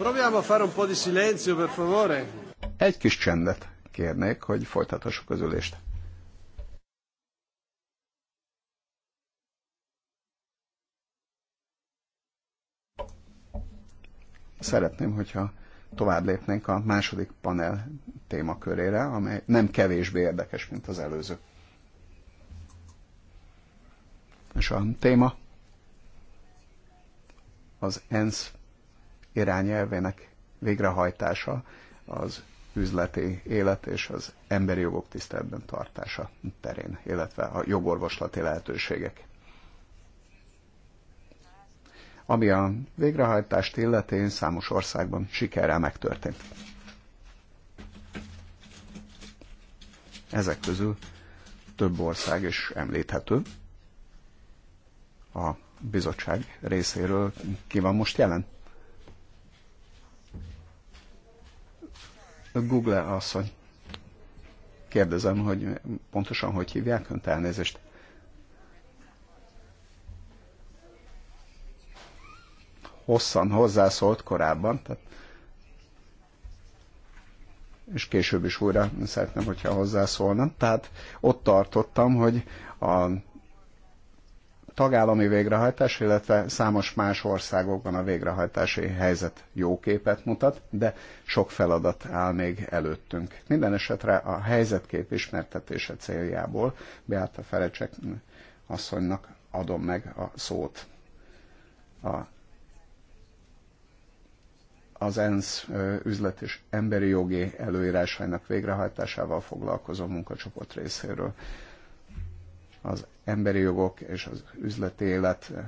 Proviamo a fare un po' di silenzio, per favore. Egy kis csendet kérnék, hogy folytathassuk az ülést. Szeretném, hogyha tovább lépnénk a második panel témakörére, amely nem kevésbé érdekes, mint az előző. És a téma az ENSZ irányelvének végrehajtása az üzleti élet és az emberi jogok tiszteletben tartása terén, illetve a jogorvoslati lehetőségek. Ami a végrehajtást illetén számos országban sikerrel megtörtént. Ezek közül több ország is említhető. A bizottság részéről ki van most jelen? Google asszony. Kérdezem, hogy pontosan hogy hívják önt elnézést. Hosszan hozzászólt korábban, tehát és később is újra szeretném, hogyha hozzászólna. Tehát ott tartottam, hogy a tagállami végrehajtás, illetve számos más országokban a végrehajtási helyzet jó képet mutat, de sok feladat áll még előttünk. Minden esetre a helyzetkép ismertetése céljából Beáta Ferecsek asszonynak adom meg a szót. A az ENSZ üzlet és emberi jogi előírásainak végrehajtásával foglalkozó munkacsoport részéről. Az emberi jogok és az üzleti élet eh,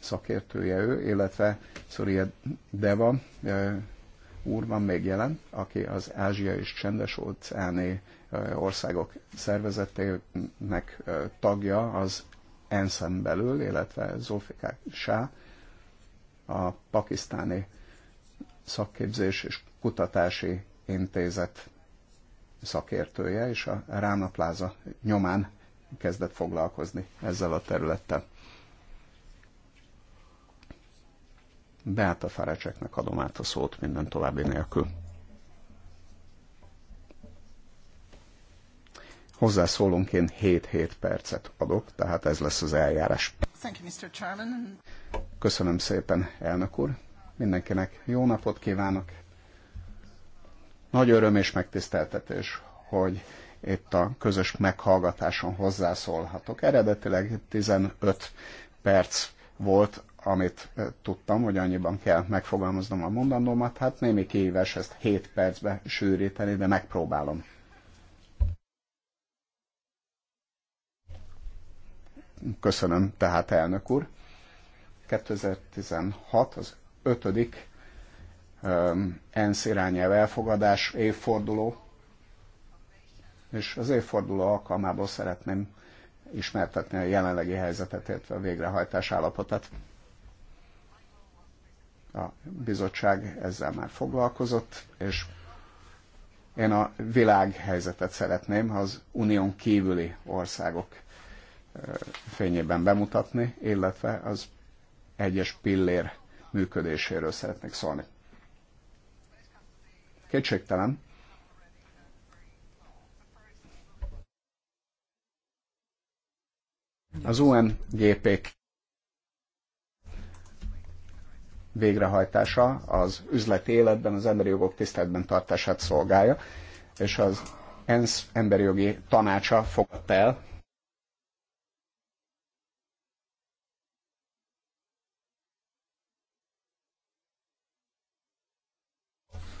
szakértője ő, illetve Surya Deva eh, úr van még jelen, aki az Ázsia és csendes óceáni eh, országok szervezetének tagja az ENSZEN belül, illetve Zolfikák Sá, a pakisztáni szakképzés és kutatási intézet szakértője, és a Rána Plaza nyomán kezdett foglalkozni ezzel a területtel. Beáta Ferecseknek adom át a szót minden további nélkül. Hozzászólónként 7-7 percet adok, tehát ez lesz az eljárás. Köszönöm szépen, elnök úr. Mindenkinek jó napot kívánok. Nagy öröm és megtiszteltetés, hogy itt a közös meghallgatáson hozzászólhatok. Eredetileg 15 perc volt, amit eh, tudtam, hogy annyiban kell megfogalmaznom a mondandómat, hát némi kihívás ezt 7 percbe sűríteni, de megpróbálom. Köszönöm tehát, elnök úr. 2016 az ötödik eh, ENSZ irányelv elfogadás évforduló és az évforduló alkalmából szeretném ismertetni a jelenlegi helyzetet, illetve a végrehajtás állapotát. A bizottság ezzel már foglalkozott, és én a világhelyzetet szeretném az unión kívüli országok fényében bemutatni, illetve az egyes pillér működéséről szeretnék szólni. Kétségtelen, Az UNGP-k végrehajtása az üzleti életben az emberi jogok tiszteletben tartását szolgálja, és az ENSZ emberi jogi tanácsa fogadta el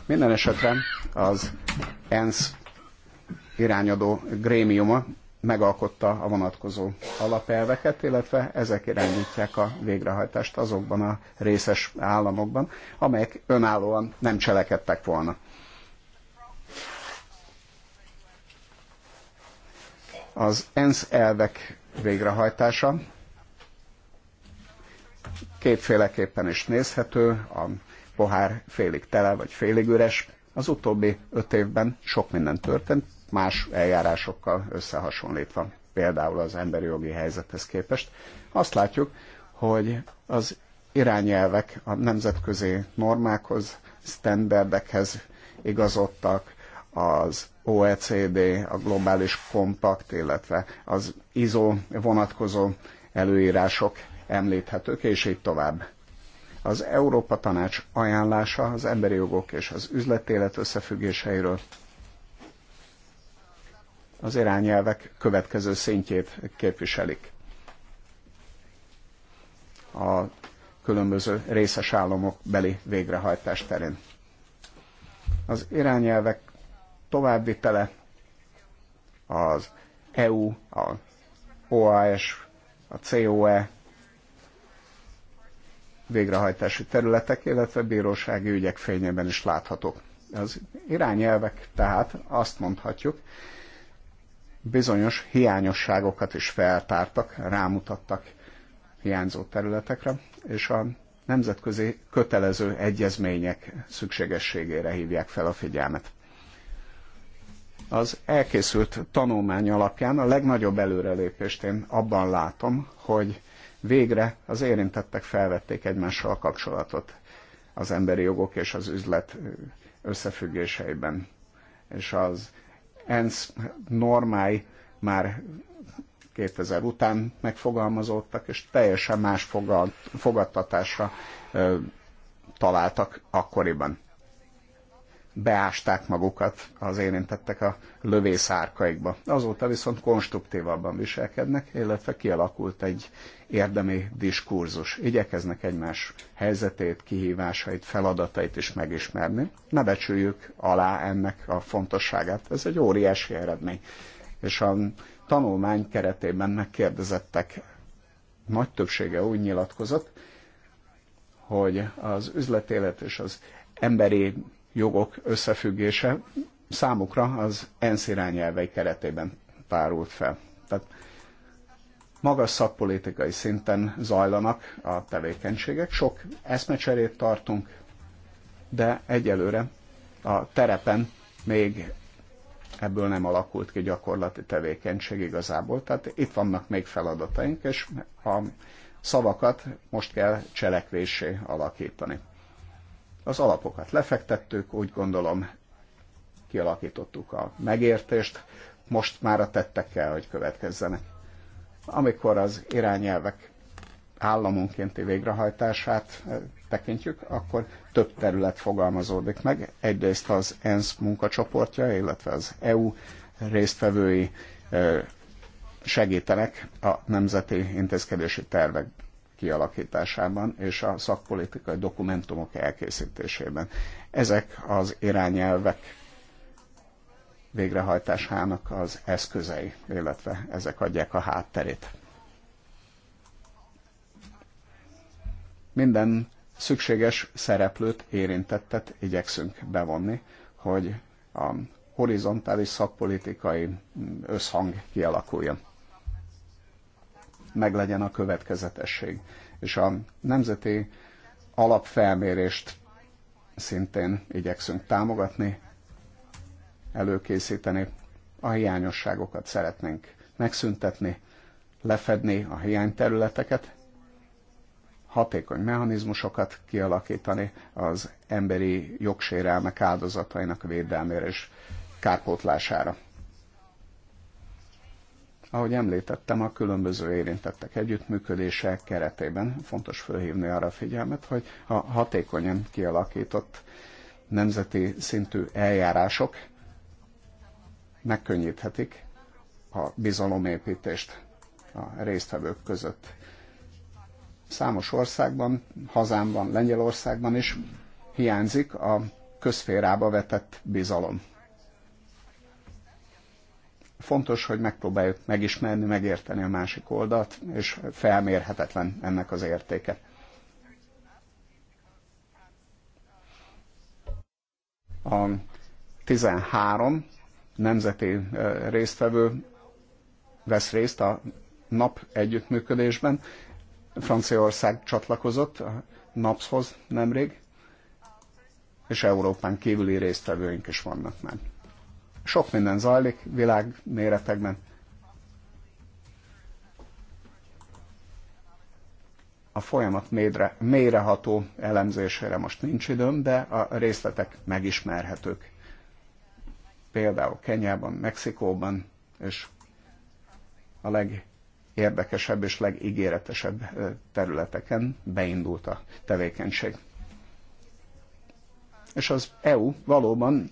Minden esetre az ENSZ irányadó grémiuma megalkotta a vonatkozó alapelveket, illetve ezek irányítják a végrehajtást azokban a részes államokban, amelyek önállóan nem cselekedtek volna. Az ENSZ elvek végrehajtása kétféleképpen is nézhető, a pohár félig tele vagy félig üres. Az utóbbi öt évben sok minden történt, más eljárásokkal összehasonlítva, például az emberi jogi helyzethez képest, azt látjuk, hogy az irányelvek a nemzetközi normákhoz, standardekhez igazodtak, az OECD, a globális kompakt, illetve az ISO vonatkozó előírások említhetők, és így tovább. Az Európa Tanács ajánlása az emberi jogok és az üzletélet összefüggéseiről az irányelvek következő szintjét képviselik. A különböző részes államok beli végrehajtás terén. Az irányelvek továbbvitele az EU, a OAS, a COE végrehajtási területek, illetve bírósági ügyek fényében is láthatók. Az irányelvek tehát azt mondhatjuk, bizonyos hiányosságokat is feltártak, rámutattak hiányzó területekre, és a nemzetközi kötelező egyezmények szükségességére hívják fel a figyelmet. Az elkészült tanulmány alapján a legnagyobb előrelépést én abban látom, hogy végre az érintettek felvették egymással a kapcsolatot az emberi jogok és az üzlet összefüggéseiben. És az ENSZ normái már 2000 után megfogalmazódtak, és teljesen más fogad, fogadtatásra ö, találtak akkoriban beásták magukat az érintettek a lövészárkaikba. Azóta viszont konstruktívabban viselkednek, illetve kialakult egy érdemi diskurzus. Igyekeznek egymás helyzetét, kihívásait, feladatait is megismerni. Ne becsüljük alá ennek a fontosságát. Ez egy óriási eredmény. És a tanulmány keretében megkérdezettek nagy többsége úgy nyilatkozott, hogy az üzletélet és az emberi jogok összefüggése számukra az ENSZ irányelvei keretében tárult fel. Tehát magas szakpolitikai szinten zajlanak a tevékenységek, sok eszmecserét tartunk, de egyelőre a terepen még ebből nem alakult ki gyakorlati tevékenység igazából. Tehát itt vannak még feladataink, és a szavakat most kell cselekvésé alakítani. Az alapokat lefektettük, úgy gondolom kialakítottuk a megértést, most már a tettek kell, hogy következzenek. Amikor az irányelvek államunkénti végrehajtását eh, tekintjük, akkor több terület fogalmazódik meg. Egyrészt az ENSZ munkacsoportja, illetve az EU résztvevői eh, segítenek a nemzeti intézkedési tervek kialakításában és a szakpolitikai dokumentumok elkészítésében. Ezek az irányelvek végrehajtásának az eszközei, illetve ezek adják a hátterét. Minden szükséges szereplőt, érintettet igyekszünk bevonni, hogy a horizontális szakpolitikai összhang kialakuljon meglegyen a következetesség. És a nemzeti alapfelmérést szintén igyekszünk támogatni, előkészíteni. A hiányosságokat szeretnénk megszüntetni, lefedni a hiányterületeket, hatékony mechanizmusokat kialakítani az emberi jogsérelmek áldozatainak védelmére és kárpótlására. Ahogy említettem, a különböző érintettek együttműködése keretében fontos fölhívni arra a figyelmet, hogy a hatékonyan kialakított nemzeti szintű eljárások megkönnyíthetik a bizalomépítést a résztvevők között. Számos országban, hazámban, Lengyelországban is hiányzik a közférába vetett bizalom. Fontos, hogy megpróbáljuk megismerni, megérteni a másik oldalt, és felmérhetetlen ennek az értéke. A 13 nemzeti résztvevő vesz részt a NAP együttműködésben. Franciaország csatlakozott a NAPS-hoz nemrég, és Európán kívüli résztvevőink is vannak már. Sok minden zajlik világ méretekben. A folyamat mélyre, mélyreható elemzésére most nincs időm, de a részletek megismerhetők. Például Kenyában, Mexikóban, és a legérdekesebb és legígéretesebb területeken beindult a tevékenység. És az EU valóban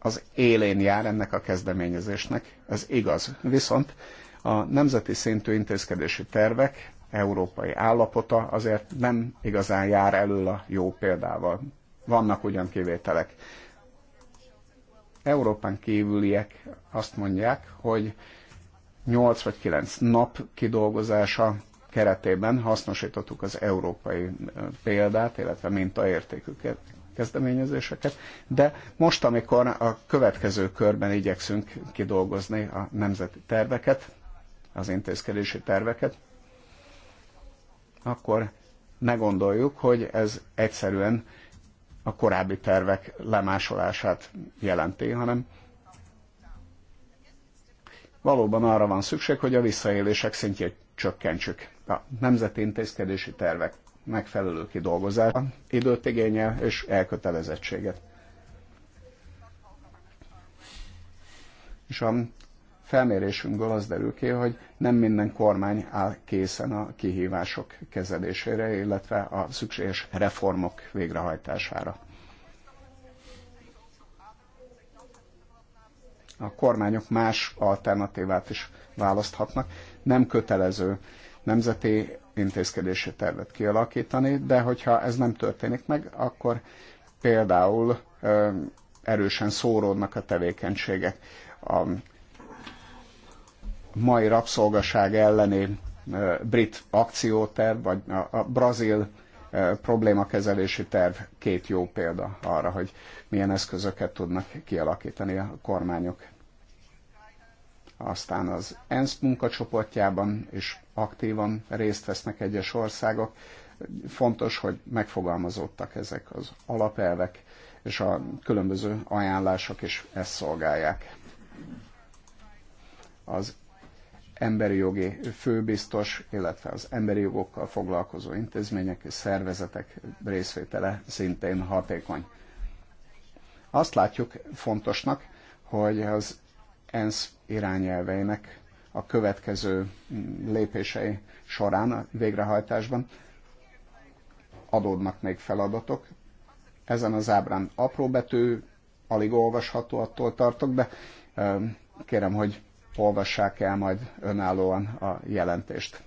az élén jár ennek a kezdeményezésnek, ez igaz. Viszont a nemzeti szintű intézkedési tervek európai állapota azért nem igazán jár elől a jó példával. Vannak ugyan kivételek. Európán kívüliek azt mondják, hogy 8 vagy 9 nap kidolgozása keretében hasznosítottuk az európai példát, illetve mintaértéküket kezdeményezéseket, de most, amikor a következő körben igyekszünk kidolgozni a nemzeti terveket, az intézkedési terveket, akkor ne gondoljuk, hogy ez egyszerűen a korábbi tervek lemásolását jelenti, hanem valóban arra van szükség, hogy a visszaélések szintjét csökkentsük. A nemzeti intézkedési tervek megfelelő kidolgozás, időt igényel és elkötelezettséget. És a felmérésünkből az derül ki, hogy nem minden kormány áll készen a kihívások kezelésére, illetve a szükséges reformok végrehajtására. A kormányok más alternatívát is választhatnak, nem kötelező nemzeti intézkedési tervet kialakítani, de hogyha ez nem történik meg, akkor például erősen szóródnak a tevékenységek. A mai rabszolgaság elleni brit akcióterv, vagy a brazil problémakezelési terv két jó példa arra, hogy milyen eszközöket tudnak kialakítani a kormányok aztán az ENSZ munkacsoportjában is aktívan részt vesznek egyes országok. Fontos, hogy megfogalmazottak ezek az alapelvek, és a különböző ajánlások is ezt szolgálják. Az emberi jogi főbiztos, illetve az emberi jogokkal foglalkozó intézmények és szervezetek részvétele szintén hatékony. Azt látjuk fontosnak, hogy az ENSZ irányelveinek a következő mm, lépései során a végrehajtásban adódnak még feladatok. Ezen az ábrán apró betű, alig olvasható, attól tartok, de kérem, hogy olvassák el majd önállóan a jelentést.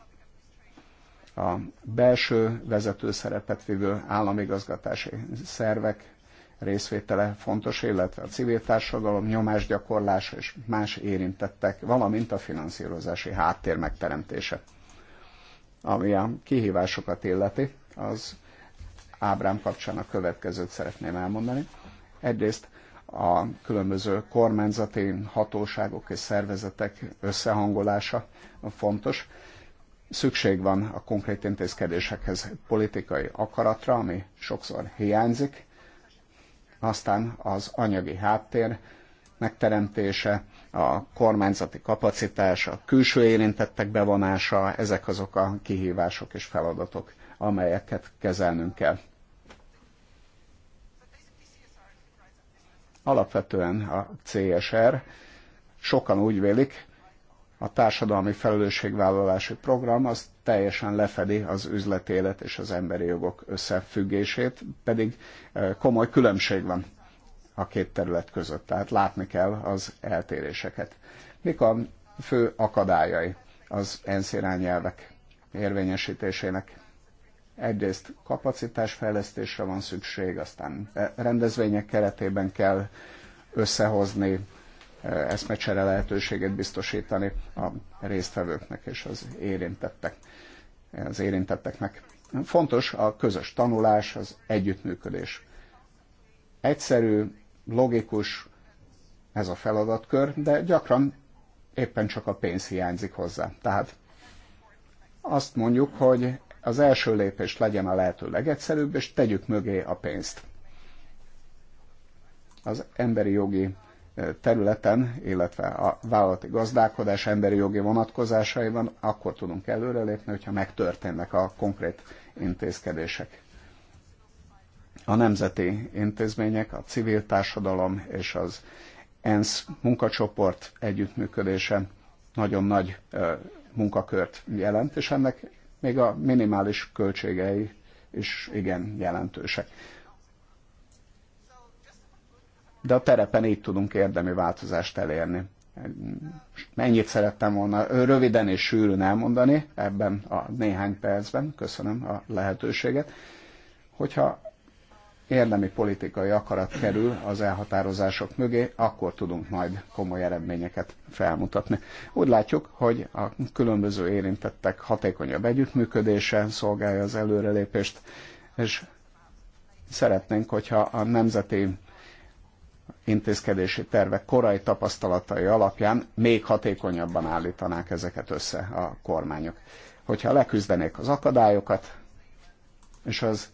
A belső vezető szerepet vívő államigazgatási szervek részvétele fontos, illetve a civil társadalom nyomásgyakorlása és más érintettek, valamint a finanszírozási háttér megteremtése. Ami a kihívásokat illeti, az ábrám kapcsán a következőt szeretném elmondani. Egyrészt a különböző kormányzati hatóságok és szervezetek összehangolása fontos. Szükség van a konkrét intézkedésekhez politikai akaratra, ami sokszor hiányzik, aztán az anyagi háttér megteremtése, a kormányzati kapacitás, a külső érintettek bevonása, ezek azok a kihívások és feladatok, amelyeket kezelnünk kell. Alapvetően a CSR sokan úgy vélik, a társadalmi felelősségvállalási program az teljesen lefedi az üzleti élet és az emberi jogok összefüggését, pedig e, komoly különbség van a két terület között, tehát látni kell az eltéréseket. Mik a fő akadályai az ENSZ irányelvek érvényesítésének? Egyrészt kapacitásfejlesztésre van szükség, aztán e, rendezvények keretében kell összehozni eszmecsere lehetőséget biztosítani a résztvevőknek és az érintettek, az érintetteknek. Fontos a közös tanulás, az együttműködés. Egyszerű, logikus ez a feladatkör, de gyakran éppen csak a pénz hiányzik hozzá. Tehát azt mondjuk, hogy az első lépés legyen a lehető legegyszerűbb, és tegyük mögé a pénzt. Az emberi jogi területen, illetve a vállalati gazdálkodás emberi jogi vonatkozásaiban akkor tudunk előrelépni, hogyha megtörténnek a konkrét intézkedések. A nemzeti intézmények, a civil társadalom és az ENSZ munkacsoport együttműködése nagyon nagy munkakört jelent, és ennek még a minimális költségei is igen jelentősek de a terepen így tudunk érdemi változást elérni. Mennyit szerettem volna röviden és sűrűn elmondani ebben a néhány percben, köszönöm a lehetőséget, hogyha érdemi politikai akarat kerül az elhatározások mögé, akkor tudunk majd komoly eredményeket felmutatni. Úgy látjuk, hogy a különböző érintettek hatékonyabb együttműködése szolgálja az előrelépést, és szeretnénk, hogyha a nemzeti intézkedési tervek korai tapasztalatai alapján még hatékonyabban állítanák ezeket össze a kormányok. Hogyha leküzdenék az akadályokat, és az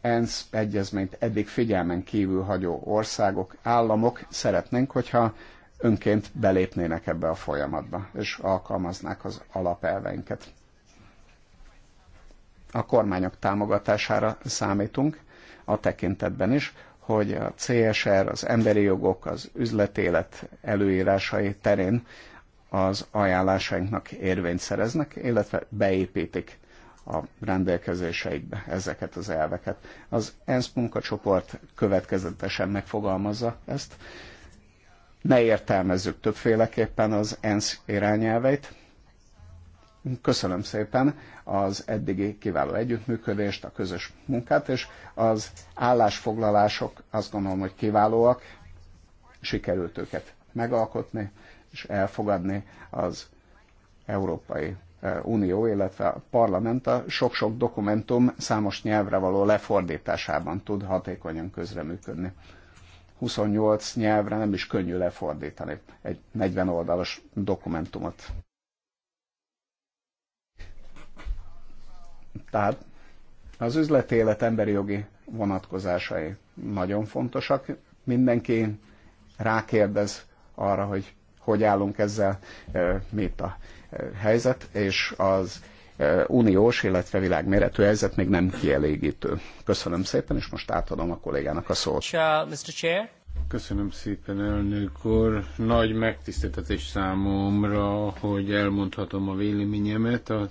ENSZ egyezményt eddig figyelmen kívül hagyó országok, államok szeretnénk, hogyha önként belépnének ebbe a folyamatba, és alkalmaznák az alapelveinket. A kormányok támogatására számítunk a tekintetben is, hogy a CSR, az emberi jogok, az üzletélet előírásai terén az ajánlásainknak érvényt szereznek, illetve beépítik a rendelkezéseikbe ezeket az elveket. Az ENSZ munkacsoport következetesen megfogalmazza ezt. Ne értelmezzük többféleképpen az ENSZ irányelveit, Köszönöm szépen az eddigi kiváló együttműködést, a közös munkát, és az állásfoglalások azt gondolom, hogy kiválóak, sikerült őket megalkotni és elfogadni az Európai e, Unió, illetve a parlament a sok-sok dokumentum számos nyelvre való lefordításában tud hatékonyan közreműködni. 28 nyelvre nem is könnyű lefordítani egy 40 oldalas dokumentumot. Tehát az üzleti élet emberi jogi vonatkozásai nagyon fontosak. Mindenki rákérdez arra, hogy hogy állunk ezzel, mit a helyzet, és az uniós, illetve világméretű helyzet még nem kielégítő. Köszönöm szépen, és most átadom a kollégának a szót. Köszönöm szépen, elnök úr. Nagy megtiszteltetés számomra, hogy elmondhatom a véleményemet. A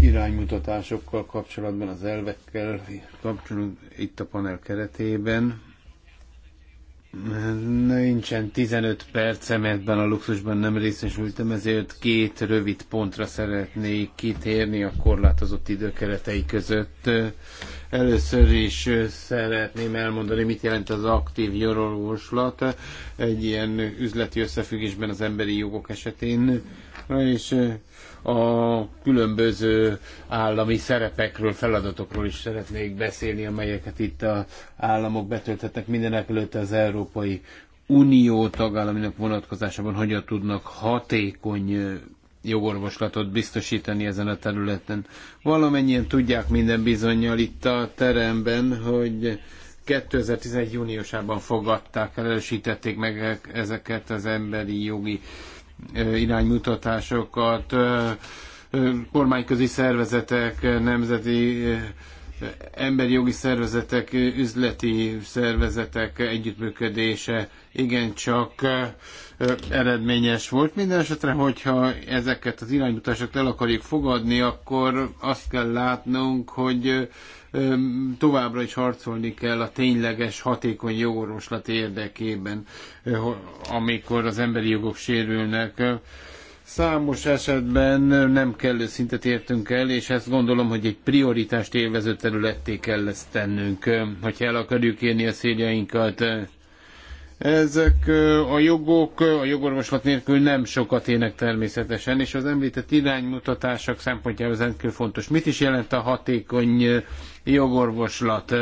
iránymutatásokkal kapcsolatban, az elvekkel kapcsolatban itt a panel keretében. Nincsen 15 percem, ebben a luxusban nem részesültem, ezért két rövid pontra szeretnék kitérni a korlátozott időkeretei között. Először is szeretném elmondani, mit jelent az aktív jorolóslat egy ilyen üzleti összefüggésben az emberi jogok esetén, és a különböző állami szerepekről, feladatokról is szeretnék beszélni, amelyeket itt a államok betölthetnek mindenek előtt az Európai Unió tagállaminak vonatkozásában, hogyan tudnak hatékony jogorvoslatot biztosítani ezen a területen. Valamennyien tudják minden bizonyal itt a teremben, hogy 2011. júniusában fogadták, erősítették meg ezeket az emberi jogi iránymutatásokat, kormányközi szervezetek, nemzeti emberi jogi szervezetek, üzleti szervezetek együttműködése igencsak eredményes volt. minden esetre, hogyha ezeket az iránymutatásokat el akarjuk fogadni, akkor azt kell látnunk, hogy továbbra is harcolni kell a tényleges, hatékony jogorvoslat érdekében, amikor az emberi jogok sérülnek Számos esetben nem kellő szintet értünk el, és ezt gondolom, hogy egy prioritást élvező területté kell ezt tennünk, hogyha el akarjuk érni a céljainkat. Ezek a jogok a jogorvoslat nélkül nem sokat ének természetesen, és az említett iránymutatások szempontjából ez rendkívül fontos. Mit is jelent a hatékony jogorvoslat?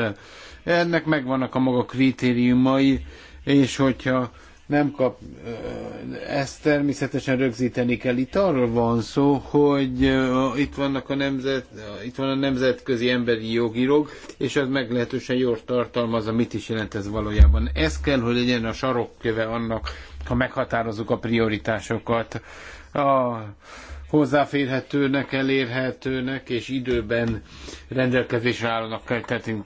Ennek megvannak a maga kritériumai, és hogyha nem kap, ezt természetesen rögzíteni kell. Itt arról van szó, hogy itt, vannak a nemzet, itt van a nemzetközi emberi jogirog, és az meglehetősen jól tartalmazza, mit is jelent ez valójában. Ez kell, hogy legyen a sarokköve annak, ha meghatározunk a prioritásokat. A, hozzáférhetőnek, elérhetőnek és időben rendelkezésre állnak, kell tettünk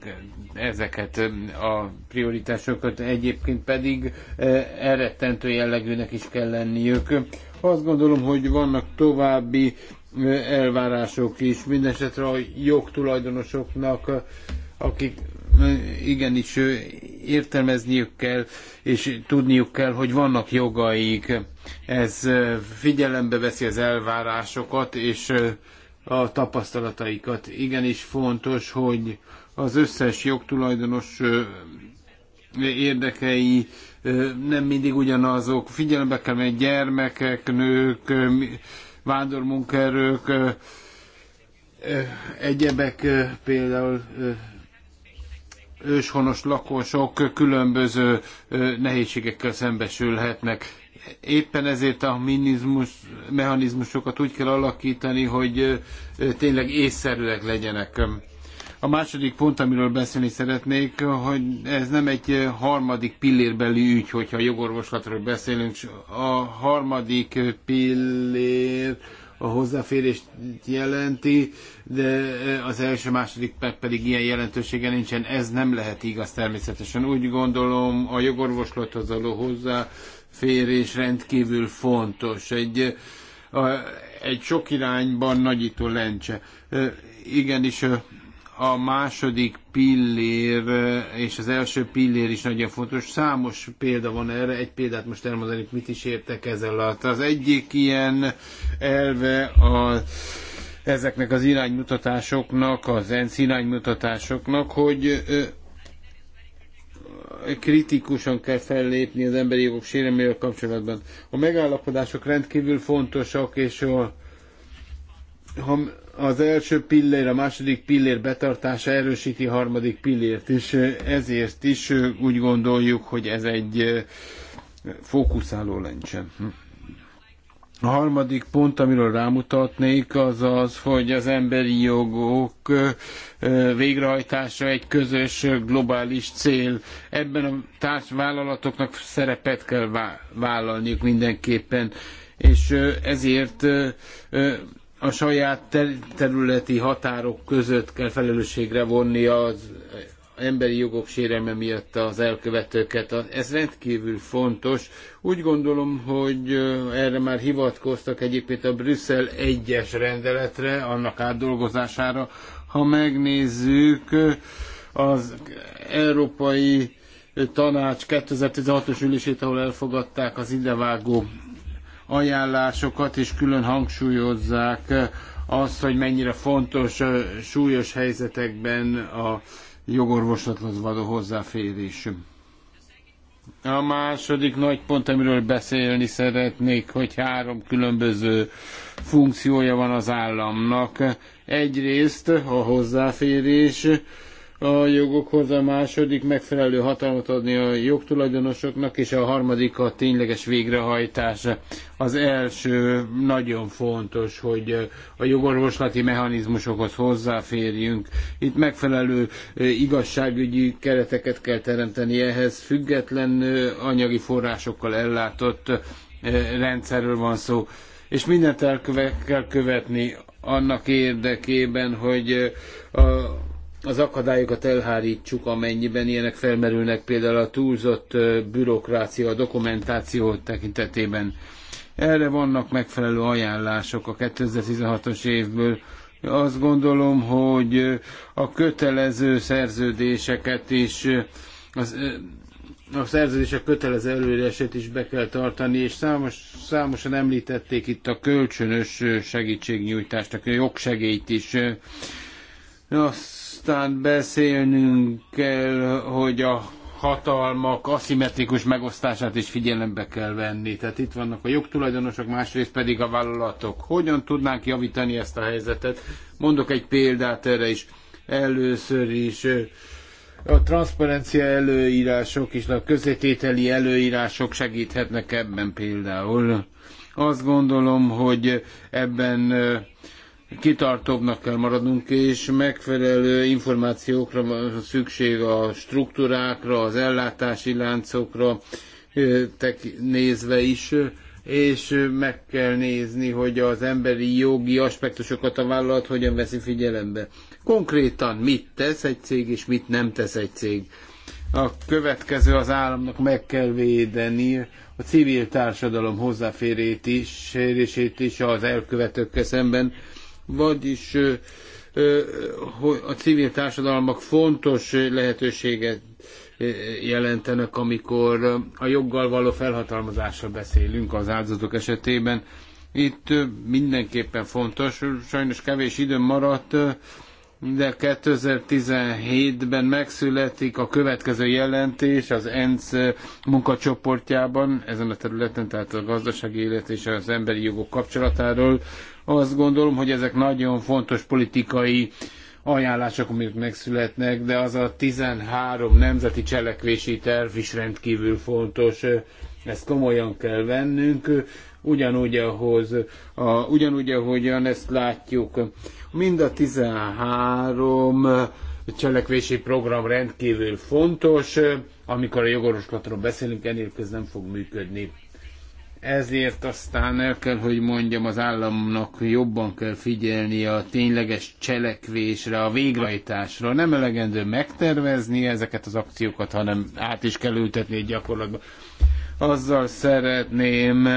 ezeket a prioritásokat, egyébként pedig e, elrettentő jellegűnek is kell lenniük. Azt gondolom, hogy vannak további e, elvárások is, mindesetre a jogtulajdonosoknak, akik e, igenis értelmezniük kell, és tudniuk kell, hogy vannak jogaik. Ez figyelembe veszi az elvárásokat, és a tapasztalataikat. Igenis fontos, hogy az összes jogtulajdonos érdekei nem mindig ugyanazok. Figyelembe kell menni gyermekek, nők, vándormunkerők, egyebek például őshonos lakosok különböző nehézségekkel szembesülhetnek. Éppen ezért a minizmus, mechanizmusokat úgy kell alakítani, hogy tényleg észszerűek legyenek. A második pont, amiről beszélni szeretnék, hogy ez nem egy harmadik pillérbeli ügy, hogyha jogorvoslatról beszélünk. A harmadik pillér a hozzáférést jelenti, de e, az első, második pedig ilyen jelentősége nincsen. Ez nem lehet igaz természetesen. Úgy gondolom, a jogorvoslathoz való hozzáférés rendkívül fontos. Egy, a, egy sok irányban nagyító lencse. E, igenis e, a második pillér és az első pillér is nagyon fontos. Számos példa van erre, egy példát most elmondani, hogy mit is értek ezzel alatt. Az egyik ilyen elve a, ezeknek az iránymutatásoknak, az ENSZ iránymutatásoknak, hogy kritikusan kell fellépni az emberi jogok sérelmével kapcsolatban. A megállapodások rendkívül fontosak, és a, ha az első pillér, a második pillér betartása erősíti a harmadik pillért is. Ezért is úgy gondoljuk, hogy ez egy fókuszáló lencse. A harmadik pont, amiről rámutatnék, az az, hogy az emberi jogok végrehajtása egy közös globális cél. Ebben a társvállalatoknak szerepet kell vállalniuk mindenképpen, és ezért a saját területi határok között kell felelősségre vonni az emberi jogok sérelme miatt az elkövetőket. Ez rendkívül fontos. Úgy gondolom, hogy erre már hivatkoztak egyébként a Brüsszel egyes rendeletre, annak átdolgozására. Ha megnézzük az európai tanács 2016-os ülését, ahol elfogadták az idevágó ajánlásokat, és külön hangsúlyozzák azt, hogy mennyire fontos súlyos helyzetekben a jogorvoslathoz való hozzáférés. A második nagy pont, amiről beszélni szeretnék, hogy három különböző funkciója van az államnak. Egyrészt a hozzáférés, a jogokhoz, a második megfelelő hatalmat adni a jogtulajdonosoknak, és a harmadik a tényleges végrehajtás. Az első nagyon fontos, hogy a jogorvoslati mechanizmusokhoz hozzáférjünk. Itt megfelelő igazságügyi kereteket kell teremteni ehhez, független anyagi forrásokkal ellátott rendszerről van szó. És mindent el kell követni annak érdekében, hogy a az akadályokat elhárítsuk, amennyiben ilyenek felmerülnek, például a túlzott bürokrácia, a dokumentáció tekintetében. Erre vannak megfelelő ajánlások a 2016-os évből. Azt gondolom, hogy a kötelező szerződéseket is, az, a szerződések kötelező előírását is be kell tartani, és számos, számosan említették itt a kölcsönös segítségnyújtást, a jogsegélyt is. Azt aztán beszélnünk kell, hogy a hatalmak aszimetrikus megosztását is figyelembe kell venni. Tehát itt vannak a jogtulajdonosok, másrészt pedig a vállalatok. Hogyan tudnánk javítani ezt a helyzetet? Mondok egy példát erre is. Először is a transzparencia előírások és a közétételi előírások segíthetnek ebben például. Azt gondolom, hogy ebben kitartóbbnak kell maradnunk, és megfelelő információkra van szükség a struktúrákra, az ellátási láncokra nézve is, és meg kell nézni, hogy az emberi jogi aspektusokat a vállalat hogyan veszi figyelembe. Konkrétan mit tesz egy cég, és mit nem tesz egy cég. A következő az államnak meg kell védeni a civil társadalom hozzáférését is, is az elkövetőkkel szemben vagyis hogy a civil társadalmak fontos lehetőséget jelentenek, amikor a joggal való felhatalmazásra beszélünk az áldozatok esetében. Itt mindenképpen fontos, sajnos kevés időm maradt, de 2017-ben megszületik a következő jelentés az ENSZ munkacsoportjában ezen a területen, tehát a gazdasági élet és az emberi jogok kapcsolatáról. Azt gondolom, hogy ezek nagyon fontos politikai ajánlások, amik megszületnek, de az a 13 nemzeti cselekvési terv is rendkívül fontos. Ezt komolyan kell vennünk, ugyanúgy, ahhoz, a, ugyanúgy, ahogyan ezt látjuk. Mind a 13 cselekvési program rendkívül fontos, amikor a jogorvoslatról beszélünk, enélkül ez nem fog működni. Ezért aztán el kell, hogy mondjam, az államnak jobban kell figyelni a tényleges cselekvésre, a végrehajtásra. Nem elegendő megtervezni ezeket az akciókat, hanem át is kell ültetni egy gyakorlatba. Azzal szeretném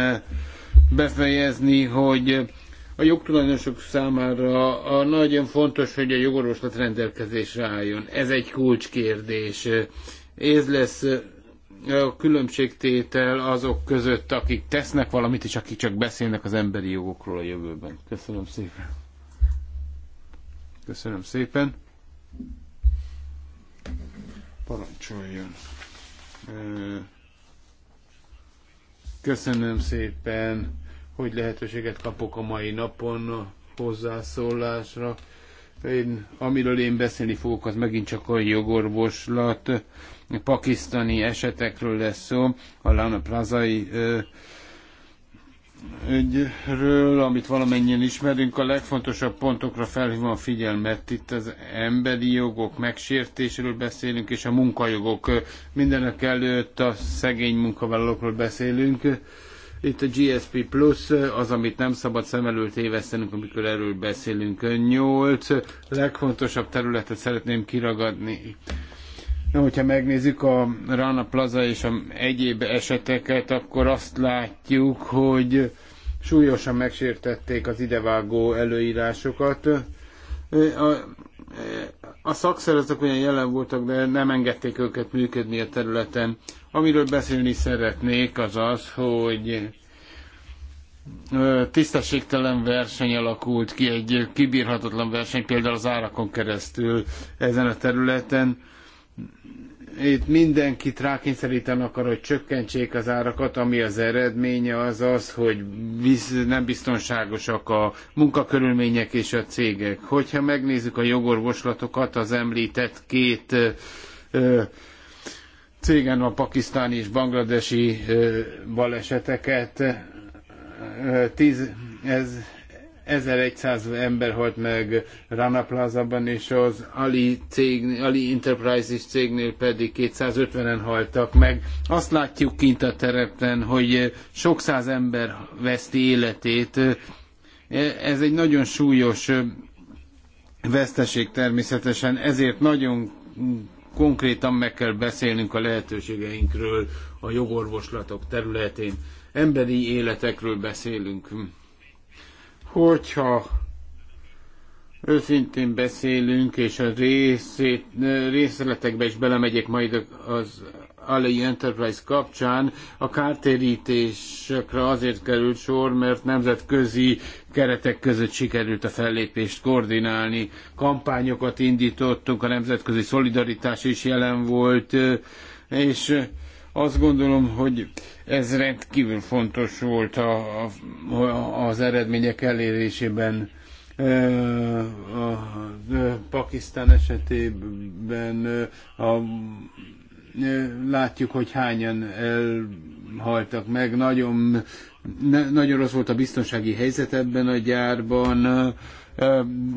befejezni, hogy a jogtulajdonosok számára a nagyon fontos, hogy a jogorvoslat rendelkezésre álljon. Ez egy kulcskérdés. Ez lesz a különbségtétel azok között, akik tesznek valamit, és akik csak beszélnek az emberi jogokról a jövőben. Köszönöm szépen. Köszönöm szépen. Parancsoljon. Köszönöm szépen, hogy lehetőséget kapok a mai napon a hozzászólásra. Én, amiről én beszélni fogok, az megint csak a jogorvoslat. A pakisztani esetekről lesz szó, a Lana Plazai ügyről, amit valamennyien ismerünk, a legfontosabb pontokra felhívom a figyelmet. Itt az emberi jogok megsértéséről beszélünk, és a munkajogok. Mindenek előtt a szegény munkavállalókról beszélünk. Itt a GSP Plus az, amit nem szabad szem előtt évesztenünk, amikor erről beszélünk. Nyolc legfontosabb területet szeretném kiragadni Hogyha megnézzük a Rana Plaza és a egyéb eseteket, akkor azt látjuk, hogy súlyosan megsértették az idevágó előírásokat. A, a szakszervezetek olyan jelen voltak, de nem engedték őket működni a területen. Amiről beszélni szeretnék, az az, hogy tisztességtelen verseny alakult ki, egy kibírhatatlan verseny például az árakon keresztül ezen a területen itt mindenkit rákényszerítenek arra, hogy csökkentsék az árakat, ami az eredménye az az, hogy nem biztonságosak a munkakörülmények és a cégek. Hogyha megnézzük a jogorvoslatokat, az említett két ö, cégen a pakisztáni és bangladesi ö, baleseteket, ö, tíz, ez 1100 ember halt meg Rana Plaza-ban, és az Ali, cég, Ali Enterprises cégnél pedig 250-en haltak meg. Azt látjuk kint a terepen, hogy sok száz ember veszti életét. Ez egy nagyon súlyos veszteség természetesen, ezért nagyon konkrétan meg kell beszélnünk a lehetőségeinkről a jogorvoslatok területén. Emberi életekről beszélünk Hogyha őszintén beszélünk, és a részét, részletekbe is belemegyek majd az Alley Enterprise kapcsán, a kártérítésekre azért került sor, mert nemzetközi keretek között sikerült a fellépést koordinálni. Kampányokat indítottunk, a nemzetközi szolidaritás is jelen volt, és azt gondolom, hogy ez rendkívül fontos volt a, a, az eredmények elérésében. A Pakisztán esetében a, látjuk, hogy hányan elhaltak meg. Nagyon, nagyon rossz volt a biztonsági helyzet ebben a gyárban.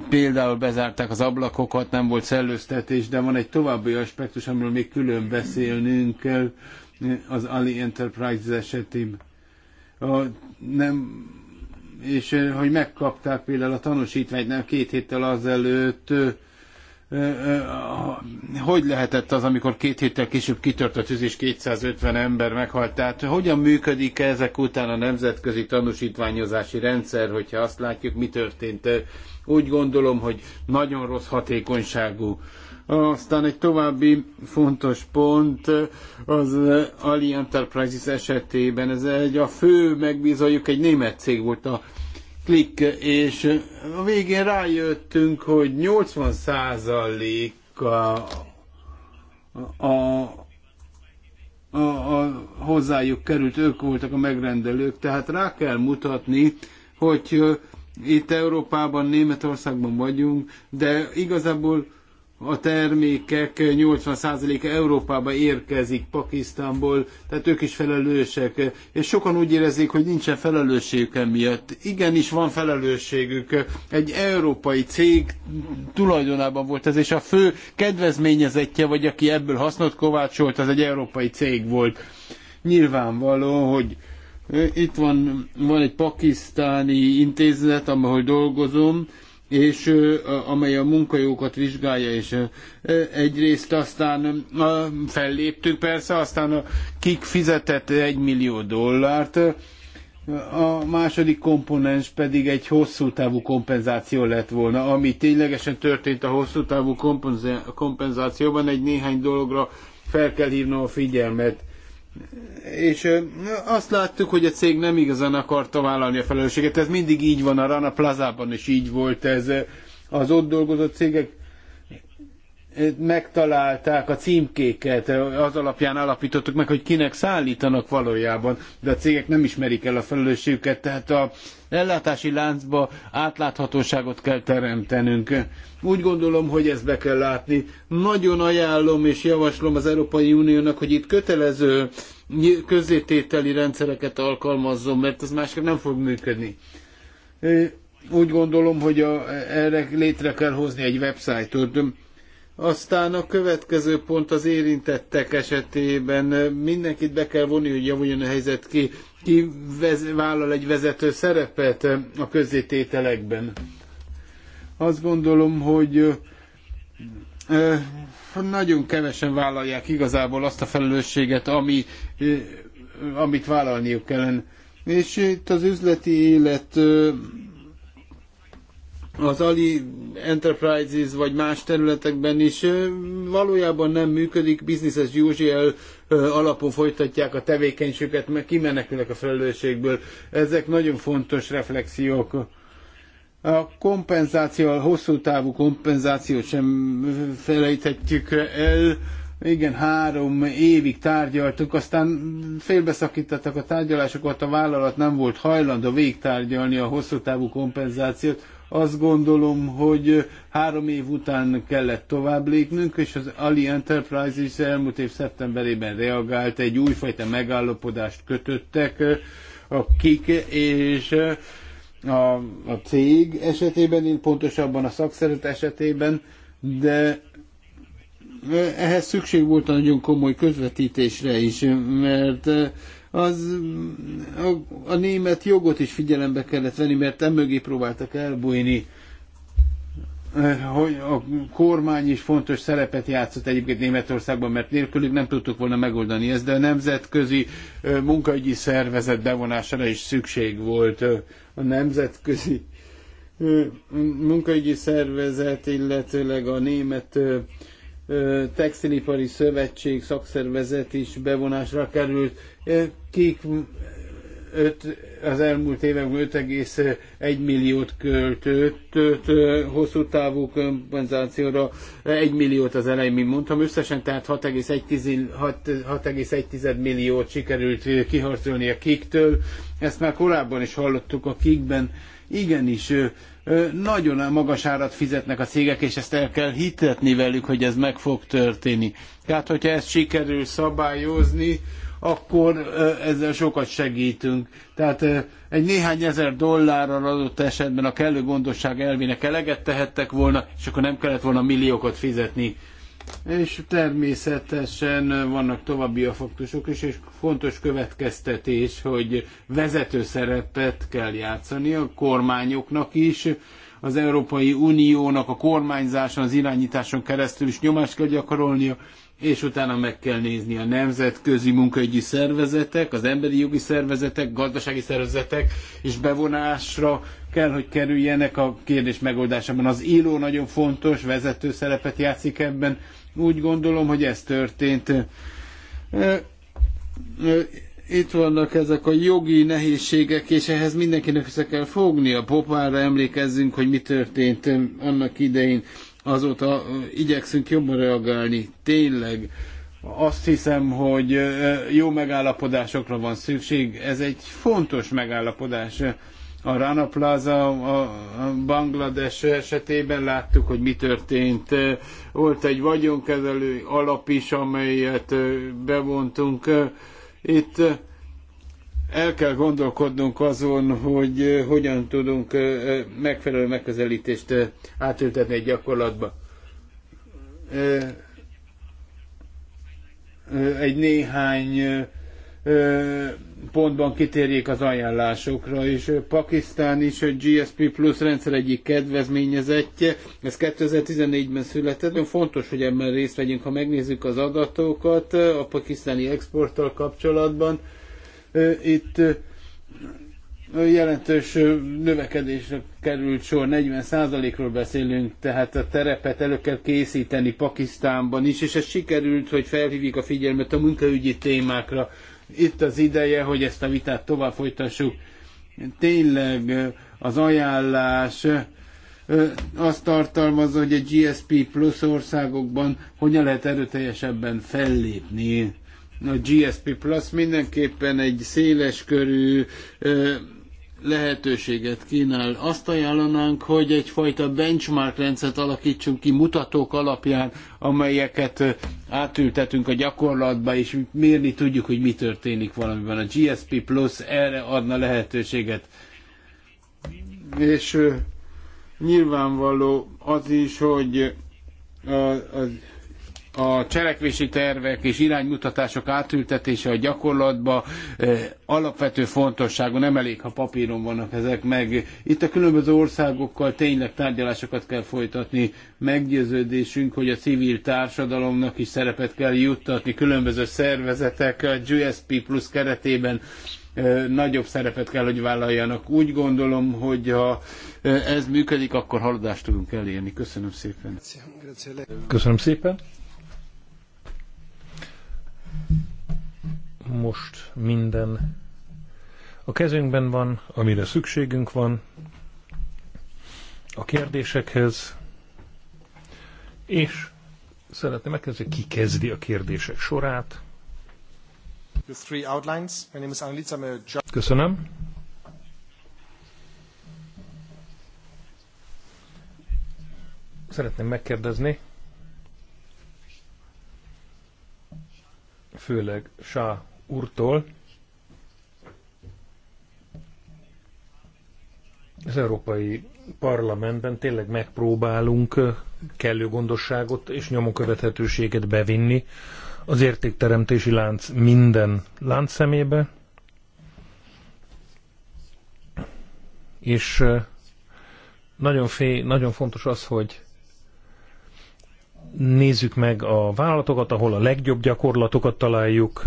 Például bezárták az ablakokat, nem volt szellőztetés, de van egy további aspektus, amiről még külön beszélnünk kell az Ali Enterprise esetében. A, nem, és eh, hogy megkapták például a tanúsítványt nem két héttel azelőtt, eh, eh, hogy lehetett az, amikor két héttel később kitört a tűzés, 250 ember meghalt? Tehát hogyan működik ezek után a nemzetközi tanúsítványozási rendszer, hogyha azt látjuk, mi történt? Úgy gondolom, hogy nagyon rossz hatékonyságú aztán egy további fontos pont az Ali Enterprises esetében. Ez egy a fő megbízójuk, egy német cég volt a klik, és a végén rájöttünk, hogy 80 százalék a, a, a, a, hozzájuk került, ők voltak a megrendelők, tehát rá kell mutatni, hogy itt Európában, Németországban vagyunk, de igazából a termékek 80%-a Európába érkezik Pakisztánból, tehát ők is felelősek, és sokan úgy érezik, hogy nincsen felelősségük emiatt. Igenis van felelősségük. Egy európai cég tulajdonában volt ez, és a fő kedvezményezettje, vagy aki ebből hasznot kovácsolt, az egy európai cég volt. Nyilvánvaló, hogy eh, itt van, van egy pakisztáni intézet, ahol dolgozom, és amely a munkajogokat vizsgálja, és egyrészt aztán felléptünk persze, aztán a, kik fizetett egy millió dollárt, a második komponens pedig egy hosszú távú kompenzáció lett volna, ami ténylegesen történt a hosszú távú kompenzációban, egy néhány dologra fel kell hívnom a figyelmet és azt láttuk, hogy a cég nem igazán akarta vállalni a felelősséget. Ez mindig így van a Rana Plazában, és így volt ez. Az ott dolgozó cégek megtalálták a címkéket, az alapján alapítottuk meg, hogy kinek szállítanak valójában, de a cégek nem ismerik el a felelősségüket, tehát a ellátási láncba átláthatóságot kell teremtenünk. Úgy gondolom, hogy ezt be kell látni. Nagyon ajánlom és javaslom az Európai Uniónak, hogy itt kötelező közzétételi rendszereket alkalmazzon, mert ez másképp nem fog működni úgy gondolom, hogy a, erre létre kell hozni egy websájtot. Aztán a következő pont az érintettek esetében mindenkit be kell vonni, hogy javuljon a helyzet ki ki vállal egy vezető szerepet a közzétételekben. Azt gondolom, hogy nagyon kevesen vállalják igazából azt a felelősséget, ami, amit vállalniuk kellene. És itt az üzleti élet az Ali Enterprises vagy más területekben is valójában nem működik, business as usual alapon folytatják a tevékenységüket, mert kimenekülnek a felelősségből. Ezek nagyon fontos reflexiók. A kompenzáció, a hosszú távú kompenzációt sem felejthetjük el. Igen, három évig tárgyaltunk, aztán félbeszakítottak a tárgyalásokat, a vállalat nem volt hajlandó végtárgyalni a hosszú távú kompenzációt azt gondolom, hogy három év után kellett tovább lépnünk, és az Ali Enterprise is elmúlt év szeptemberében reagált, egy újfajta megállapodást kötöttek a KIK és a, a cég esetében, én pontosabban a szakszeret esetében, de ehhez szükség volt a nagyon komoly közvetítésre is, mert az, a, a német jogot is figyelembe kellett venni, mert emögé próbáltak elbújni. Hogy a kormány is fontos szerepet játszott egyébként Németországban, mert nélkülük nem tudtuk volna megoldani ezt, de a nemzetközi munkaügyi szervezet bevonására is szükség volt a nemzetközi munkaügyi szervezet, illetőleg a német textilipari szövetség szakszervezet is bevonásra került kik öt, az elmúlt években 5,1 milliót költött hosszú távú kompenzációra, 1 milliót az elején, mint mondtam, összesen tehát 6,1 milliót sikerült kiharcolni a kiktől. Ezt már korábban is hallottuk a kikben. Igenis, nagyon magas árat fizetnek a cégek, és ezt el kell hitetni velük, hogy ez meg fog történni. Tehát, hogyha ezt sikerül szabályozni, akkor ezzel sokat segítünk. Tehát egy néhány ezer dollárral adott esetben a kellő gondosság elvének eleget tehettek volna, és akkor nem kellett volna milliókat fizetni. És természetesen vannak további afaktusok, is, és fontos következtetés, hogy vezető szerepet kell játszani a kormányoknak is, az Európai Uniónak a kormányzáson, az irányításon keresztül is nyomást kell gyakorolnia, és utána meg kell nézni a nemzetközi munkaügyi szervezetek, az emberi jogi szervezetek, gazdasági szervezetek, és bevonásra kell, hogy kerüljenek a kérdés megoldásában. Az ILO nagyon fontos, vezető szerepet játszik ebben. Úgy gondolom, hogy ez történt. Itt vannak ezek a jogi nehézségek, és ehhez mindenkinek össze kell fognia. Popára emlékezzünk, hogy mi történt annak idején. Azóta igyekszünk jobban reagálni. Tényleg azt hiszem, hogy jó megállapodásokra van szükség. Ez egy fontos megállapodás. A Rana Plaza a Banglades esetében láttuk, hogy mi történt. Volt egy vagyonkezelő alap is, amelyet bevontunk. Itt el kell gondolkodnunk azon, hogy eh, hogyan tudunk eh, eh, megfelelő megközelítést átültetni egy gyakorlatba. Egy néhány pontban kitérjék az ajánlásokra, és Pakisztán is a GSP Plus rendszer egyik kedvezményezettje, ez 2014-ben született. Nagyon fontos, hogy ebben részt vegyünk, ha megnézzük az adatokat a pakisztáni exporttal kapcsolatban. Itt jelentős növekedésre került sor, 40%-ról beszélünk, tehát a terepet elő kell készíteni Pakisztánban is, és ez sikerült, hogy felhívjuk a figyelmet a munkaügyi témákra. Itt az ideje, hogy ezt a vitát tovább folytassuk. Tényleg az ajánlás azt tartalmazza, hogy a GSP plusz országokban hogyan lehet erőteljesebben fellépni a GSP Plus mindenképpen egy széles körű lehetőséget kínál. Azt ajánlanánk, hogy egyfajta benchmark rendszert alakítsunk ki mutatók alapján, amelyeket átültetünk a gyakorlatba, és mérni tudjuk, hogy mi történik valamiben. A GSP Plus erre adna lehetőséget. És nyilvánvaló az is, hogy a, a a cselekvési tervek és iránymutatások átültetése a gyakorlatba eh, alapvető fontosságú, nem elég, ha papíron vannak ezek meg. Itt a különböző országokkal tényleg tárgyalásokat kell folytatni. Meggyőződésünk, hogy a civil társadalomnak is szerepet kell juttatni, különböző szervezetek a GSP Plus keretében eh, nagyobb szerepet kell, hogy vállaljanak. Úgy gondolom, hogy ha eh, ez működik, akkor haladást tudunk elérni. Köszönöm szépen. Köszönöm szépen. Most minden a kezünkben van, amire szükségünk van, a kérdésekhez, és szeretném megkezdeni, ki kezdi a kérdések sorát. Köszönöm. Szeretném megkérdezni, főleg Sá úrtól, az Európai Parlamentben tényleg megpróbálunk kellő gondosságot és nyomokövethetőséget bevinni az értékteremtési lánc minden lánc szemébe, és nagyon, fél, nagyon fontos az, hogy nézzük meg a vállalatokat, ahol a legjobb gyakorlatokat találjuk,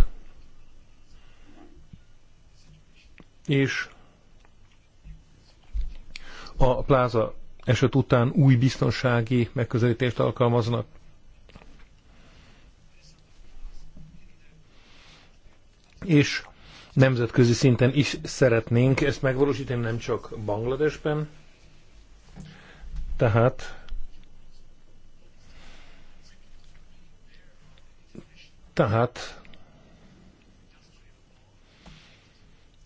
és a pláza eset után új biztonsági megközelítést alkalmaznak. És nemzetközi szinten is szeretnénk ezt megvalósítani, nem csak Bangladesben. Tehát Tehát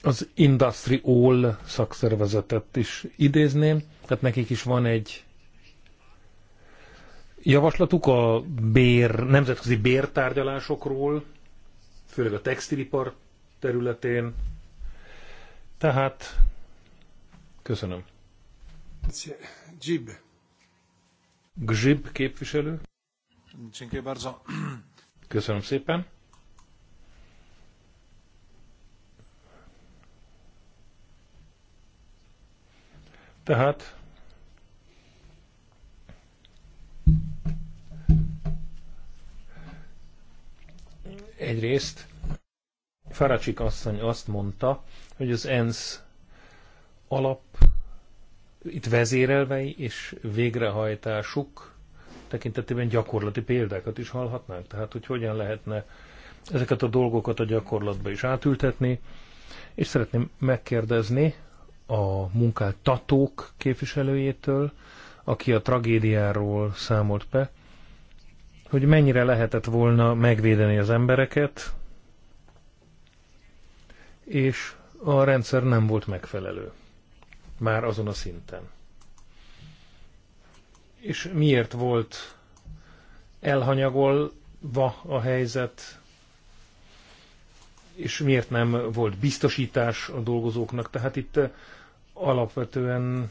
az Industry All szakszervezetet is idézném, tehát nekik is van egy javaslatuk a bér, nemzetközi bértárgyalásokról, főleg a textilipar területén. Tehát köszönöm. Gzsib. Gzsib képviselő. Dziękuję bardzo. Köszönöm szépen. Tehát egyrészt Faracsik asszony azt mondta, hogy az ENSZ alap itt vezérelvei és végrehajtásuk tekintetében gyakorlati példákat is hallhatnánk. Tehát, hogy hogyan lehetne ezeket a dolgokat a gyakorlatba is átültetni. És szeretném megkérdezni a munkáltatók képviselőjétől, aki a tragédiáról számolt be, hogy mennyire lehetett volna megvédeni az embereket, és a rendszer nem volt megfelelő. Már azon a szinten és miért volt elhanyagolva a helyzet, és miért nem volt biztosítás a dolgozóknak. Tehát itt eh, alapvetően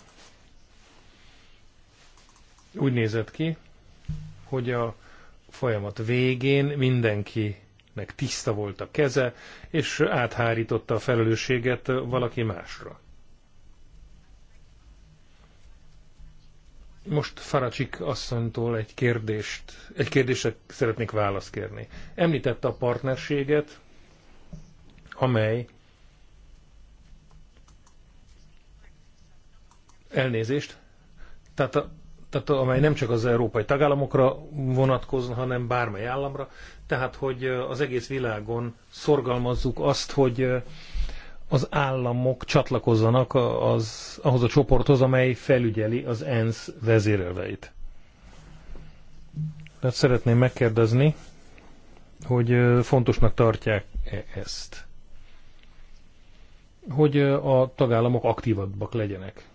úgy nézett ki, hogy a folyamat végén mindenkinek tiszta volt a keze, és áthárította a felelősséget valaki másra. Most Faracsik asszonytól egy kérdést, egy kérdésre szeretnék választ kérni. Említette a partnerséget, amely elnézést, tehát, a, tehát a, amely nem csak az európai tagállamokra vonatkozna, hanem bármely államra, tehát hogy az egész világon szorgalmazzuk azt, hogy az államok csatlakozzanak az, ahhoz a csoporthoz, amely felügyeli az ENSZ vezérelveit. Tehát szeretném megkérdezni, hogy fontosnak tartják -e ezt? Hogy a tagállamok aktívabbak legyenek?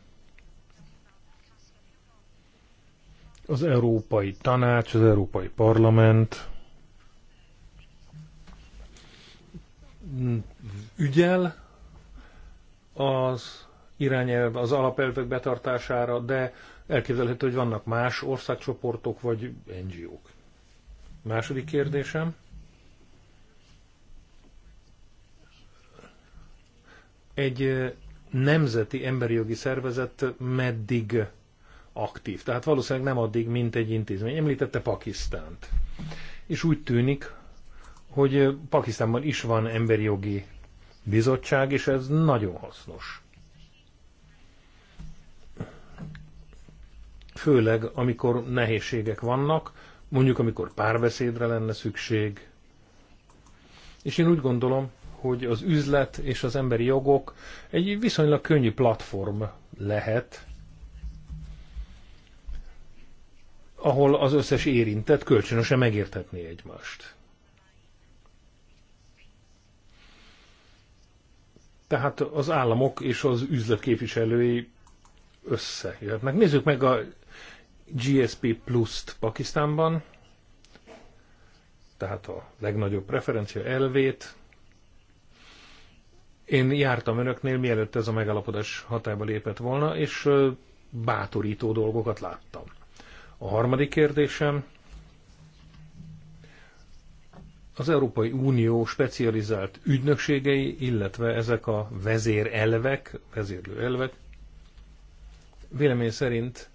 Az Európai Tanács, az Európai Parlament ügyel, az irányelv, az alapelvek betartására, de elképzelhető, hogy vannak más országcsoportok vagy NGO-k. Második kérdésem. Egy nemzeti emberi jogi szervezet meddig aktív? Tehát valószínűleg nem addig, mint egy intézmény. Említette Pakisztánt. És úgy tűnik, hogy Pakisztánban is van emberi jogi bizottság, és ez nagyon hasznos. Főleg, amikor nehézségek vannak, mondjuk amikor párbeszédre lenne szükség. És én úgy gondolom, hogy az üzlet és az emberi jogok egy viszonylag könnyű platform lehet, ahol az összes érintett kölcsönösen megérthetné egymást. Tehát az államok és az üzletképviselői összejöhetnek. Nézzük meg a GSP Plus-t Pakisztánban, tehát a legnagyobb preferencia elvét. Én jártam önöknél, mielőtt ez a megalapodás hatályba lépett volna, és bátorító dolgokat láttam. A harmadik kérdésem az Európai Unió specializált ügynökségei, illetve ezek a vezérelvek, vezérlő elvek, vélemény szerint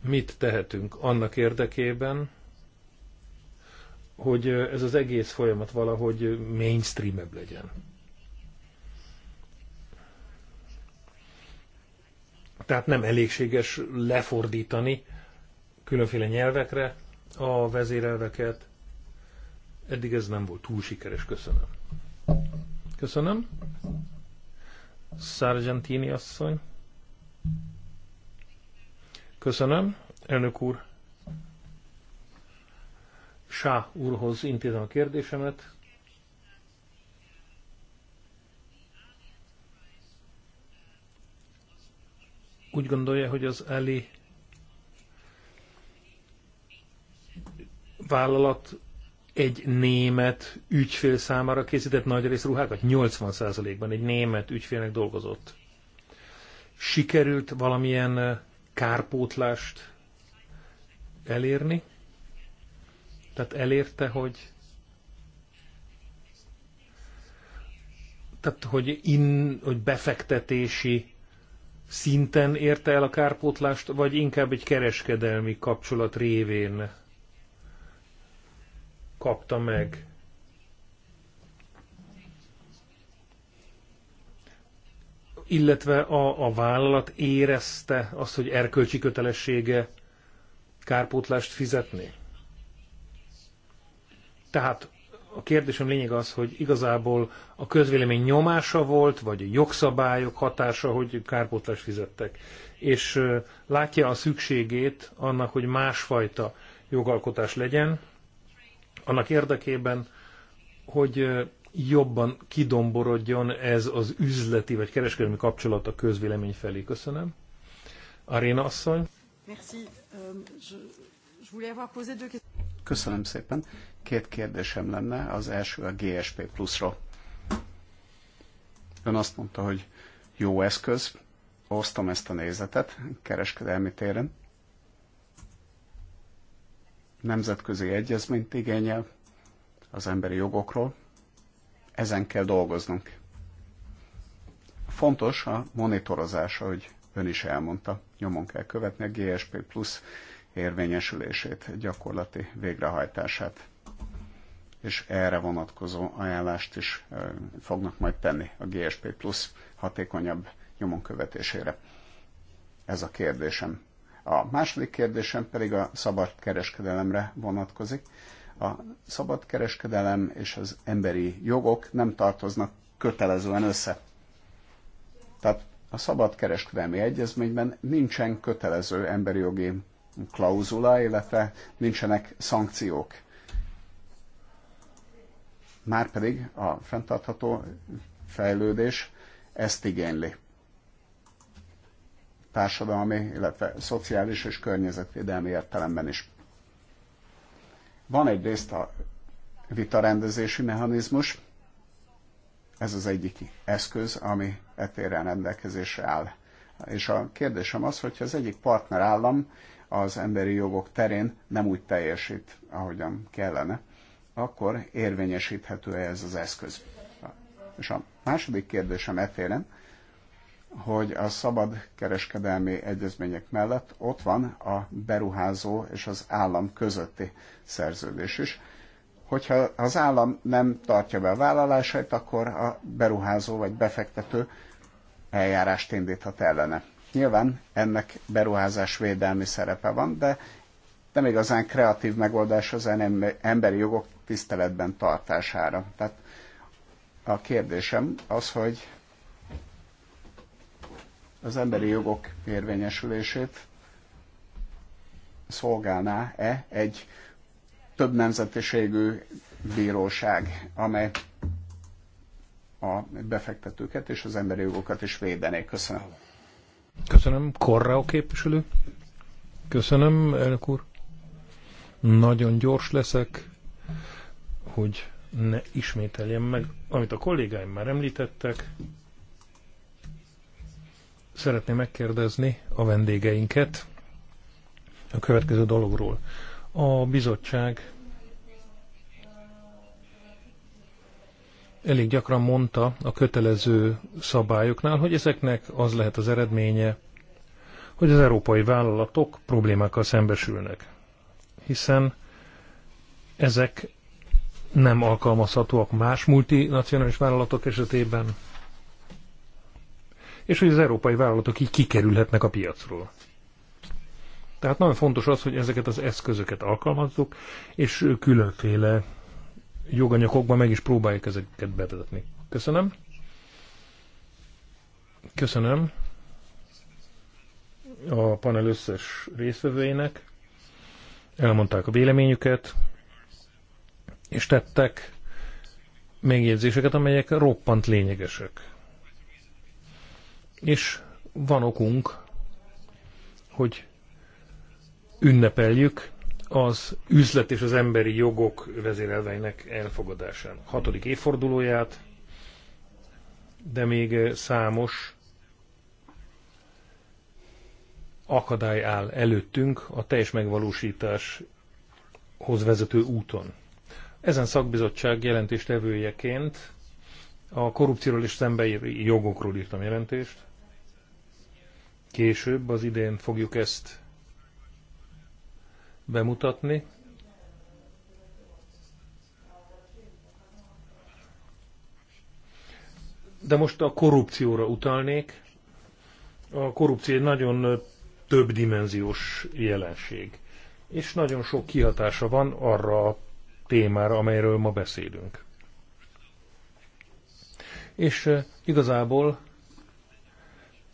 mit tehetünk annak érdekében, hogy ez az egész folyamat valahogy mainstreamebb legyen. Tehát nem elégséges lefordítani különféle nyelvekre a vezérelveket, eddig ez nem volt túl sikeres. Köszönöm. Köszönöm. Sargentini asszony. Köszönöm. Elnök úr. Sá úrhoz intézem a kérdésemet. Úgy gondolja, hogy az Eli vállalat egy német ügyfél számára készített rész ruhákat, 80%-ban egy német ügyfélnek dolgozott. Sikerült valamilyen kárpótlást elérni? Tehát elérte, hogy tehát hogy, in, hogy befektetési szinten érte el a kárpótlást, vagy inkább egy kereskedelmi kapcsolat révén kapta meg. Illetve a, a vállalat érezte azt, hogy erkölcsi kötelessége kárpótlást fizetni. Tehát a kérdésem lényeg az, hogy igazából a közvélemény nyomása volt, vagy a jogszabályok hatása, hogy kárpótlást fizettek. És látja a szükségét annak, hogy másfajta jogalkotás legyen, annak érdekében, hogy jobban kidomborodjon ez az üzleti vagy kereskedelmi kapcsolat a közvélemény felé. Köszönöm. Aréna asszony. Euh, Köszönöm szépen. Két kérdésem lenne. Az első a GSP pluszról. Ön azt mondta, hogy jó eszköz, osztom ezt a nézetet kereskedelmi téren, nemzetközi egyezményt igényel az emberi jogokról. Ezen kell dolgoznunk. Fontos a monitorozása, hogy ön is elmondta, nyomon kell követni a GSP plusz érvényesülését, gyakorlati végrehajtását. És erre vonatkozó ajánlást is fognak majd tenni a GSP plusz hatékonyabb nyomon követésére. Ez a kérdésem a második kérdésem pedig a szabad kereskedelemre vonatkozik. A szabad kereskedelem és az emberi jogok nem tartoznak kötelezően össze. Tehát a kereskedelmi egyezményben nincsen kötelező emberi jogi klauzula, illetve nincsenek szankciók. Márpedig a fenntartható fejlődés ezt igényli társadalmi, illetve szociális és környezetvédelmi értelemben is. Van egyrészt a vitarendezési mechanizmus, ez az egyik eszköz, ami etéren rendelkezésre áll. És a kérdésem az, hogyha az egyik állam az emberi jogok terén nem úgy teljesít, ahogyan kellene, akkor érvényesíthető -e ez az eszköz. És a második kérdésem etéren, hogy a szabad kereskedelmi egyezmények mellett ott van a beruházó és az állam közötti szerződés is. Hogyha az állam nem tartja be a vállalásait, akkor a beruházó vagy befektető eljárást indíthat ellene. Nyilván ennek beruházás védelmi szerepe van, de nem igazán kreatív megoldás az emberi jogok tiszteletben tartására. Tehát a kérdésem az, hogy az emberi jogok érvényesülését szolgálná-e egy több nemzetiségű bíróság, amely a befektetőket és az emberi jogokat is védené. Köszönöm. Köszönöm. Korrao képviselő. Köszönöm, elnök úr. Nagyon gyors leszek, hogy ne ismételjem meg, amit a kollégáim már említettek szeretném megkérdezni a vendégeinket a következő dologról. A bizottság elég gyakran mondta a kötelező szabályoknál, hogy ezeknek az lehet az eredménye, hogy az európai vállalatok problémákkal szembesülnek, hiszen ezek nem alkalmazhatóak más multinacionális vállalatok esetében, és hogy az európai vállalatok így kikerülhetnek a piacról. Tehát nagyon fontos az, hogy ezeket az eszközöket alkalmazzuk, és különféle joganyagokban meg is próbáljuk ezeket bevezetni. Köszönöm. Köszönöm a panel összes részvevőjének. Elmondták a véleményüket, és tettek megjegyzéseket, amelyek roppant lényegesek. És van okunk, hogy ünnepeljük az üzlet és az emberi jogok vezérelveinek elfogadásán. Hatodik évfordulóját, de még eh, számos akadály áll előttünk a teljes megvalósításhoz vezető úton. Ezen szakbizottság jelentéstevőjeként a korrupcióról és az emberi jogokról írtam jelentést, Később az idén fogjuk ezt bemutatni. De most a korrupcióra utalnék. A korrupció egy nagyon többdimenziós jelenség, és nagyon sok kihatása van arra a témára, amelyről ma beszélünk. És eh, igazából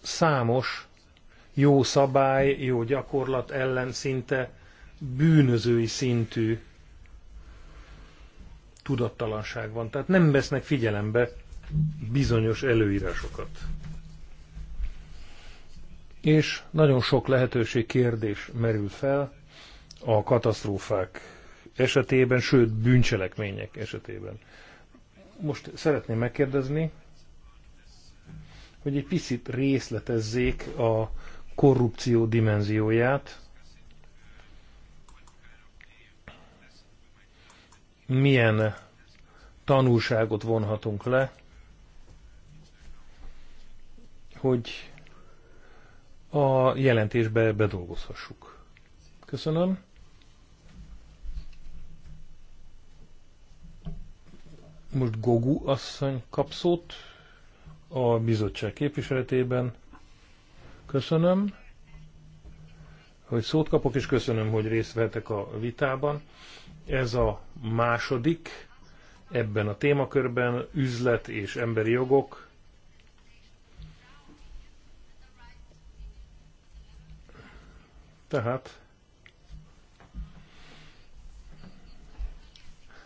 számos jó szabály, jó gyakorlat ellen szinte bűnözői szintű tudattalanság van. Tehát nem vesznek figyelembe bizonyos előírásokat. És nagyon sok lehetőség kérdés merül fel a katasztrófák esetében, sőt bűncselekmények esetében. Most szeretném megkérdezni, hogy egy picit részletezzék a korrupció dimenzióját, milyen tanulságot vonhatunk le, hogy a jelentésbe bedolgozhassuk. Köszönöm. Most Gogu asszony kap szót a bizottság képviseletében. Köszönöm, hogy szót kapok, és köszönöm, hogy részt vettek a vitában. Ez a második ebben a témakörben üzlet és emberi jogok. Tehát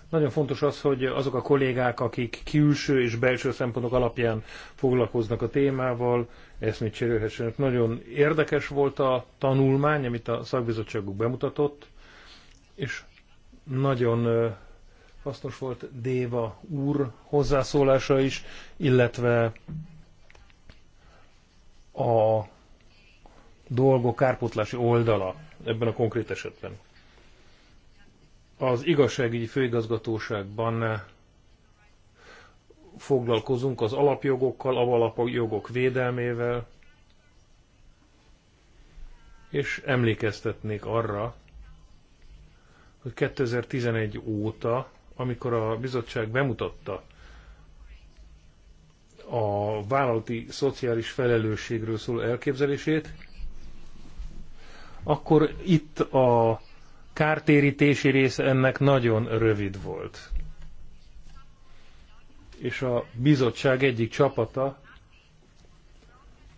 nagyon fontos az, hogy azok a kollégák, akik külső és belső szempontok alapján foglalkoznak a témával, eszmét cserélhessenek. Nagyon érdekes volt a tanulmány, amit a szakbizottságuk bemutatott, és nagyon hasznos volt Déva úr hozzászólása is, illetve a dolgok kárpótlási oldala ebben a konkrét esetben. Az igazságügyi főigazgatóságban foglalkozunk az alapjogokkal, a alapjogok védelmével, és emlékeztetnék arra, hogy 2011 óta, amikor a bizottság bemutatta a vállalati szociális felelősségről szóló elképzelését, akkor itt a kártérítési rész ennek nagyon rövid volt és a bizottság egyik csapata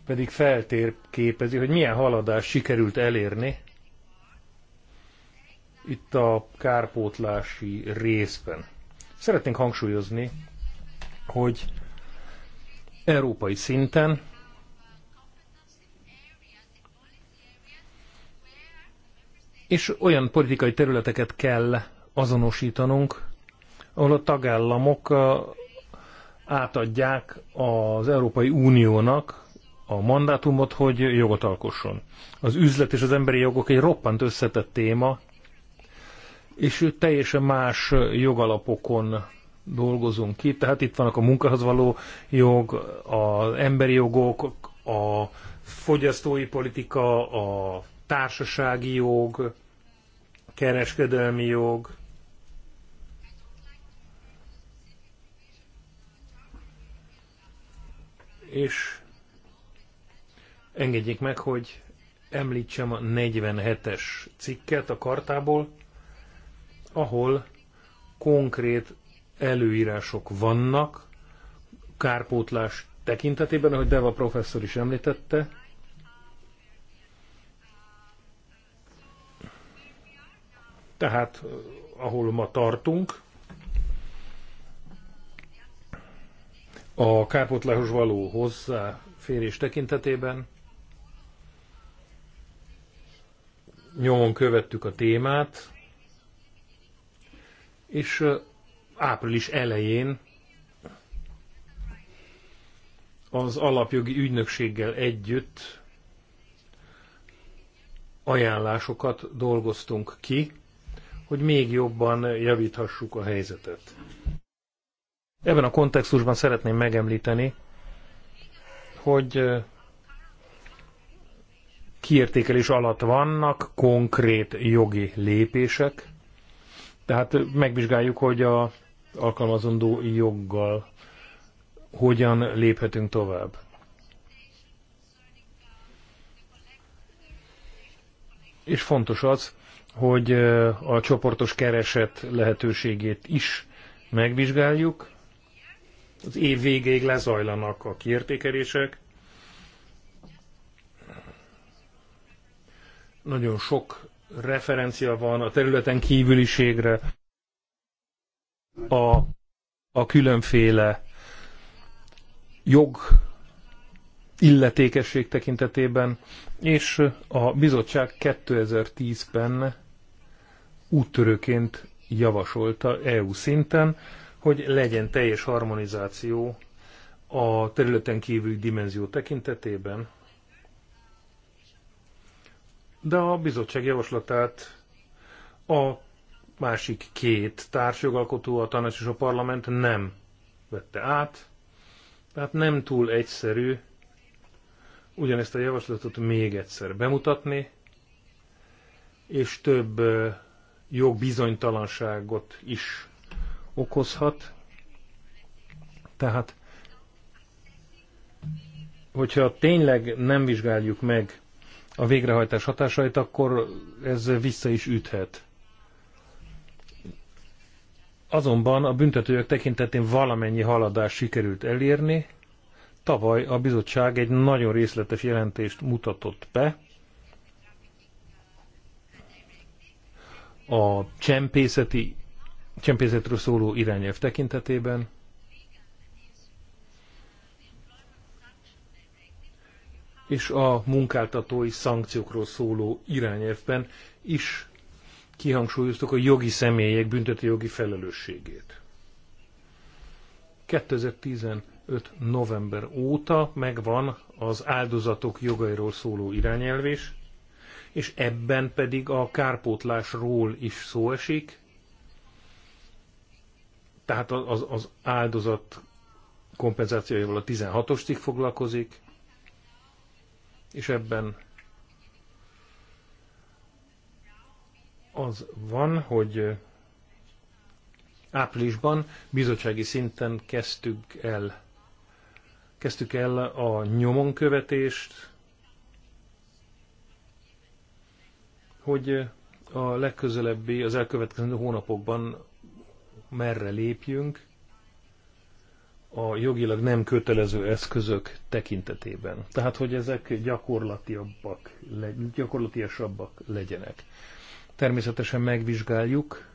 pedig feltérképezi, hogy milyen haladást sikerült elérni itt a kárpótlási részben. Szeretnénk hangsúlyozni, hogy európai szinten és olyan politikai területeket kell azonosítanunk, ahol a tagállamok átadják az Európai Uniónak a mandátumot, hogy jogot alkosson. Az üzlet és az emberi jogok egy roppant összetett téma, és teljesen más jogalapokon dolgozunk ki. Tehát itt vannak a munkahoz való jog, az emberi jogok, a fogyasztói politika, a társasági jog, kereskedelmi jog, és engedjék meg, hogy említsem a 47-es cikket a kartából, ahol konkrét előírások vannak, kárpótlás tekintetében, ahogy Deva professzor is említette, tehát ahol ma tartunk, a kárpótláshoz való hozzáférés tekintetében nyomon követtük a témát, és április elején az alapjogi ügynökséggel együtt ajánlásokat dolgoztunk ki, hogy még jobban javíthassuk a helyzetet. Ebben a kontextusban szeretném megemlíteni, hogy kiértékelés alatt vannak konkrét jogi lépések, tehát megvizsgáljuk, hogy a alkalmazandó joggal hogyan léphetünk tovább. És fontos az, hogy a csoportos kereset lehetőségét is megvizsgáljuk, az év végéig lezajlanak a kiértékelések. Nagyon sok referencia van a területen kívüliségre, a, a különféle jog illetékesség tekintetében, és a bizottság 2010-ben úttörőként javasolta EU szinten, hogy legyen teljes harmonizáció a területen kívüli dimenzió tekintetében, de a bizottság javaslatát a másik két társjogalkotó, a tanács és a parlament nem vette át, tehát nem túl egyszerű ugyanezt a javaslatot még egyszer bemutatni, és több jogbizonytalanságot is okozhat. Tehát, hogyha tényleg nem vizsgáljuk meg a végrehajtás hatásait, akkor ez vissza is üthet. Azonban a büntetőjök tekintetén valamennyi haladás sikerült elérni. Tavaly a bizottság egy nagyon részletes jelentést mutatott be, a csempészeti csempészetről szóló irányelv tekintetében. és a munkáltatói szankciókról szóló irányelvben is kihangsúlyoztuk a jogi személyek büntető jogi felelősségét. 2015. november óta megvan az áldozatok jogairól szóló irányelvés, és ebben pedig a kárpótlásról is szó esik, tehát az, az áldozat kompenzációjával a 16-os cikk foglalkozik, és ebben az van, hogy áprilisban bizottsági szinten kezdtük el kezdtük el a nyomonkövetést, hogy a legközelebbi, az elkövetkező hónapokban merre lépjünk a jogilag nem kötelező eszközök tekintetében. Tehát, hogy ezek gyakorlatiabbak, gyakorlatiasabbak legyenek. Természetesen megvizsgáljuk,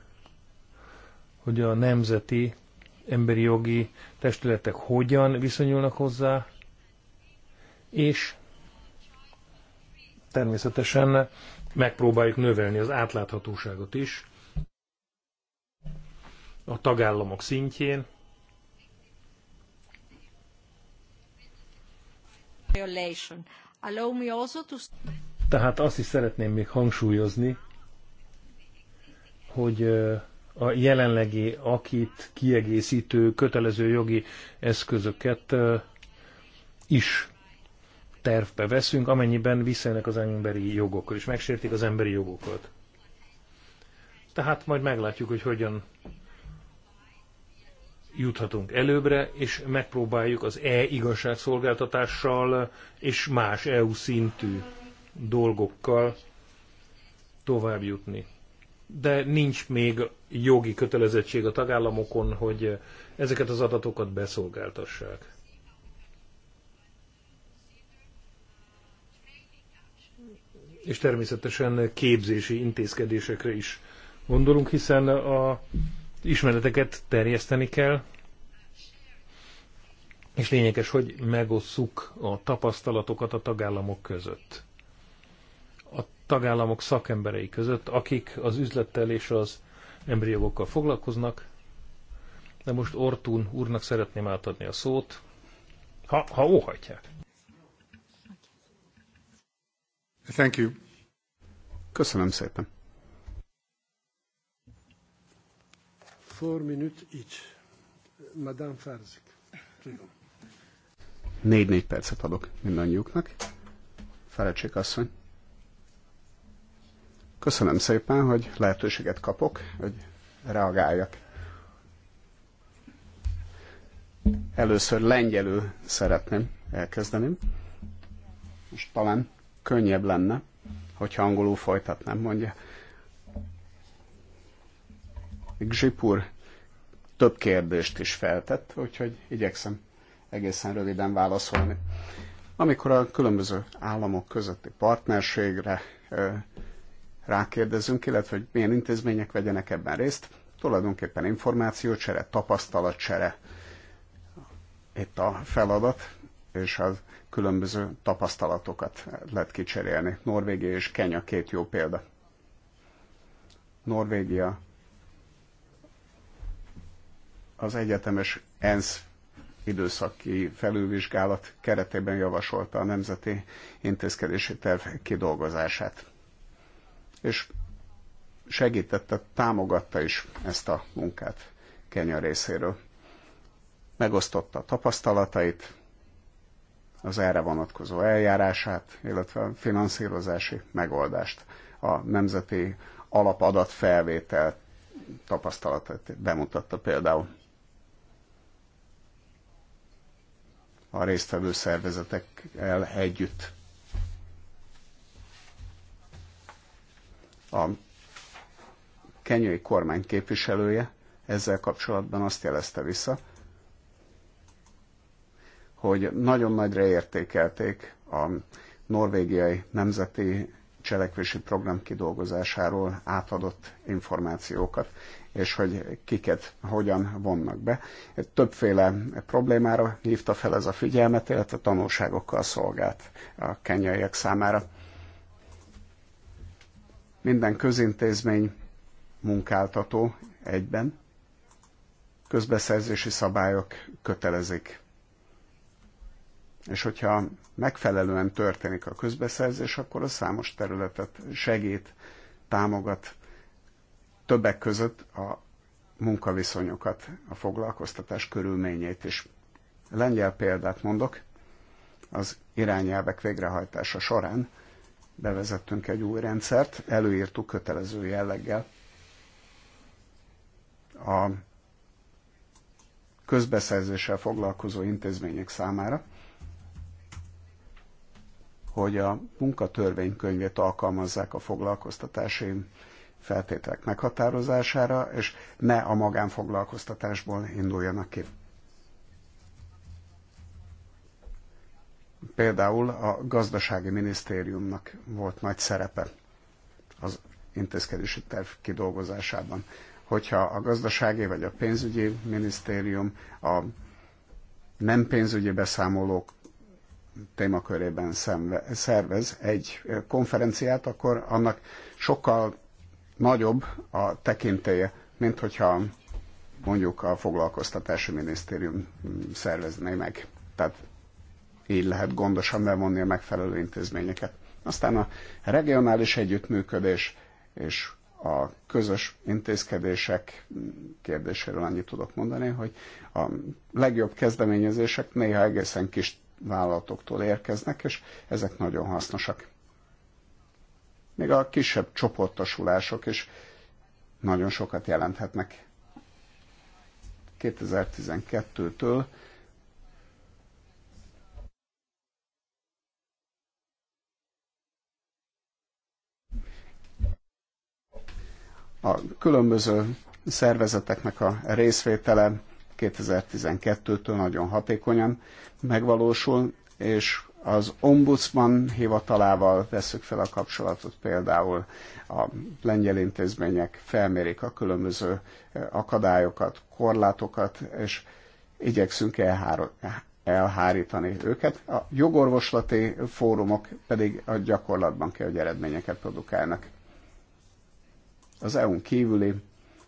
hogy a nemzeti emberi jogi testületek hogyan viszonyulnak hozzá, és természetesen megpróbáljuk növelni az átláthatóságot is, a tagállamok szintjén. Tehát azt is szeretném még hangsúlyozni, hogy a jelenlegi akit kiegészítő kötelező jogi eszközöket is tervbe veszünk, amennyiben visszajönnek az emberi jogokkal, és megsértik az emberi jogokat. Tehát majd meglátjuk, hogy hogyan juthatunk előbbre, és megpróbáljuk az e-igazságszolgáltatással és más EU szintű dolgokkal tovább jutni. De nincs még jogi kötelezettség a tagállamokon, hogy ezeket az adatokat beszolgáltassák. És természetesen képzési intézkedésekre is gondolunk, hiszen a ismereteket terjeszteni kell, és lényeges, hogy megosszuk a tapasztalatokat a tagállamok között. A tagállamok szakemberei között, akik az üzlettel és az emberi jogokkal foglalkoznak. De most Ortún úrnak szeretném átadni a szót, ha, ha óhajtják. Thank you. Köszönöm szépen. Madame Négy-négy percet adok mindannyiuknak. Felecsék asszony. Köszönöm szépen, hogy lehetőséget kapok, hogy reagáljak. Először lengyelül szeretném elkezdeni. Most talán könnyebb lenne, hogyha angolul folytatnám, mondja Gzsipur több kérdést is feltett, úgyhogy igyekszem egészen röviden válaszolni. Amikor a különböző államok közötti partnerségre rákérdezünk, illetve hogy milyen intézmények vegyenek ebben részt, tulajdonképpen információcsere, tapasztalatcsere itt a feladat, és az különböző tapasztalatokat lehet kicserélni. Norvégia és Kenya két jó példa. Norvégia az egyetemes ENSZ időszaki felülvizsgálat keretében javasolta a Nemzeti Intézkedési Terv kidolgozását. És segítette, támogatta is ezt a munkát Kenya részéről. Megosztotta a tapasztalatait, az erre vonatkozó eljárását, illetve a finanszírozási megoldást, a nemzeti alapadatfelvétel tapasztalatát bemutatta például a résztvevő szervezetekkel együtt. A kenyai kormány képviselője ezzel kapcsolatban azt jelezte vissza, hogy nagyon nagyra értékelték a norvégiai nemzeti cselekvési program kidolgozásáról átadott információkat, és hogy kiket hogyan vonnak be. Többféle problémára hívta fel ez a figyelmet, illetve tanulságokkal szolgált a kenyaiak számára. Minden közintézmény munkáltató egyben, közbeszerzési szabályok kötelezik. És hogyha megfelelően történik a közbeszerzés, akkor a számos területet segít, támogat, többek között a munkaviszonyokat, a foglalkoztatás körülményét is. Lengyel példát mondok, az irányelvek végrehajtása során bevezettünk egy új rendszert, előírtuk kötelező jelleggel a közbeszerzéssel foglalkozó intézmények számára, hogy a munkatörvénykönyvét alkalmazzák a foglalkoztatási feltételek meghatározására, és ne a magánfoglalkoztatásból induljanak ki. Például a gazdasági minisztériumnak volt nagy szerepe az intézkedési terv kidolgozásában. Hogyha a gazdasági vagy a pénzügyi minisztérium a nem pénzügyi beszámolók témakörében szervez egy konferenciát, akkor annak sokkal nagyobb a tekintélye, mint hogyha mondjuk a foglalkoztatási minisztérium szervezné meg. Tehát így lehet gondosan bevonni a megfelelő intézményeket. Aztán a regionális együttműködés és a közös intézkedések kérdéséről annyit tudok mondani, hogy a legjobb kezdeményezések néha egészen kis vállalatoktól érkeznek, és ezek nagyon hasznosak még a kisebb csoportosulások is nagyon sokat jelenthetnek. 2012-től a különböző szervezeteknek a részvétele 2012-től nagyon hatékonyan megvalósul, és az ombudsman hivatalával veszük fel a kapcsolatot például, a lengyel intézmények felmérik a különböző e, akadályokat, korlátokat, és igyekszünk elhárítani őket. A jogorvoslati fórumok pedig a gyakorlatban kell, hogy eredményeket produkálnak. Az EU-n kívüli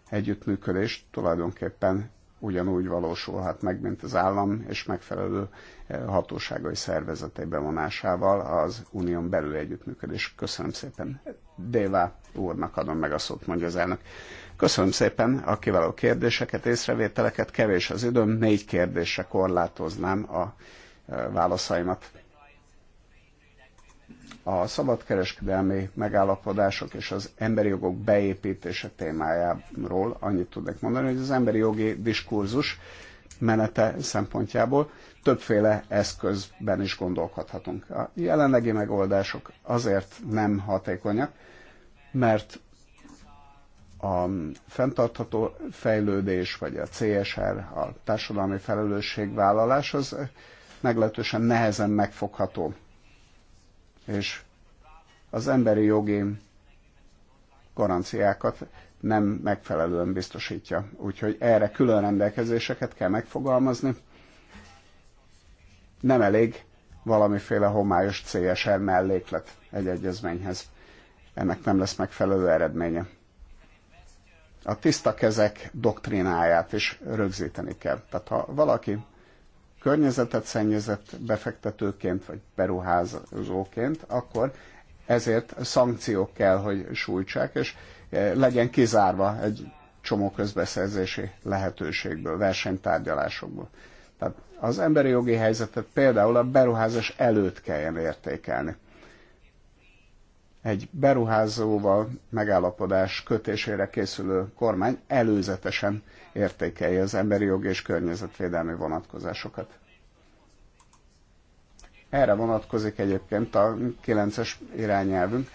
együttműködés tulajdonképpen ugyanúgy valósulhat meg, mint az állam, és megfelelő eh, hatóságai szervezetei bevonásával az unión belül együttműködés. Köszönöm szépen. Dévá úrnak adom meg a szót, mondja az elnök. Köszönöm szépen a kiváló kérdéseket, észrevételeket. Kevés az időm, négy kérdésre korlátoznám a eh, válaszaimat a szabadkereskedelmi megállapodások és az emberi jogok beépítése témájáról annyit tudnék mondani, hogy az emberi jogi diskurzus menete szempontjából többféle eszközben is gondolkodhatunk. A jelenlegi megoldások azért nem hatékonyak, mert a fenntartható fejlődés, vagy a CSR, a társadalmi felelősségvállalás az meglehetősen nehezen megfogható és az emberi jogi garanciákat nem megfelelően biztosítja. Úgyhogy erre külön rendelkezéseket kell megfogalmazni. Nem elég valamiféle homályos CSR melléklet egy egyezményhez. Ennek nem lesz megfelelő eredménye. A tiszta kezek doktrináját is rögzíteni kell. Tehát ha valaki környezetet szennyezett befektetőként vagy beruházóként, akkor ezért szankciók kell, hogy sújtsák, és e, legyen kizárva egy csomó közbeszerzési lehetőségből, versenytárgyalásokból. Tehát az emberi jogi helyzetet például a beruházás előtt kelljen értékelni egy beruházóval megállapodás kötésére készülő kormány előzetesen értékelje az emberi jogi és környezetvédelmi vonatkozásokat. Erre vonatkozik egyébként a 9-es irányelvünk,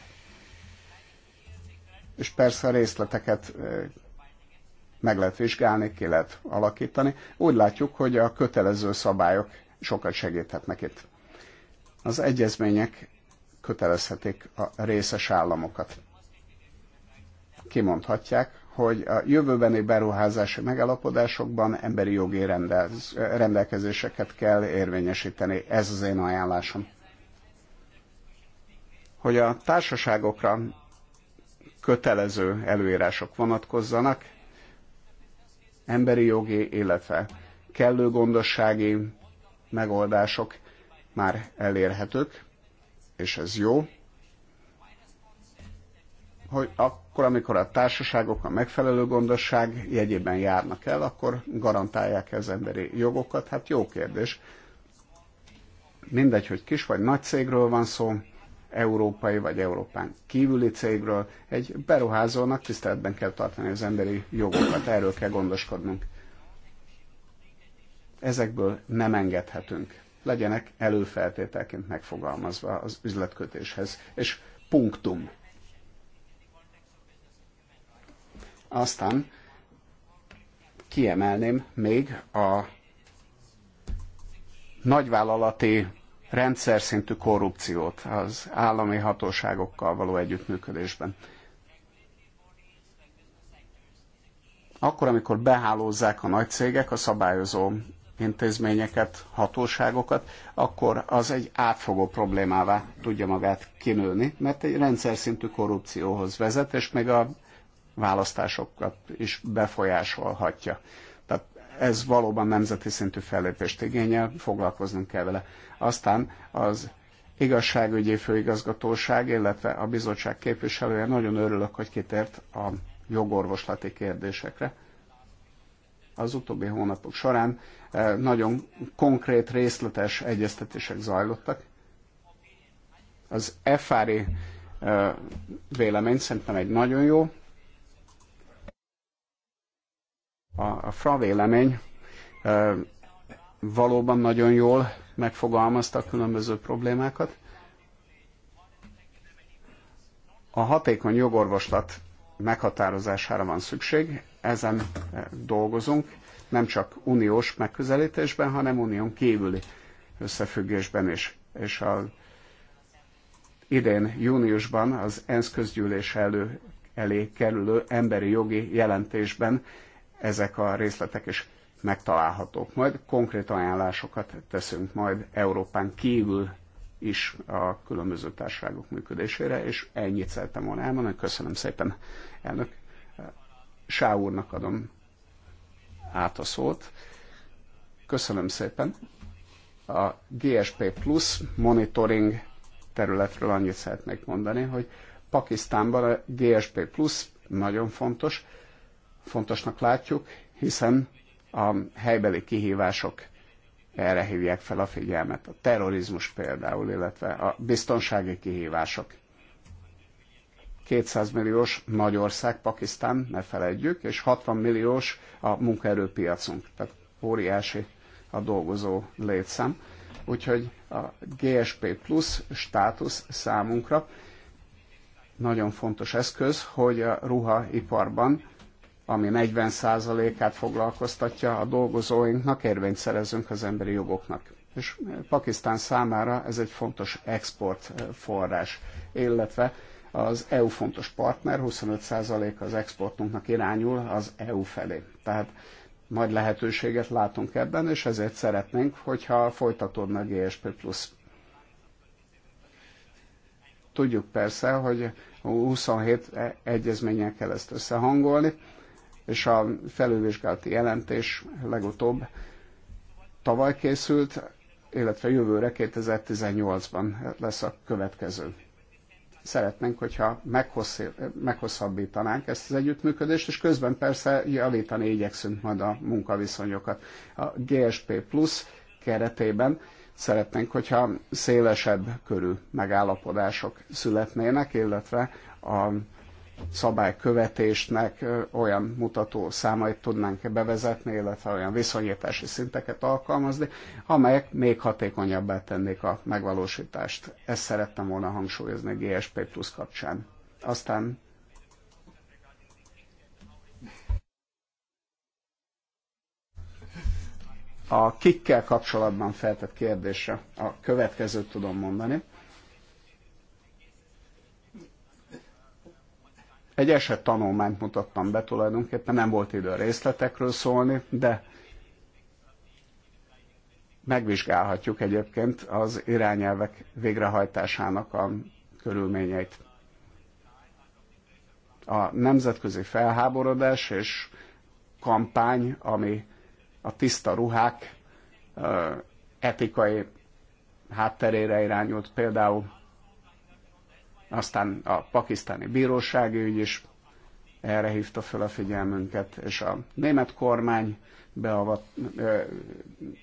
és persze a részleteket meg lehet vizsgálni, ki lehet alakítani. Úgy látjuk, hogy a kötelező szabályok sokat segíthetnek itt. Az egyezmények kötelezhetik a részes államokat. Kimondhatják, hogy a jövőbeni beruházási megalapodásokban emberi jogi rendelkezéseket kell érvényesíteni. Ez az én ajánlásom. Hogy a társaságokra kötelező előírások vonatkozzanak, emberi jogi, illetve kellő gondossági megoldások már elérhetők, és ez jó, hogy akkor, amikor a társaságok a megfelelő gondosság jegyében járnak el, akkor garantálják az emberi jogokat. Hát jó kérdés. Mindegy, hogy kis vagy nagy cégről van szó, európai vagy Európán kívüli cégről, egy beruházónak tiszteletben kell tartani az emberi jogokat, erről kell gondoskodnunk. Ezekből nem engedhetünk legyenek előfeltételként megfogalmazva az üzletkötéshez, és punktum. Aztán kiemelném még a nagyvállalati rendszer szintű korrupciót az állami hatóságokkal való együttműködésben. Akkor, amikor behálózzák a nagy cégek a szabályozó intézményeket, hatóságokat, akkor az egy átfogó problémává tudja magát kinőni, mert egy rendszer szintű korrupcióhoz vezet, és még a választásokat is befolyásolhatja. Tehát ez valóban nemzeti szintű fellépést igényel, foglalkoznunk kell vele. Aztán az igazságügyi főigazgatóság, illetve a bizottság képviselője nagyon örülök, hogy kitért a jogorvoslati kérdésekre az utóbbi hónapok során eh, nagyon konkrét, részletes egyeztetések zajlottak. Az FRI eh, vélemény szerintem egy nagyon jó. A, a FRA vélemény eh, valóban nagyon jól megfogalmazta a különböző problémákat. A hatékony jogorvoslat meghatározására van szükség, ezen eh, dolgozunk, nem csak uniós megközelítésben, hanem unión kívüli összefüggésben is. És a, idén júniusban az ENSZ közgyűlés elő, elé kerülő emberi jogi jelentésben ezek a részletek is megtalálhatók. Majd konkrét ajánlásokat teszünk majd Európán kívül is a különböző társaságok működésére, és ennyit szerettem volna elmondani. Köszönöm szépen! Elnök, Sá úrnak adom át a szót. Köszönöm szépen. A GSP Plus monitoring területről annyit szeretnék mondani, hogy Pakisztánban a GSP Plus nagyon fontos, fontosnak látjuk, hiszen a helybeli kihívások erre hívják fel a figyelmet. A terrorizmus például, illetve a biztonsági kihívások 200 milliós Nagyország, Pakisztán, ne felejtjük, és 60 milliós a munkaerőpiacunk. Tehát óriási a dolgozó létszám. Úgyhogy a GSP plusz státusz számunkra nagyon fontos eszköz, hogy a ruhaiparban, ami 40%-át foglalkoztatja a dolgozóinknak, érvényt szerezünk az emberi jogoknak és Pakisztán számára ez egy fontos exportforrás, eh, illetve az EU fontos partner, 25% az exportunknak irányul az EU felé. Tehát nagy lehetőséget látunk ebben, és ezért szeretnénk, hogyha folytatódna a GSP+. Tudjuk persze, hogy 27 egyezménnyel kell ezt összehangolni, és a felülvizsgálati jelentés legutóbb tavaly készült, illetve jövőre 2018-ban lesz a következő szeretnénk, hogyha meghosszabbítanánk ezt az együttműködést, és közben persze javítani igyekszünk majd a munkaviszonyokat. A GSP Plus keretében szeretnénk, hogyha szélesebb körű megállapodások születnének, illetve a szabálykövetésnek olyan mutató számait tudnánk bevezetni, illetve olyan viszonyítási szinteket alkalmazni, amelyek még hatékonyabbá tennék a megvalósítást. Ezt szerettem volna hangsúlyozni GSP Plus kapcsán. Aztán a kikkel kapcsolatban feltett kérdésre a következőt tudom mondani Egy eset tanulmányt mutattam be tulajdonképpen, nem volt idő a részletekről szólni, de megvizsgálhatjuk egyébként az irányelvek végrehajtásának a körülményeit. A nemzetközi felháborodás és kampány, ami a tiszta ruhák etikai hátterére irányult például aztán a pakisztáni bírósági ügy is erre hívta fel a figyelmünket, és a német kormány beavat,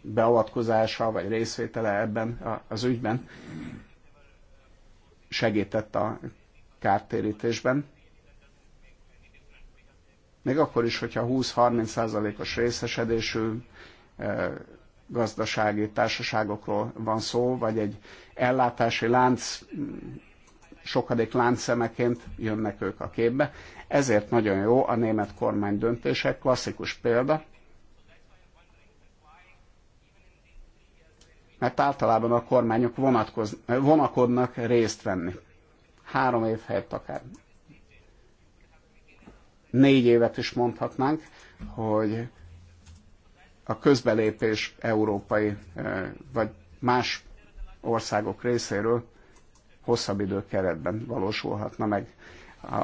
beavatkozása vagy részvétele ebben az ügyben segített a kártérítésben. Még akkor is, hogyha 20-30%-os részesedésű gazdasági társaságokról van szó, vagy egy ellátási lánc sokadik láncszemeként jönnek ők a képbe. Ezért nagyon jó a német kormány döntése, klasszikus példa. Mert általában a kormányok vonakodnak részt venni. Három év helyett akár. Négy évet is mondhatnánk, hogy a közbelépés európai eh, vagy más országok részéről hosszabb időkeretben valósulhatna meg.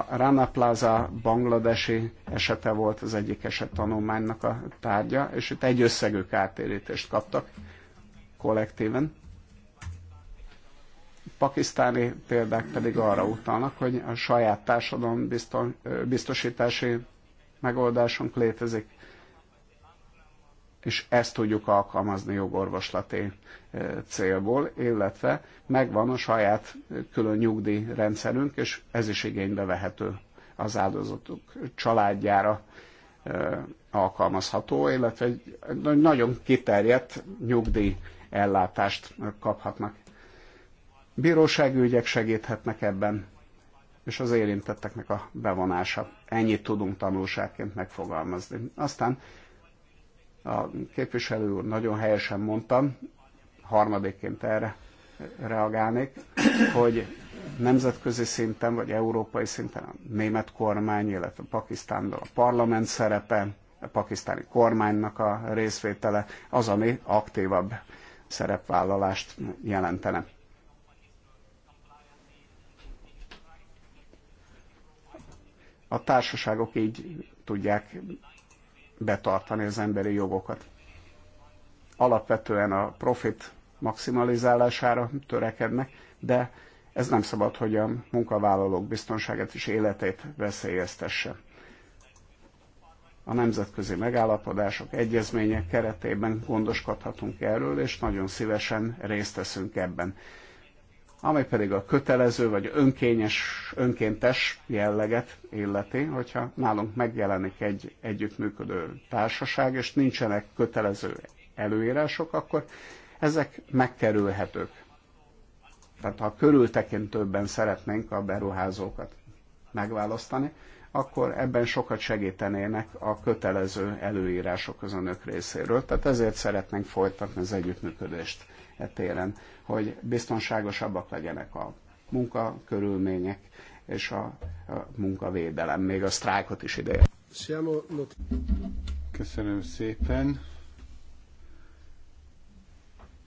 A Rana Plaza bangladesi esete volt az egyik eset tanulmánynak a tárgya, és itt egy összegű kártérítést kaptak kollektíven. Pakisztáni példák pedig arra utalnak, hogy a saját társadalom biztosítási megoldásunk létezik és ezt tudjuk alkalmazni jogorvoslati e, célból, illetve megvan a saját külön nyugdíjrendszerünk, és ez is igénybe vehető az áldozatok családjára e, alkalmazható, illetve egy nagyon kiterjedt nyugdíj ellátást kaphatnak. Bírósági ügyek segíthetnek ebben, és az érintetteknek a bevonása. Ennyit tudunk tanulságként megfogalmazni. Aztán a képviselő úr nagyon helyesen mondta, harmadikként erre reagálnék, hogy nemzetközi szinten, vagy európai szinten a német kormány, illetve Pakisztánban a parlament szerepe, a pakisztáni kormánynak a részvétele az, ami aktívabb szerepvállalást jelentene. A társaságok így tudják betartani az emberi jogokat. Alapvetően a profit maximalizálására törekednek, de ez nem szabad, hogy a munkavállalók biztonságát és életét veszélyeztesse. A nemzetközi megállapodások, egyezmények keretében gondoskodhatunk erről, és nagyon szívesen részt veszünk ebben. Amely pedig a kötelező vagy önkényes, önkéntes jelleget illeti, hogyha nálunk megjelenik egy együttműködő társaság, és nincsenek kötelező előírások, akkor ezek megkerülhetők. Tehát ha körültekintőbben szeretnénk a beruházókat megválasztani, akkor ebben sokat segítenének a kötelező előírások az önök részéről. Tehát ezért szeretnénk folytatni az együttműködést. E téren, hogy biztonságosabbak legyenek a munkakörülmények és a, a munkavédelem, még a sztrájkot is ideje. Köszönöm szépen.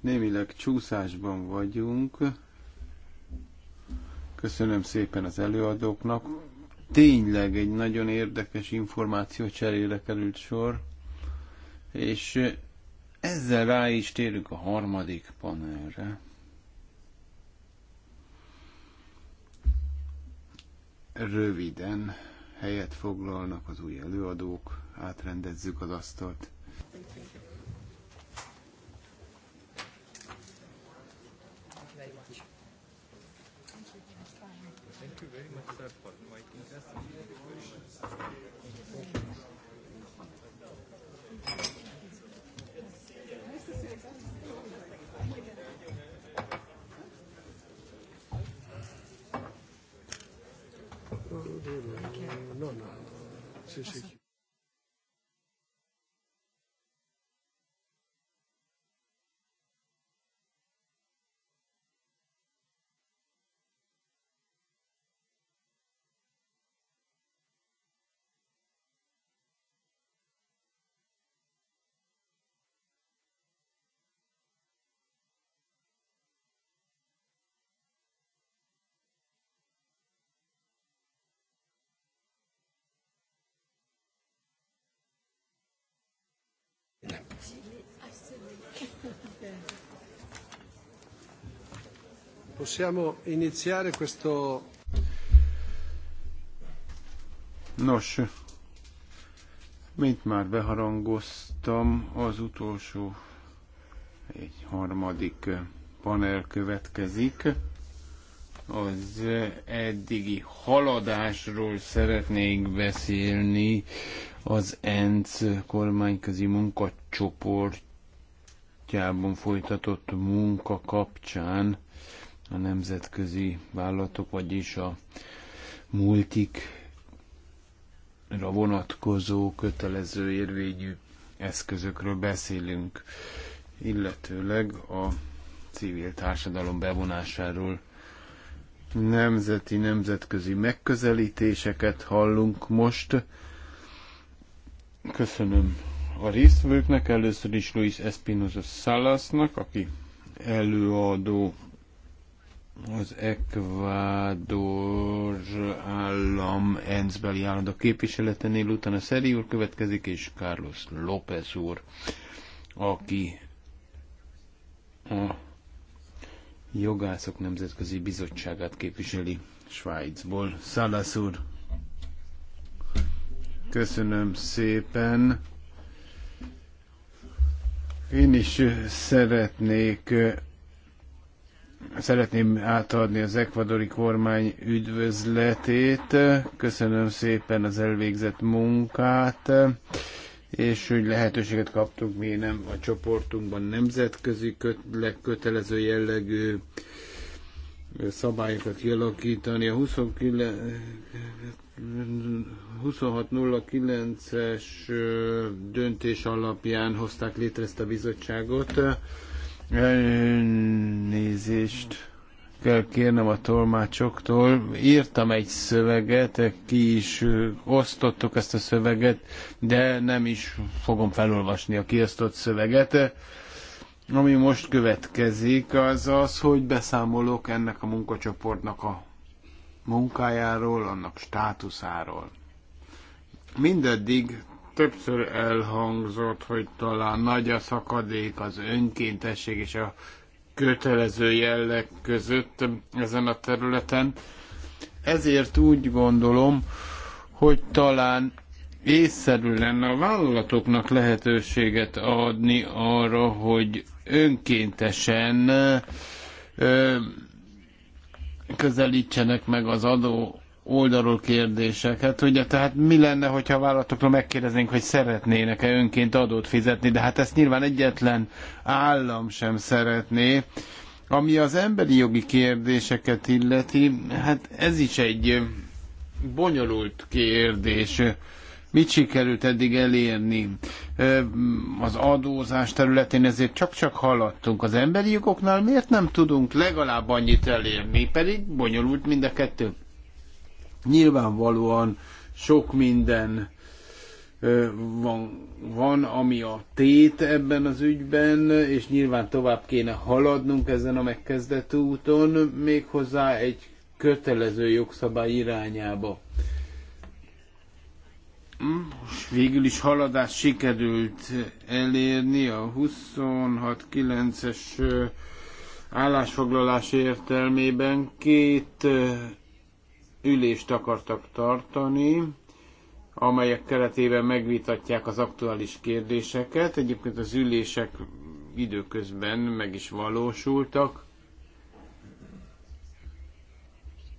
Némileg csúszásban vagyunk. Köszönöm szépen az előadóknak. Tényleg egy nagyon érdekes információ cserére került sor, és ezzel rá is térünk a harmadik panelre. Röviden helyet foglalnak az új előadók, átrendezzük az asztalt. Thank you. lehetőség. Possiamo iniziare questo... Nos, mint már beharangoztam, az utolsó egy harmadik panel következik. Az eddigi haladásról szeretnék beszélni az ENC kormányközi munkacsoport folytatott munka kapcsán a nemzetközi vállalatok, vagyis a multikra vonatkozó kötelező érvényű eszközökről beszélünk, illetőleg a civil társadalom bevonásáról nemzeti, nemzetközi megközelítéseket hallunk most. Köszönöm a résztvevőknek, először is Luis Espinosa Salasnak, aki előadó az Ekvádor állam ENSZ-beli állandó képviseletenél, utána Szeri úr következik, és Carlos López úr, aki a jogászok nemzetközi bizottságát képviseli Svájcból. Szalasz úr, köszönöm szépen. Én is szeretnék Szeretném átadni az ekvadori kormány üdvözletét. Köszönöm szépen az elvégzett munkát, és hogy lehetőséget kaptunk mi nem a csoportunkban nemzetközi kötelező jellegű szabályokat kialakítani. A 29, 2609-es döntés alapján hozták létre ezt a bizottságot. Elnézést kell kérnem a tolmácsoktól. Írtam egy szöveget, ki is osztottuk ezt a szöveget, de nem is fogom felolvasni a kiosztott szöveget. Ami most következik, az az, hogy beszámolok ennek a munkacsoportnak a munkájáról, annak státuszáról. Mindeddig Többször elhangzott, hogy talán nagy a szakadék az önkéntesség és a kötelező jelleg között ezen a területen. Ezért úgy gondolom, hogy talán észszerű lenne a vállalatoknak lehetőséget adni arra, hogy önkéntesen ö, közelítsenek meg az adó oldalról kérdéseket. Hát ugye, tehát mi lenne, hogyha a vállalatokról megkérdeznénk, hogy szeretnének-e önként adót fizetni, de hát ezt nyilván egyetlen állam sem szeretné. Ami az emberi jogi kérdéseket illeti, hát ez is egy bonyolult kérdés. Mit sikerült eddig elérni? Az adózás területén ezért csak-csak haladtunk. Az emberi jogoknál miért nem tudunk legalább annyit elérni? Pedig bonyolult mind a kettő. Nyilvánvalóan sok minden van, van, ami a tét ebben az ügyben, és nyilván tovább kéne haladnunk ezen a megkezdett úton, méghozzá egy kötelező jogszabály irányába. És végül is haladás sikerült elérni a 26.9-es állásfoglalás értelmében. Két ülést akartak tartani, amelyek keretében megvitatják az aktuális kérdéseket. Egyébként az ülések időközben meg is valósultak.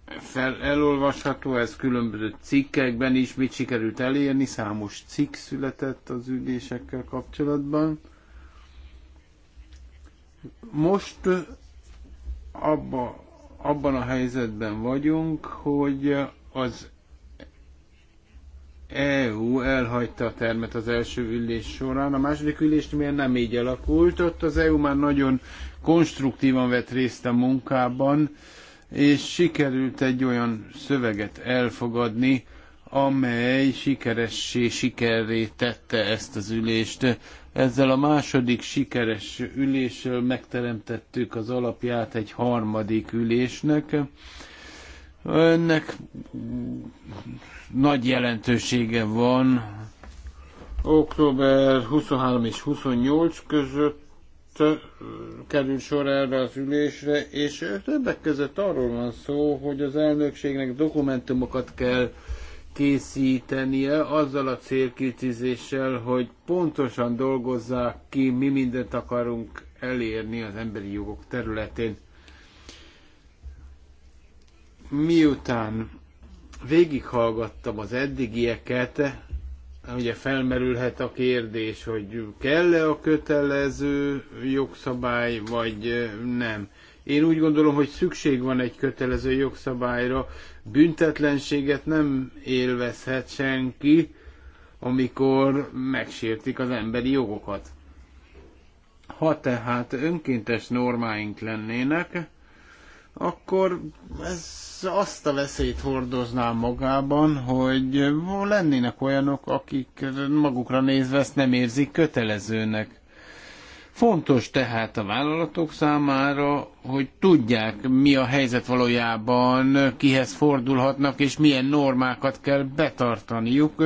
Fel, elolvasható ez különböző cikkekben is, mit sikerült elérni, számos cikk született az ülésekkel kapcsolatban. Most abba abban a helyzetben vagyunk, hogy az EU elhagyta a termet az első ülés során. A második ülést miért nem így alakult? Ott az EU már nagyon konstruktívan vett részt a munkában, és sikerült egy olyan szöveget elfogadni, amely sikeressé sikerré tette ezt az ülést. Ezzel a második sikeres üléssel megteremtettük az alapját egy harmadik ülésnek. Ennek nagy jelentősége van. Október 23 és 28 között kerül sor erre az ülésre, és többek között arról van szó, hogy az elnökségnek dokumentumokat kell készítenie azzal a célkitűzéssel, hogy pontosan dolgozzák ki, mi mindent akarunk elérni az emberi jogok területén. Miután végighallgattam az eddigieket, ugye felmerülhet a kérdés, hogy kell-e a kötelező jogszabály, vagy nem. Én úgy gondolom, hogy szükség van egy kötelező jogszabályra, büntetlenséget nem élvezhet senki, amikor megsértik az emberi jogokat. Ha tehát önkéntes normáink lennének, akkor ez azt a veszélyt hordozná magában, hogy lennének olyanok, akik magukra nézve ezt nem érzik kötelezőnek. Fontos tehát a vállalatok számára, hogy tudják, mi a helyzet valójában, kihez fordulhatnak, és milyen normákat kell betartaniuk,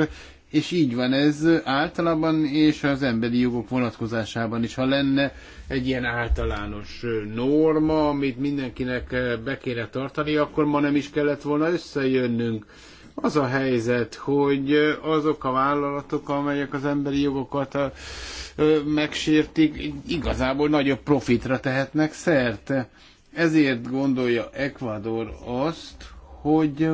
és így van ez általában, és az emberi jogok vonatkozásában is, ha lenne egy ilyen általános norma, amit mindenkinek be kéne tartani, akkor ma nem is kellett volna összejönnünk az a helyzet, hogy azok a vállalatok, amelyek az emberi jogokat megsértik, igazából nagyobb profitra tehetnek szerte. Ezért gondolja Ecuador azt, hogy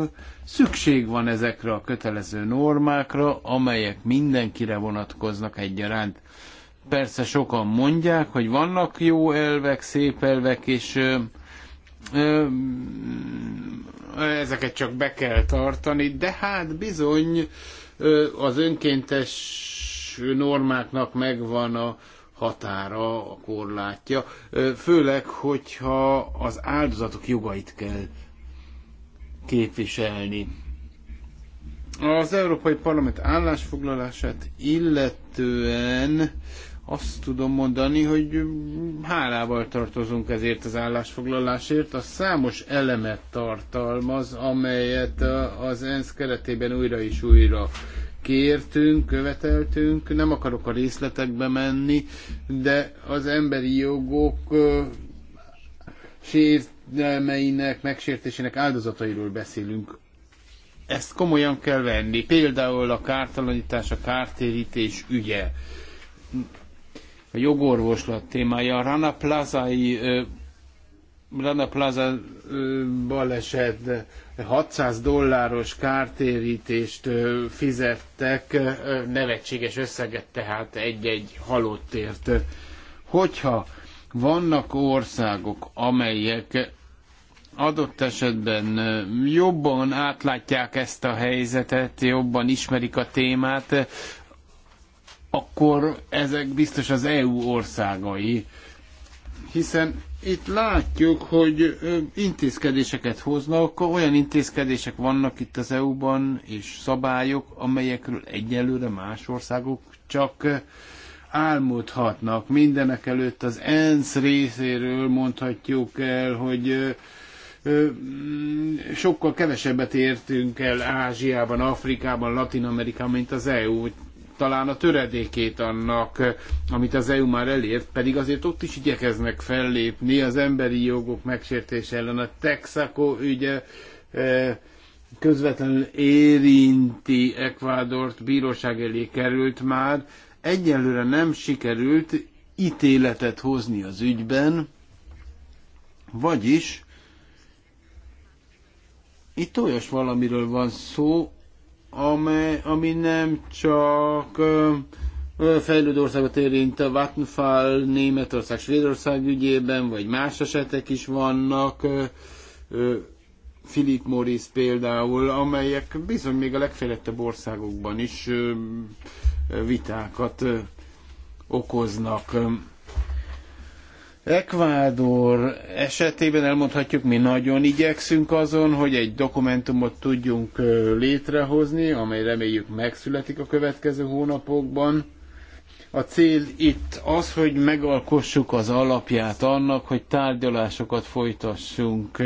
szükség van ezekre a kötelező normákra, amelyek mindenkire vonatkoznak egyaránt. Persze sokan mondják, hogy vannak jó elvek, szép elvek, és ezeket csak be kell tartani, de hát bizony az önkéntes normáknak megvan a határa, a korlátja, főleg, hogyha az áldozatok jogait kell képviselni. Az Európai Parlament állásfoglalását illetően azt tudom mondani, hogy hálával tartozunk ezért az állásfoglalásért. A számos elemet tartalmaz, amelyet az ENSZ keretében újra és újra kértünk, követeltünk. Nem akarok a részletekbe menni, de az emberi jogok sértelmeinek, megsértésének áldozatairól beszélünk. Ezt komolyan kell venni. Például a kártalanítás, a kártérítés ügye a jogorvoslat témája. A Rana i Rana Plaza baleset 600 dolláros kártérítést fizettek, nevetséges összeget tehát egy-egy halottért. Hogyha vannak országok, amelyek adott esetben jobban átlátják ezt a helyzetet, jobban ismerik a témát, akkor ezek biztos az EU országai, hiszen itt látjuk, hogy intézkedéseket hoznak, olyan intézkedések vannak itt az EU-ban, és szabályok, amelyekről egyelőre más országok csak álmodhatnak. Mindenek előtt az ENSZ részéről mondhatjuk el, hogy sokkal kevesebbet értünk el Ázsiában, Afrikában, Latin Amerikában, mint az EU talán a töredékét annak, amit az EU már elért, pedig azért ott is igyekeznek fellépni az emberi jogok megsértése ellen. A Texaco ügye e, közvetlenül érinti Ekvádort, bíróság elé került már. Egyelőre nem sikerült ítéletet hozni az ügyben, vagyis itt olyas valamiről van szó, amely, ami nem csak fejlődő országot érint a Vattenfall, Németország, Svédország ügyében, vagy más esetek is vannak, Philip Morris például, amelyek bizony még a legfejlettebb országokban is vitákat okoznak. Ecuador esetében elmondhatjuk, mi nagyon igyekszünk azon, hogy egy dokumentumot tudjunk létrehozni, amely reméljük megszületik a következő hónapokban. A cél itt az, hogy megalkossuk az alapját annak, hogy tárgyalásokat folytassunk.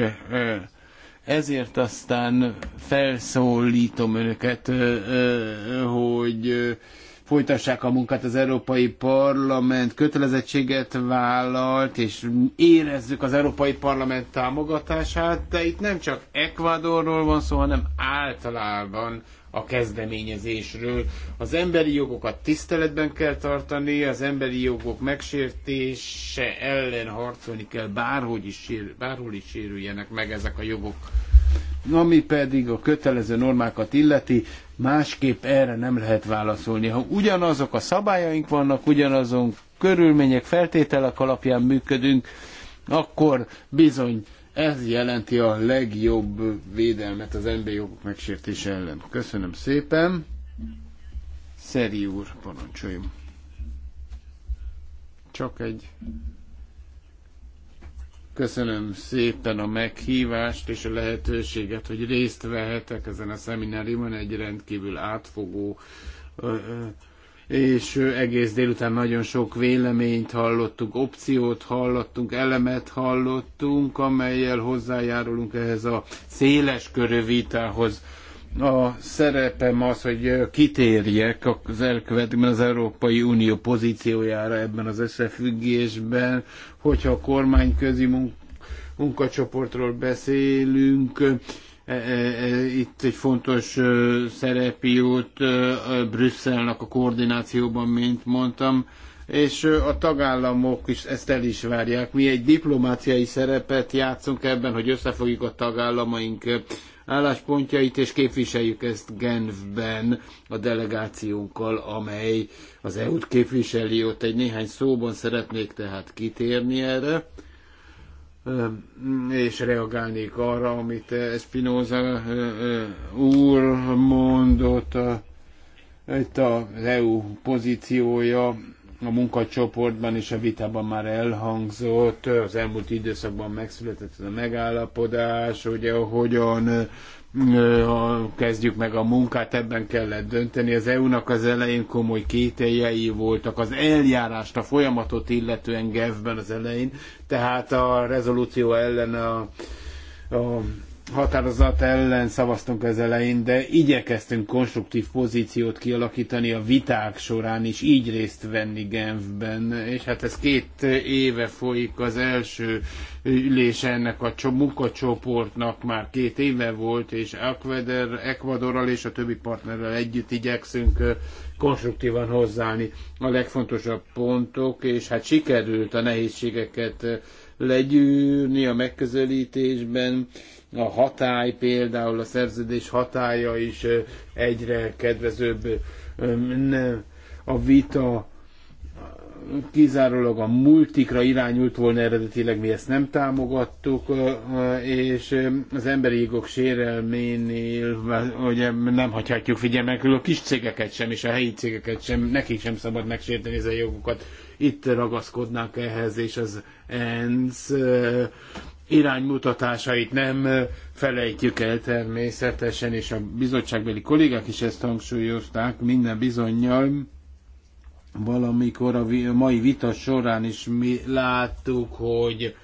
Ezért aztán felszólítom önöket, hogy folytassák a munkát. Az Európai Parlament kötelezettséget vállalt, és érezzük az Európai Parlament támogatását, de itt nem csak Ecuadorról van szó, hanem általában a kezdeményezésről. Az emberi jogokat tiszteletben kell tartani, az emberi jogok megsértése ellen harcolni kell, bárhogy is, bárhol is sérüljenek meg ezek a jogok ami pedig a kötelező normákat illeti, másképp erre nem lehet válaszolni. Ha ugyanazok a szabályaink vannak, ugyanazon körülmények, feltételek alapján működünk, akkor bizony ez jelenti a legjobb védelmet az emberi jogok megsértése ellen. Köszönöm szépen. Szeri úr, parancsoljon. Csak egy Köszönöm szépen a meghívást és a lehetőséget, hogy részt vehetek ezen a szemináriumon, egy rendkívül átfogó és egész délután nagyon sok véleményt hallottunk, opciót hallottunk, elemet hallottunk, amelyel hozzájárulunk ehhez a széles körű vitához a szerepem az, hogy kitérjek az elkövetőben az Európai Unió pozíciójára ebben az összefüggésben, hogyha a kormányközi munkacsoportról beszélünk, e, e, e, itt egy fontos szerep jut Brüsszelnek a koordinációban, mint mondtam, és a tagállamok is ezt el is várják. Mi egy diplomáciai szerepet játszunk ebben, hogy összefogjuk a tagállamaink álláspontjait, és képviseljük ezt Genfben a delegációnkkal, amely az EU-t képviseli. Ott egy néhány szóban szeretnék tehát kitérni erre és reagálnék arra, amit Spinoza úr mondott, itt az EU pozíciója a munkacsoportban és a vitában már elhangzott, az elmúlt időszakban megszületett ez a megállapodás, ugye hogyan ha kezdjük meg a munkát, ebben kellett dönteni. Az EU-nak az elején komoly kételjei voltak az eljárást, a folyamatot illetően Genfben az elején, tehát a rezolúció ellen a, a határozat ellen szavaztunk az elején, de igyekeztünk konstruktív pozíciót kialakítani a viták során is, így részt venni Genfben, és hát ez két éve folyik az első ülése ennek a munkacsoportnak már két éve volt, és Ecuador, Ecuadorral és a többi partnerrel együtt igyekszünk konstruktívan hozzáállni a legfontosabb pontok, és hát sikerült a nehézségeket legyűrni a megközelítésben, a hatály, például a szerződés hatája is egyre kedvezőbb. Nem, a vita kizárólag a multikra irányult volna eredetileg, mi ezt nem támogattuk, és az emberi jogok sérelménél ugye nem hagyhatjuk figyelmen a kis cégeket sem, és a helyi cégeket sem, nekik sem szabad megsérteni ezen jogokat. Itt ragaszkodnák ehhez, és az ENSZ iránymutatásait nem felejtjük el természetesen, és a bizottságbeli kollégák is ezt hangsúlyozták minden bizonyal. Valamikor a mai vita során is mi láttuk, hogy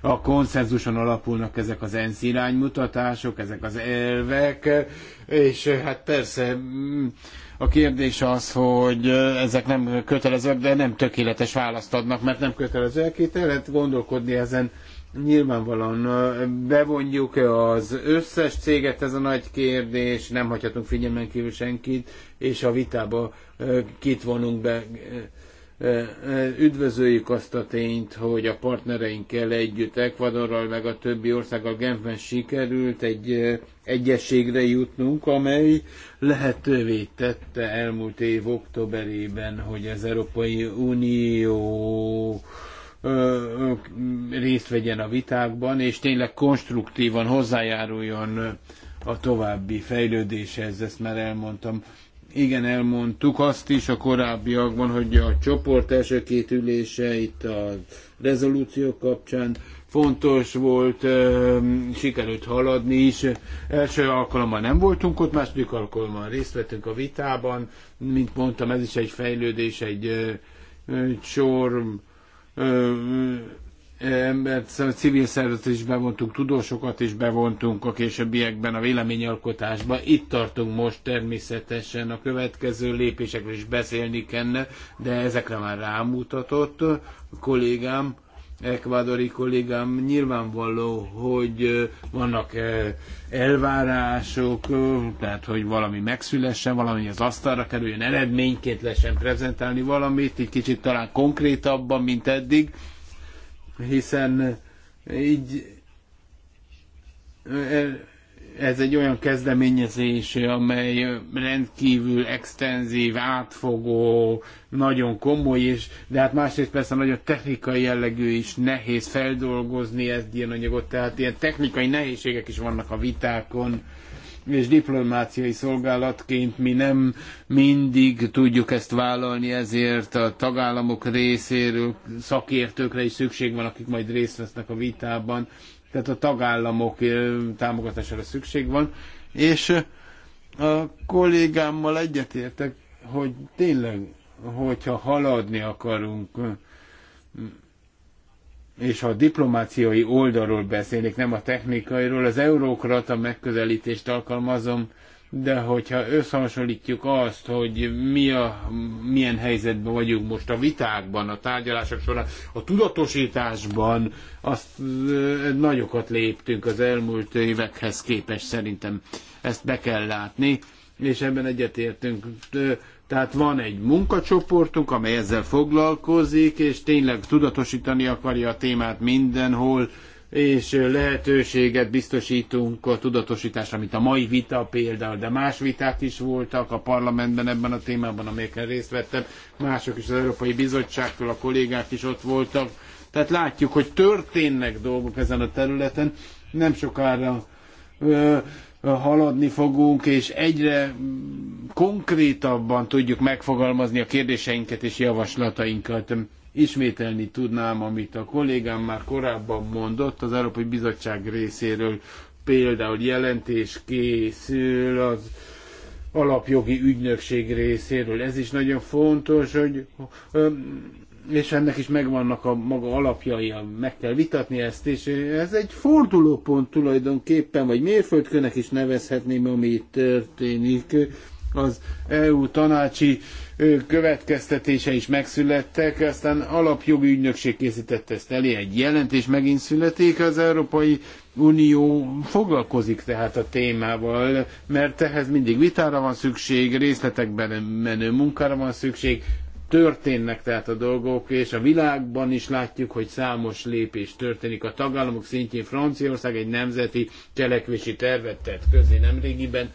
a konszenzuson alapulnak ezek az ENSZ iránymutatások, ezek az elvek, és hát persze mm, a kérdés az, hogy ezek nem kötelezőek, de nem tökéletes választ adnak, mert nem kötelezőek. Itt el lehet gondolkodni ezen Nyilvánvalóan bevonjuk-e az összes céget, ez a nagy kérdés, nem hagyhatunk figyelmen kívül senkit, és a vitába kit vonunk be. Üdvözöljük azt a tényt, hogy a partnereinkkel együtt, Ecuadorral meg a többi országgal Genfben sikerült egy egyességre jutnunk, amely lehetővé tette elmúlt év októberében, hogy az Európai Unió részt vegyen a vitákban, és tényleg konstruktívan hozzájáruljon a további fejlődéshez, ezt már elmondtam. Igen, elmondtuk azt is a korábbiakban, hogy a csoport első két ülése itt a rezolúció kapcsán fontos volt, sikerült haladni is. Első alkalommal nem voltunk ott, második alkalommal részt vettünk a vitában. Mint mondtam, ez is egy fejlődés, egy sor embert, civil szervezet is bevontunk, tudósokat is bevontunk a későbbiekben a véleményalkotásba. Itt tartunk most természetesen a következő lépésekről is beszélni kellene, de ezekre már rámutatott a kollégám ekvádori kollégám, nyilvánvaló, hogy vannak elvárások, tehát hogy valami megszülessen, valami az asztalra kerüljön, eredményként lesen prezentálni valamit, egy kicsit talán konkrétabban, mint eddig, hiszen így ez egy olyan kezdeményezés, amely rendkívül extenzív, átfogó, nagyon komoly, és, de hát másrészt persze nagyon technikai jellegű is, nehéz feldolgozni ezt ilyen anyagot, tehát ilyen technikai nehézségek is vannak a vitákon, és diplomáciai szolgálatként mi nem mindig tudjuk ezt vállalni, ezért a tagállamok részéről szakértőkre is szükség van, akik majd részt vesznek a vitában tehát a tagállamok eh, támogatására szükség van, és eh, a kollégámmal egyetértek, hogy tényleg, hogyha haladni akarunk, eh, és ha a diplomáciai oldalról beszélnék, nem a technikairól, az eurókrata megközelítést alkalmazom, de hogyha összehasonlítjuk azt, hogy mi a, milyen helyzetben vagyunk most a vitákban, a tárgyalások során, a tudatosításban, azt nagyokat léptünk az elmúlt évekhez képest szerintem. Ezt be kell látni, és ebben egyetértünk. Tehát van egy munkacsoportunk, amely ezzel foglalkozik, és tényleg tudatosítani akarja a témát mindenhol, és lehetőséget biztosítunk a tudatosításra, mint a mai vita például, de más viták is voltak a parlamentben ebben a témában, amelyeken részt vettem, mások is az Európai Bizottságtól, a kollégák is ott voltak. Tehát látjuk, hogy történnek dolgok ezen a területen, nem sokára ö, haladni fogunk, és egyre konkrétabban tudjuk megfogalmazni a kérdéseinket és javaslatainkat. Ismételni tudnám, amit a kollégám már korábban mondott, az Európai Bizottság részéről például jelentés készül az alapjogi ügynökség részéről. Ez is nagyon fontos, hogy és ennek is megvannak a maga alapjai, meg kell vitatni ezt, és ez egy fordulópont tulajdonképpen, vagy mérföldkönek is nevezhetném, ami itt történik az EU tanácsi következtetése is megszülettek, aztán alapjogi ügynökség készítette ezt elé, egy jelentés megint születik, az Európai Unió foglalkozik tehát a témával, mert ehhez mindig vitára van szükség, részletekben menő munkára van szükség, történnek tehát a dolgok, és a világban is látjuk, hogy számos lépés történik. A tagállamok szintjén Franciaország egy nemzeti cselekvési tervet tett közé nemrégiben,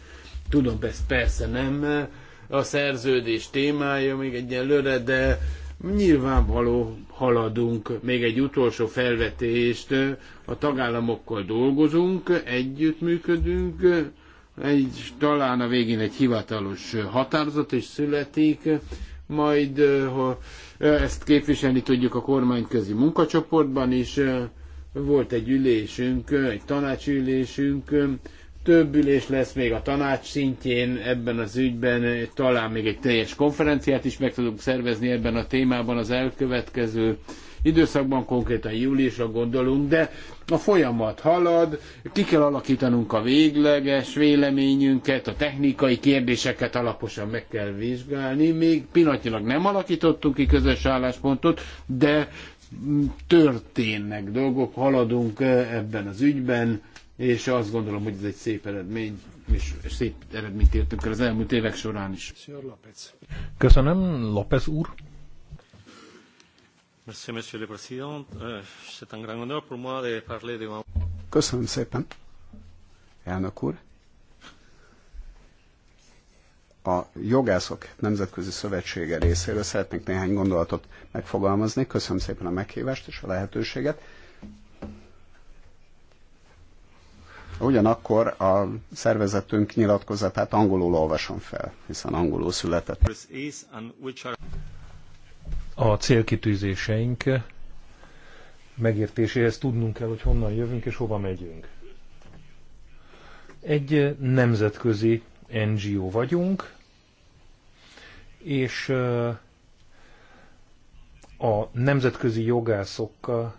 Tudom, ez persze nem a szerződés témája még egyelőre, de nyilvánvaló haladunk. Még egy utolsó felvetést, a tagállamokkal dolgozunk, együttműködünk, egy, talán a végén egy hivatalos határozat is születik, majd ha ezt képviselni tudjuk a kormányközi munkacsoportban is. Volt egy ülésünk, egy tanácsülésünk, több ülés lesz még a tanács szintjén ebben az ügyben, talán még egy teljes konferenciát is meg tudunk szervezni ebben a témában az elkövetkező időszakban, konkrétan júliusra gondolunk, de a folyamat halad, ki kell alakítanunk a végleges véleményünket, a technikai kérdéseket alaposan meg kell vizsgálni, még pillanatnyilag nem alakítottunk ki közös álláspontot, de történnek dolgok, haladunk ebben az ügyben, és azt gondolom, hogy ez egy szép eredmény, és szép eredményt értünk el az elmúlt évek során is. Köszönöm, López úr. Euh, Köszönöm szépen, elnök úr. A Jogászok Nemzetközi Szövetsége részéről szeretnék néhány gondolatot megfogalmazni. Köszönöm szépen a meghívást és a lehetőséget Ugyanakkor a szervezetünk nyilatkozatát angolul olvasom fel, hiszen angolul született. A célkitűzéseink megértéséhez tudnunk kell, hogy honnan jövünk és hova megyünk. Egy nemzetközi NGO vagyunk, és a nemzetközi jogászokkal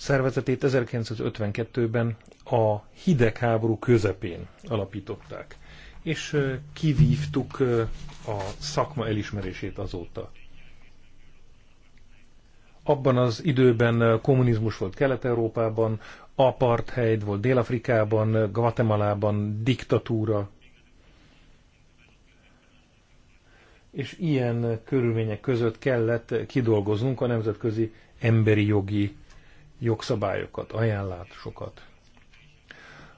szervezetét 1952-ben a hidegháború közepén alapították, és kivívtuk a szakma elismerését azóta. Abban az időben kommunizmus volt Kelet-Európában, apartheid volt Dél-Afrikában, Guatemalában, diktatúra. És ilyen körülmények között kellett kidolgoznunk a nemzetközi emberi jogi jogszabályokat, ajánlásokat.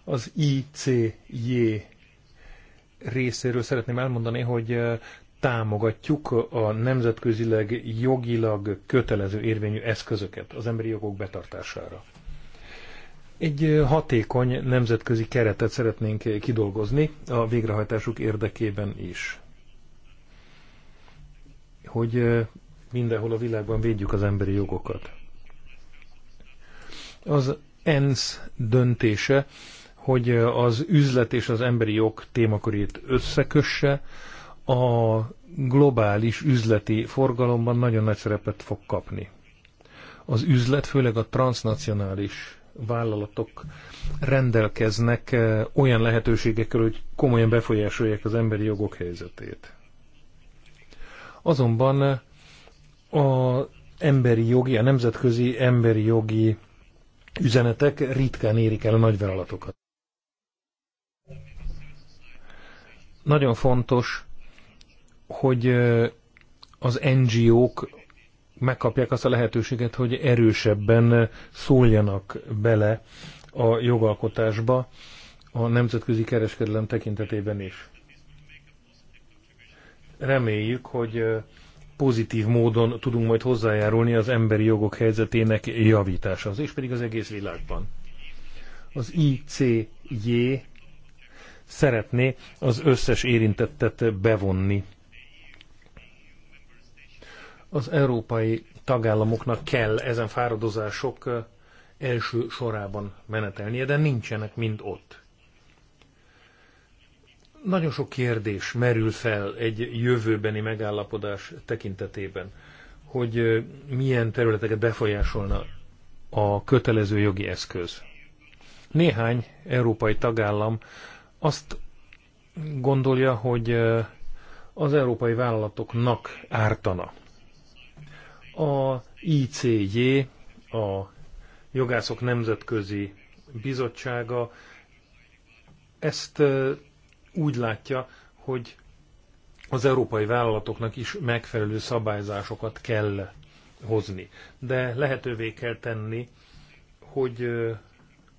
Az ICJ részéről szeretném elmondani, hogy eh, támogatjuk a nemzetközileg jogilag kötelező érvényű eszközöket az emberi jogok betartására. Egy eh, hatékony nemzetközi keretet szeretnénk eh, kidolgozni a végrehajtásuk érdekében is. Hogy mindenhol a világban védjük az emberi jogokat. Az ENSZ döntése, hogy az üzlet és az emberi jog témakörét összekösse, a globális üzleti forgalomban nagyon nagy szerepet fog kapni. Az üzlet, főleg a transnacionális vállalatok rendelkeznek eh, olyan lehetőségekkel, hogy komolyan befolyásolják az emberi jogok helyzetét. Azonban eh, a emberi jogi, a nemzetközi emberi jogi üzenetek ritkán érik el a nagyvállalatokat. Nagyon fontos, hogy az NGO-k megkapják azt a lehetőséget, hogy erősebben szóljanak bele a jogalkotásba a nemzetközi kereskedelem tekintetében is. Reméljük, hogy pozitív módon tudunk majd hozzájárulni az emberi jogok helyzetének javításához, és pedig az egész világban. Az ICJ szeretné az összes érintettet bevonni. Az európai tagállamoknak kell ezen fáradozások első sorában menetelnie, de nincsenek mind ott. Nagyon sok kérdés merül fel egy jövőbeni megállapodás tekintetében, hogy milyen területeket befolyásolna a kötelező jogi eszköz. Néhány európai tagállam azt gondolja, hogy az európai vállalatoknak ártana. A ICJ, a Jogászok Nemzetközi Bizottsága ezt úgy látja, hogy az európai vállalatoknak is megfelelő szabályzásokat kell hozni. De lehetővé kell tenni, hogy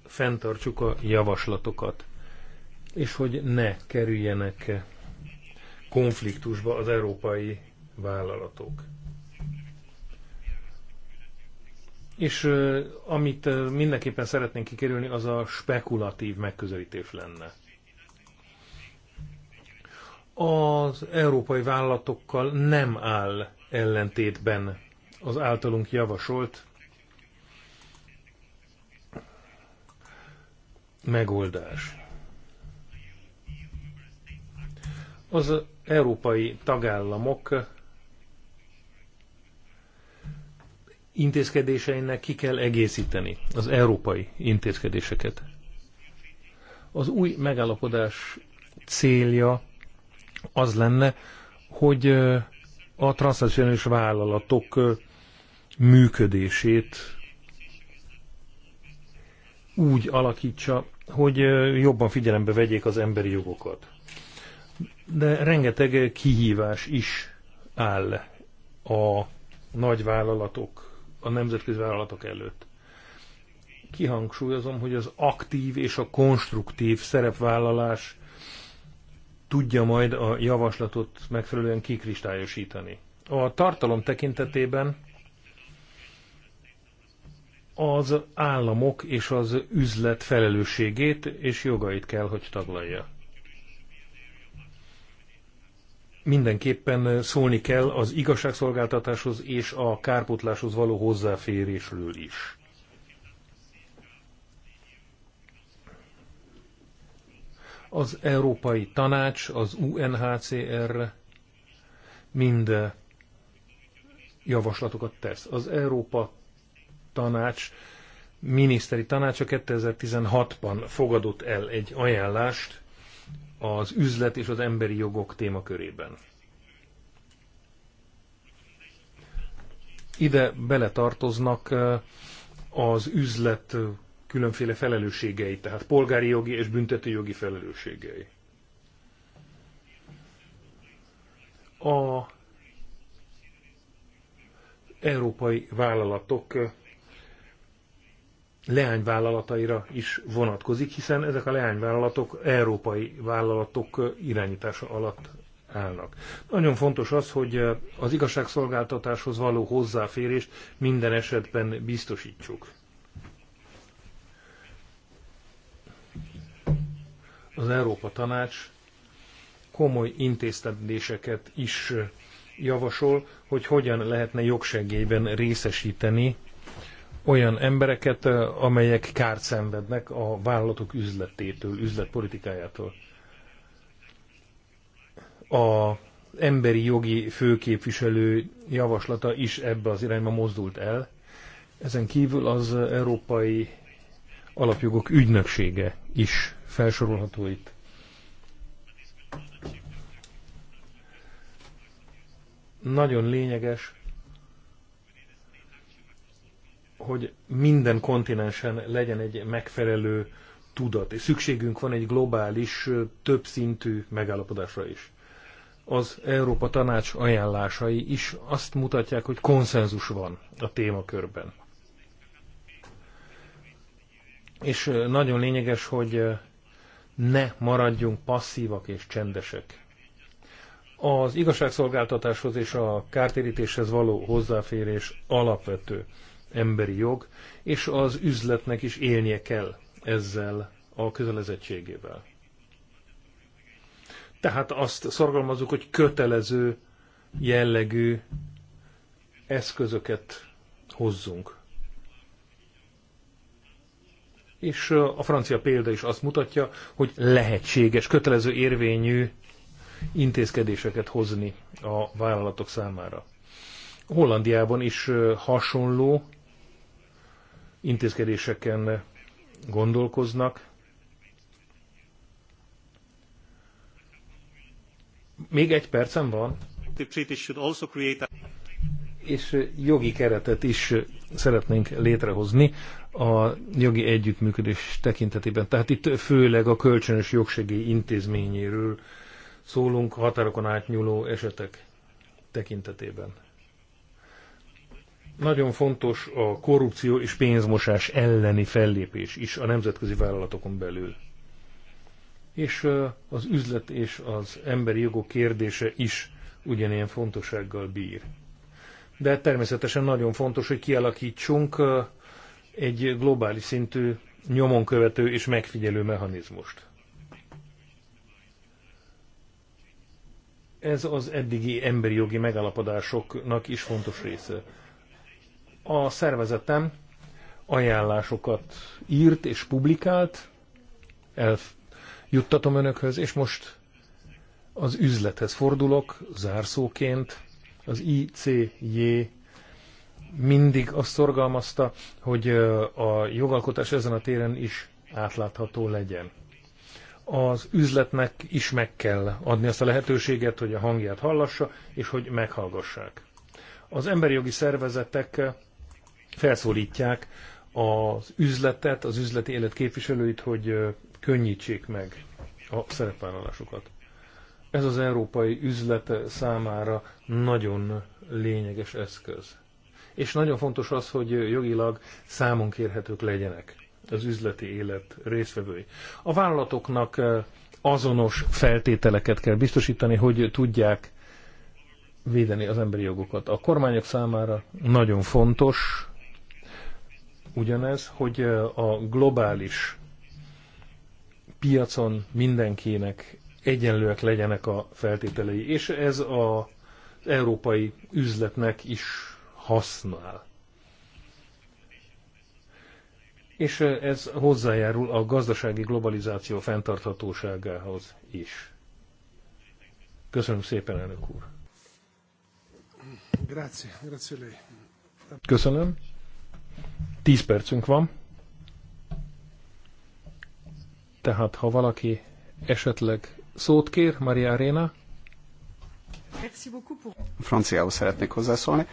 fenntartsuk a javaslatokat, és hogy ne kerüljenek konfliktusba az európai vállalatok. És amit mindenképpen szeretnénk kikerülni, az a spekulatív megközelítés lenne az európai vállalatokkal nem áll ellentétben az általunk javasolt megoldás. Az európai tagállamok intézkedéseinek ki kell egészíteni az európai intézkedéseket. Az új megállapodás célja az lenne, hogy a transzacionális vállalatok működését úgy alakítsa, hogy jobban figyelembe vegyék az emberi jogokat. De rengeteg kihívás is áll a nagy vállalatok, a nemzetközi vállalatok előtt. Kihangsúlyozom, hogy az aktív és a konstruktív szerepvállalás tudja majd a javaslatot megfelelően kikristályosítani. A tartalom tekintetében az államok és az üzlet felelősségét és jogait kell, hogy taglalja. Mindenképpen szólni kell az igazságszolgáltatáshoz és a kárpótláshoz való hozzáférésről is. Az Európai Tanács, az UNHCR mind javaslatokat tesz. Az Európa Tanács miniszteri tanácsa 2016-ban fogadott el egy ajánlást az üzlet és az emberi jogok témakörében. Ide beletartoznak eh, az üzlet különféle felelősségei, tehát polgári jogi és büntető jogi felelősségei. A európai vállalatok leányvállalataira is vonatkozik, hiszen ezek a leányvállalatok európai vállalatok irányítása alatt állnak. Nagyon fontos az, hogy az igazságszolgáltatáshoz való hozzáférést minden esetben biztosítsuk. az Európa Tanács komoly intézkedéseket is javasol, hogy hogyan lehetne jogsegélyben részesíteni olyan embereket, amelyek kárt szenvednek a vállalatok üzletétől, üzletpolitikájától. A emberi jogi főképviselő javaslata is ebbe az irányba mozdult el. Ezen kívül az Európai Alapjogok Ügynöksége is felsorolható itt. Nagyon lényeges, hogy minden kontinensen legyen egy megfelelő tudat, és szükségünk van egy globális, többszintű megállapodásra is. Az Európa Tanács ajánlásai is azt mutatják, hogy konszenzus van a témakörben. És nagyon lényeges, hogy ne maradjunk passzívak és csendesek. Az igazságszolgáltatáshoz és a kártérítéshez való hozzáférés alapvető emberi jog, és az üzletnek is élnie kell ezzel a közelezettségével. Tehát azt szorgalmazunk, hogy kötelező jellegű eszközöket hozzunk és a francia példa is azt mutatja, hogy lehetséges, kötelező érvényű intézkedéseket hozni a vállalatok számára. Hollandiában is hasonló intézkedéseken gondolkoznak. Még egy percem van és jogi keretet is szeretnénk létrehozni a jogi együttműködés tekintetében. Tehát itt főleg a kölcsönös jogsegély intézményéről szólunk határokon átnyúló esetek tekintetében. Nagyon fontos a korrupció és pénzmosás elleni fellépés is a nemzetközi vállalatokon belül. És az üzlet és az emberi jogok kérdése is ugyanilyen fontossággal bír de természetesen nagyon fontos, hogy kialakítsunk egy globális szintű nyomonkövető és megfigyelő mechanizmust. Ez az eddigi emberi jogi megalapodásoknak is fontos része. A szervezetem ajánlásokat írt és publikált, eljuttatom önökhöz, és most az üzlethez fordulok zárszóként. Az ICJ mindig azt szorgalmazta, hogy a jogalkotás ezen a téren is átlátható legyen. Az üzletnek is meg kell adni azt a lehetőséget, hogy a hangját hallassa, és hogy meghallgassák. Az emberi jogi szervezetek felszólítják az üzletet, az üzleti élet képviselőit, hogy könnyítsék meg a szerepvállalásokat. Ez az európai üzlet számára nagyon lényeges eszköz. És nagyon fontos az, hogy jogilag számon kérhetők legyenek az üzleti élet részvevői. A vállalatoknak eh, azonos feltételeket kell biztosítani, hogy tudják védeni az emberi jogokat. A kormányok számára nagyon fontos ugyanez, hogy eh, a globális piacon mindenkinek egyenlőek legyenek a feltételei, és ez az európai üzletnek is használ. És ez hozzájárul a gazdasági globalizáció fenntarthatóságához is. Köszönöm szépen, elnök úr! Grazie, grazie lei. Köszönöm. Tíz percünk van. Tehát, ha valaki esetleg Szót kér Maria Arena. Franciául szeretnék hozzászólni.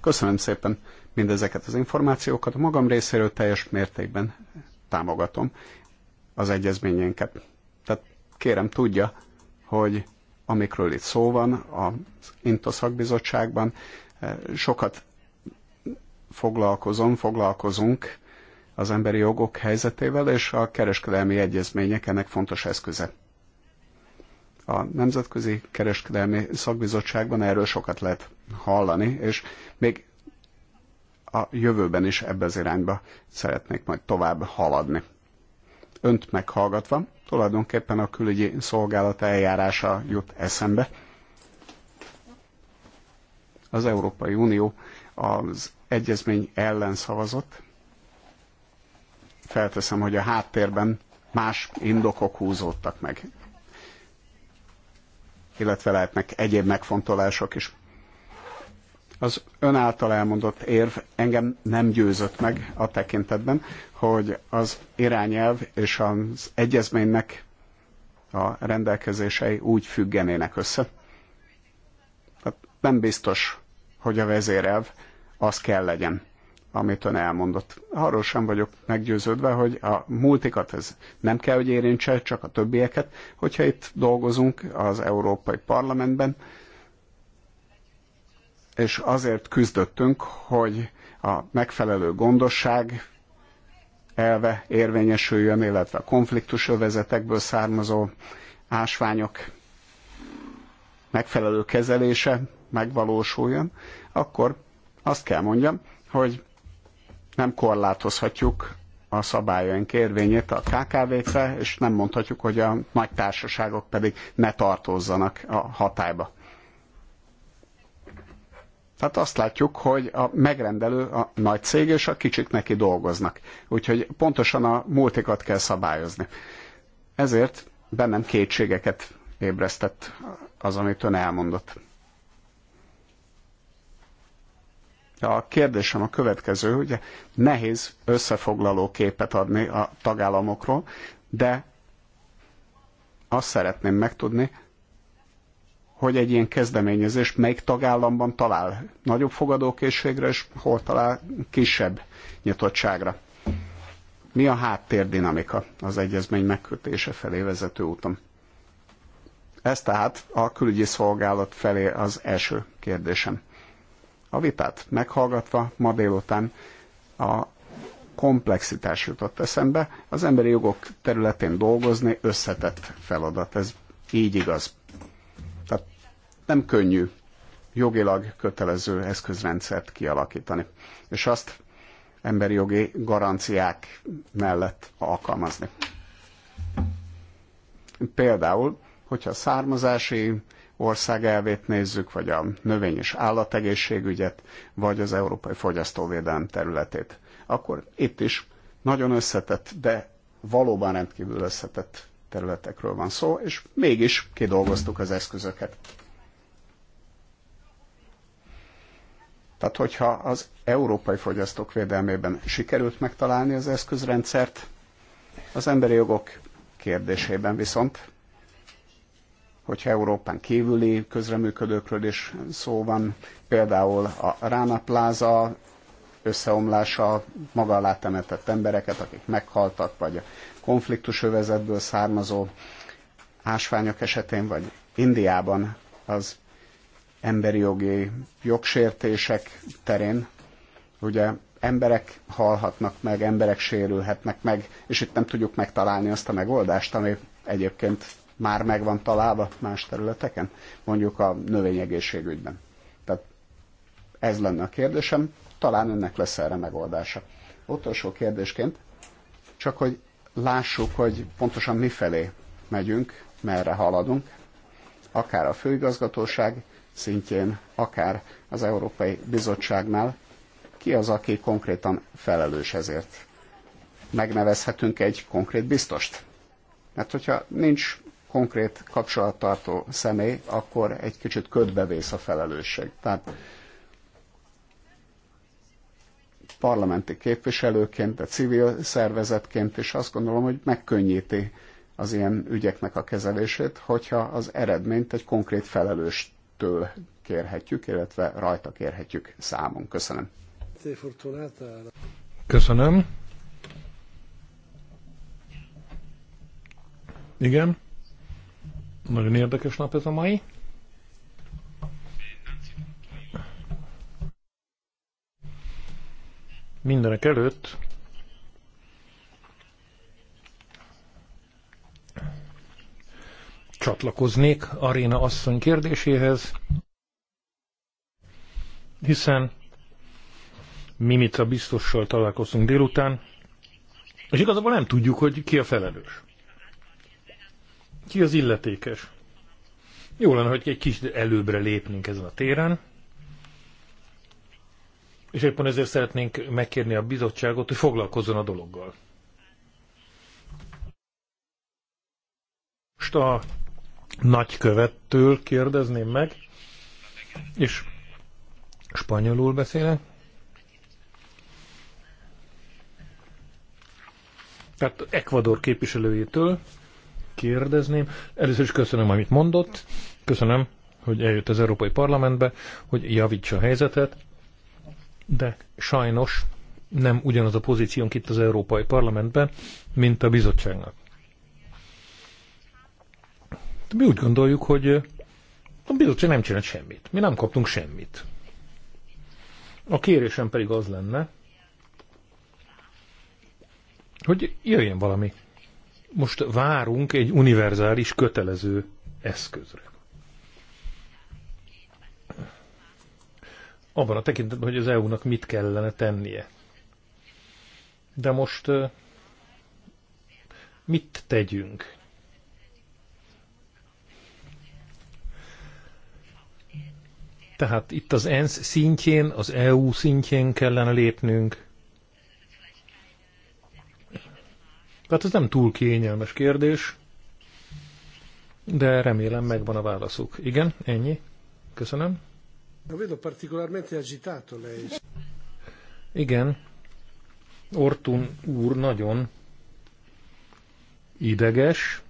Köszönöm szépen mindezeket az információkat. A magam részéről teljes mértékben támogatom az egyezményénket. Tehát kérem tudja, hogy amikről itt szó van az INTO szakbizottságban, eh, sokat foglalkozom, foglalkozunk az emberi jogok helyzetével, és a kereskedelmi egyezmények ennek fontos eszköze. A Nemzetközi Kereskedelmi Szakbizottságban erről sokat lehet hallani, és még a jövőben is ebbe az irányba szeretnék majd tovább haladni. Önt meghallgatva, tulajdonképpen a külügyi szolgálat eljárása jut eszembe. Az Európai Unió az egyezmény ellen szavazott. Felteszem, hogy a háttérben más indokok húzódtak meg illetve lehetnek egyéb megfontolások is. Az ön által elmondott érv engem nem győzött meg a tekintetben, hogy az irányelv és az egyezménynek a rendelkezései úgy függenének össze. Tehát nem biztos, hogy a vezérelv az kell legyen, amit ön elmondott. Arról sem vagyok meggyőződve, hogy a multikat ez nem kell, hogy érintse, csak a többieket. Hogyha itt dolgozunk az Európai Parlamentben, és azért küzdöttünk, hogy a megfelelő gondosság elve érvényesüljön, illetve a konfliktusövezetekből származó ásványok megfelelő kezelése megvalósuljon, akkor azt kell mondjam, hogy nem korlátozhatjuk a szabályaink érvényét a KKV-kre, és nem mondhatjuk, hogy a nagy társaságok pedig ne tartozzanak a hatályba. Tehát azt látjuk, hogy a megrendelő a nagy cég, és a kicsik neki dolgoznak. Úgyhogy pontosan a multikat kell szabályozni. Ezért bennem kétségeket ébresztett az, amit ön elmondott. A kérdésem a következő, ugye nehéz összefoglaló képet adni a tagállamokról, de azt szeretném megtudni, hogy egy ilyen kezdeményezés melyik tagállamban talál nagyobb fogadókészségre, és hol talál kisebb nyitottságra. Mi a háttérdinamika az egyezmény megkötése felé vezető úton? Ez tehát a külügyi szolgálat felé az első kérdésem. A vitát meghallgatva ma délután a komplexitás jutott eszembe. Az emberi jogok területén dolgozni összetett feladat, ez így igaz. Tehát nem könnyű jogilag kötelező eszközrendszert kialakítani, és azt emberi jogi garanciák mellett alkalmazni. Például, hogyha származási, ország elvét nézzük, vagy a növény- és állategészségügyet, vagy az európai fogyasztóvédelem területét, akkor itt is nagyon összetett, de valóban rendkívül összetett területekről van szó, és mégis kidolgoztuk az eszközöket. Tehát, hogyha az európai fogyasztók védelmében sikerült megtalálni az eszközrendszert, az emberi jogok kérdésében viszont hogyha Európán kívüli közreműködőkről is szó van, például a Rána Plaza összeomlása maga alá temetett embereket, akik meghaltak, vagy a konfliktusövezetből származó ásványok esetén, vagy Indiában az emberi jogi jogsértések terén, ugye emberek halhatnak meg, emberek sérülhetnek meg, és itt nem tudjuk megtalálni azt a megoldást, ami egyébként már meg van találva más területeken, mondjuk a növényegészségügyben. Tehát ez lenne a kérdésem, talán önnek lesz erre megoldása. Utolsó kérdésként, csak hogy lássuk, hogy pontosan mifelé megyünk, merre haladunk, akár a főigazgatóság szintjén, akár az Európai Bizottságnál, ki az, aki konkrétan felelős ezért? Megnevezhetünk egy konkrét biztost. Mert hogyha nincs konkrét kapcsolattartó személy, akkor egy kicsit ködbevész a felelősség. Tehát parlamenti képviselőként, a civil szervezetként is azt gondolom, hogy megkönnyíti az ilyen ügyeknek a kezelését, hogyha az eredményt egy konkrét felelőstől kérhetjük, illetve rajta kérhetjük számon. Köszönöm. Köszönöm. Igen. Nagyon érdekes nap ez a mai. Mindenek előtt csatlakoznék Aréna asszony kérdéséhez, hiszen Mimica biztossal találkozunk délután, és igazából nem tudjuk, hogy ki a felelős. Ki az illetékes? Jó lenne, hogy egy kis előbbre lépnénk ezen a téren. És éppen ezért szeretnénk megkérni a bizottságot, hogy foglalkozzon a dologgal. Most a nagykövettől kérdezném meg, és spanyolul beszélek. Tehát Ecuador képviselőjétől kérdezném. Először is köszönöm, amit mondott. Köszönöm, hogy eljött az Európai Parlamentbe, hogy javítsa a helyzetet, de sajnos nem ugyanaz a pozíciónk itt az Európai Parlamentben, mint a bizottságnak. Mi úgy gondoljuk, hogy a bizottság nem csinált semmit. Mi nem kaptunk semmit. A kérésem pedig az lenne, hogy jöjjön valami most várunk egy univerzális kötelező eszközre. Abban a tekintetben, hogy az EU-nak mit kellene tennie. De most mit tegyünk? Tehát itt az ENSZ szintjén, az EU szintjén kellene lépnünk, Tehát ez nem túl kényelmes kérdés, de remélem megvan a válaszuk. Igen, ennyi. Köszönöm. Igen. Ortun úr nagyon ideges.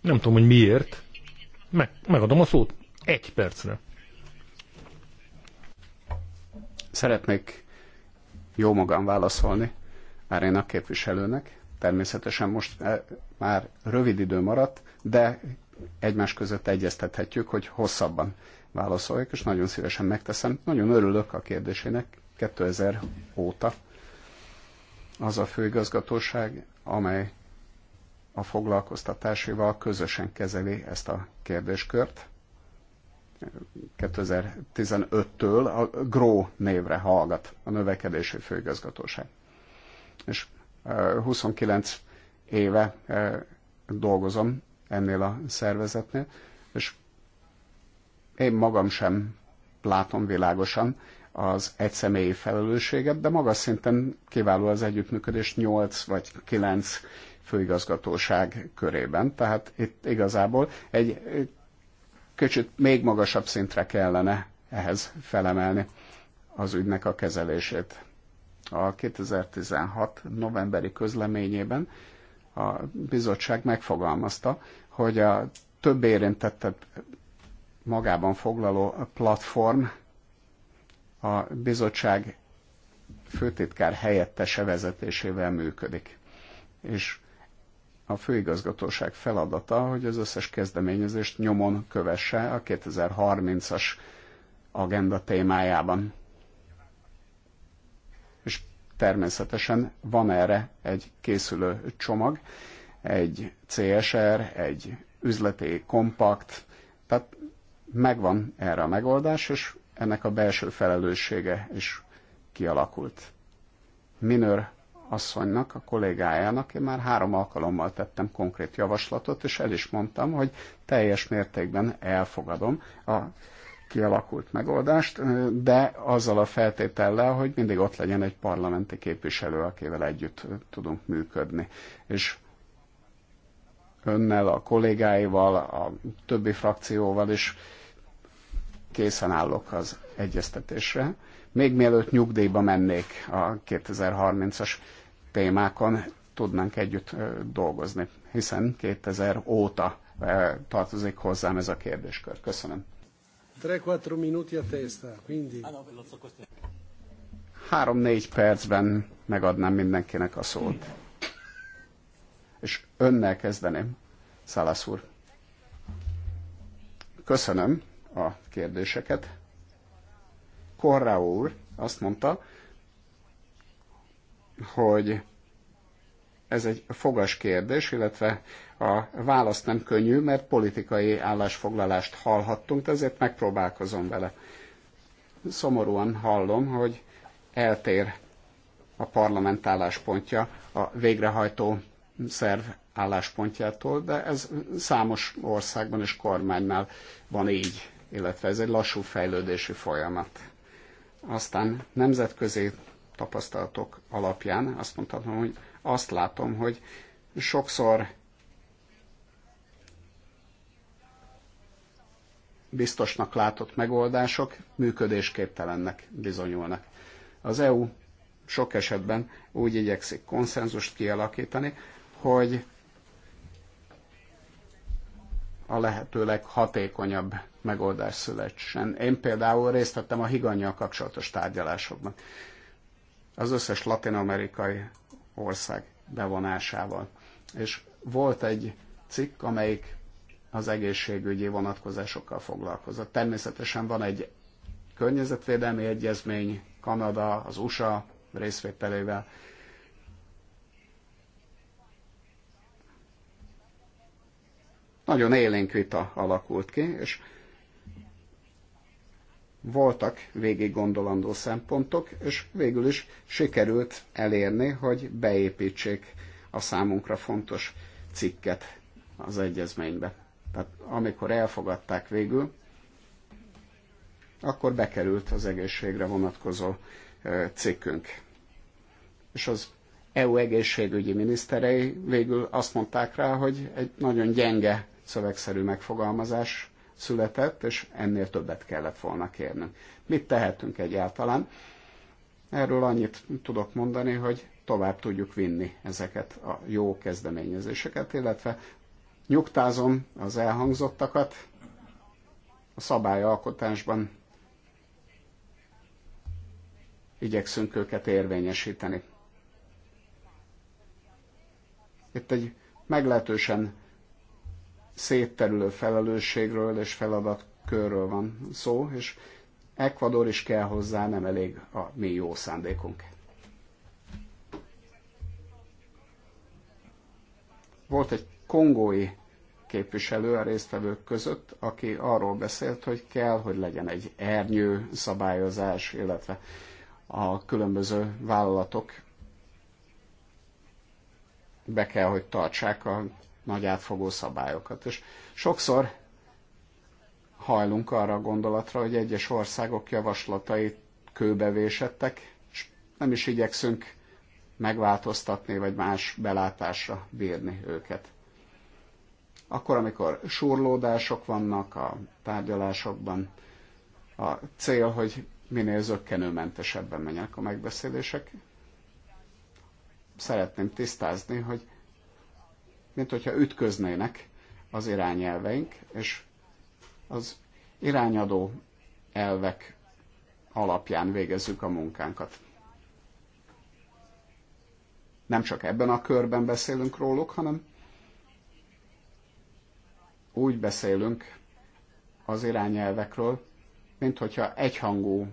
Nem tudom, hogy miért. Meg, megadom a szót. Egy percre. Szeretnék jó magam válaszolni Árénak képviselőnek. Természetesen most eh, már rövid idő maradt, de egymás között egyeztethetjük, hogy hosszabban válaszoljak, és nagyon szívesen megteszem. Nagyon örülök a kérdésének 2000 óta. Az a főigazgatóság, amely a foglalkoztatásival közösen kezeli ezt a kérdéskört. 2015-től a GRO névre hallgat a növekedési főigazgatóság és 29 éve dolgozom ennél a szervezetnél, és én magam sem látom világosan az egyszemélyi felelősséget, de magas szinten kiváló az együttműködés 8 vagy 9 főigazgatóság körében. Tehát itt igazából egy kicsit még magasabb szintre kellene ehhez felemelni az ügynek a kezelését. A 2016 novemberi közleményében a bizottság megfogalmazta, hogy a több érintettet magában foglaló platform a bizottság főtitkár helyettese vezetésével működik. És a főigazgatóság feladata, hogy az összes kezdeményezést nyomon kövesse a 2030-as agenda témájában. Természetesen van erre egy készülő csomag, egy CSR, egy üzleti kompakt, tehát megvan erre a megoldás, és ennek a belső felelőssége is kialakult. Minőr asszonynak, a kollégájának, én már három alkalommal tettem konkrét javaslatot, és el is mondtam, hogy teljes mértékben elfogadom a kialakult megoldást, de azzal a feltétellel, hogy mindig ott legyen egy parlamenti képviselő, akivel együtt tudunk működni. És önnel, a kollégáival, a többi frakcióval is készen állok az egyeztetésre. Még mielőtt nyugdíjba mennék a 2030-as témákon, tudnánk együtt dolgozni, hiszen 2000 óta tartozik hozzám ez a kérdéskör. Köszönöm. 3-4 minuti a testa, quindi... Ah, percben megadnám mindenkinek a szót. És önnel kezdeném, Szálasz úr. Köszönöm a kérdéseket. Korra úr azt mondta, hogy ez egy fogas kérdés, illetve a válasz nem könnyű, mert politikai állásfoglalást hallhattunk, ezért megpróbálkozom vele. Szomorúan hallom, hogy eltér a parlament álláspontja a végrehajtó szerv álláspontjától, de ez számos országban és kormánynál van így, illetve ez egy lassú fejlődési folyamat. Aztán nemzetközi tapasztalatok alapján azt mondhatom, hogy azt látom, hogy sokszor biztosnak látott megoldások működésképtelennek bizonyulnak. Az EU sok esetben úgy igyekszik konszenzust kialakítani, hogy a lehető leghatékonyabb megoldás születsen. Én például részt vettem a higannyal kapcsolatos tárgyalásokban. Az összes latinamerikai ország bevonásával. És volt egy cikk, amelyik az egészségügyi vonatkozásokkal foglalkozott. Természetesen van egy környezetvédelmi egyezmény, Kanada, az USA részvételével. Nagyon élénk vita alakult ki, és voltak végig gondolandó szempontok, és végül is sikerült elérni, hogy beépítsék a számunkra fontos cikket az egyezménybe. Tehát amikor elfogadták végül, akkor bekerült az egészségre vonatkozó cikkünk. És az EU egészségügyi miniszterei végül azt mondták rá, hogy egy nagyon gyenge szövegszerű megfogalmazás született, és ennél többet kellett volna kérnünk. Mit tehetünk egyáltalán? Erről annyit tudok mondani, hogy tovább tudjuk vinni ezeket a jó kezdeményezéseket, illetve Nyugtázom az elhangzottakat. A szabályalkotásban igyekszünk őket érvényesíteni. Itt egy meglehetősen szétterülő felelősségről és feladatkörről van szó, és Ecuador is kell hozzá, nem elég a mi jó szándékunk. Volt egy kongói képviselő a résztvevők között, aki arról beszélt, hogy kell, hogy legyen egy ernyő szabályozás, illetve a különböző vállalatok be kell, hogy tartsák a nagy átfogó szabályokat. És sokszor hajlunk arra a gondolatra, hogy egyes országok javaslatait kőbevésettek, és nem is igyekszünk megváltoztatni, vagy más belátásra bírni őket akkor, amikor surlódások vannak a tárgyalásokban, a cél, hogy minél zöggenőmentesebben menjenek a megbeszélések. Szeretném tisztázni, hogy mint hogyha ütköznének az irányelveink, és az irányadó elvek alapján végezzük a munkánkat. Nem csak ebben a körben beszélünk róluk, hanem úgy beszélünk az irányelvekről, mint hogyha egyhangú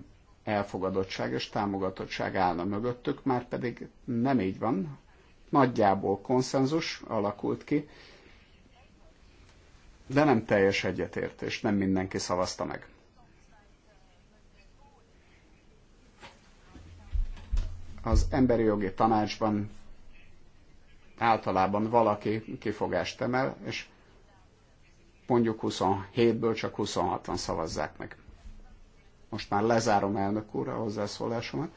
elfogadottság és támogatottság állna mögöttük, már pedig nem így van. Nagyjából konszenzus alakult ki, de nem teljes egyetértés, nem mindenki szavazta meg. Az emberi jogi tanácsban általában valaki kifogást emel, és mondjuk 27-ből csak 26-an szavazzák meg. Most már lezárom elnök úr a hozzászólásomat.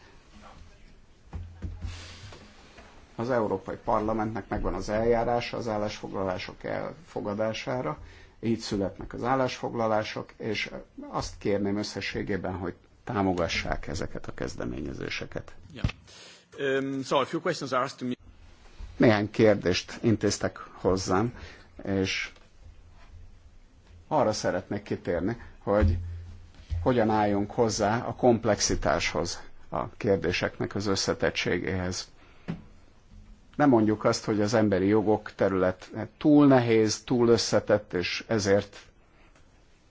Az Európai Parlamentnek megvan az eljárása az állásfoglalások elfogadására, így születnek az állásfoglalások, és azt kérném összességében, hogy támogassák ezeket a kezdeményezéseket. Yeah. Um, so a few Néhány kérdést intéztek hozzám, és arra szeretnék kitérni, hogy hogyan álljunk hozzá a komplexitáshoz, a kérdéseknek az összetettségéhez. Nem mondjuk azt, hogy az emberi jogok terület túl nehéz, túl összetett, és ezért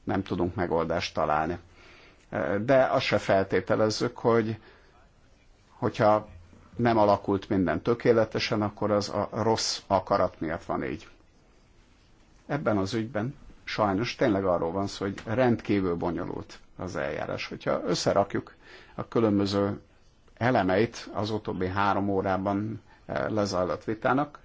nem tudunk megoldást találni. De azt se feltételezzük, hogy hogyha nem alakult minden tökéletesen, akkor az a rossz akarat miatt van így. Ebben az ügyben sajnos tényleg arról van szó, hogy rendkívül bonyolult az eljárás. Hogyha összerakjuk a különböző elemeit az utóbbi három órában eh, lezajlott vitának,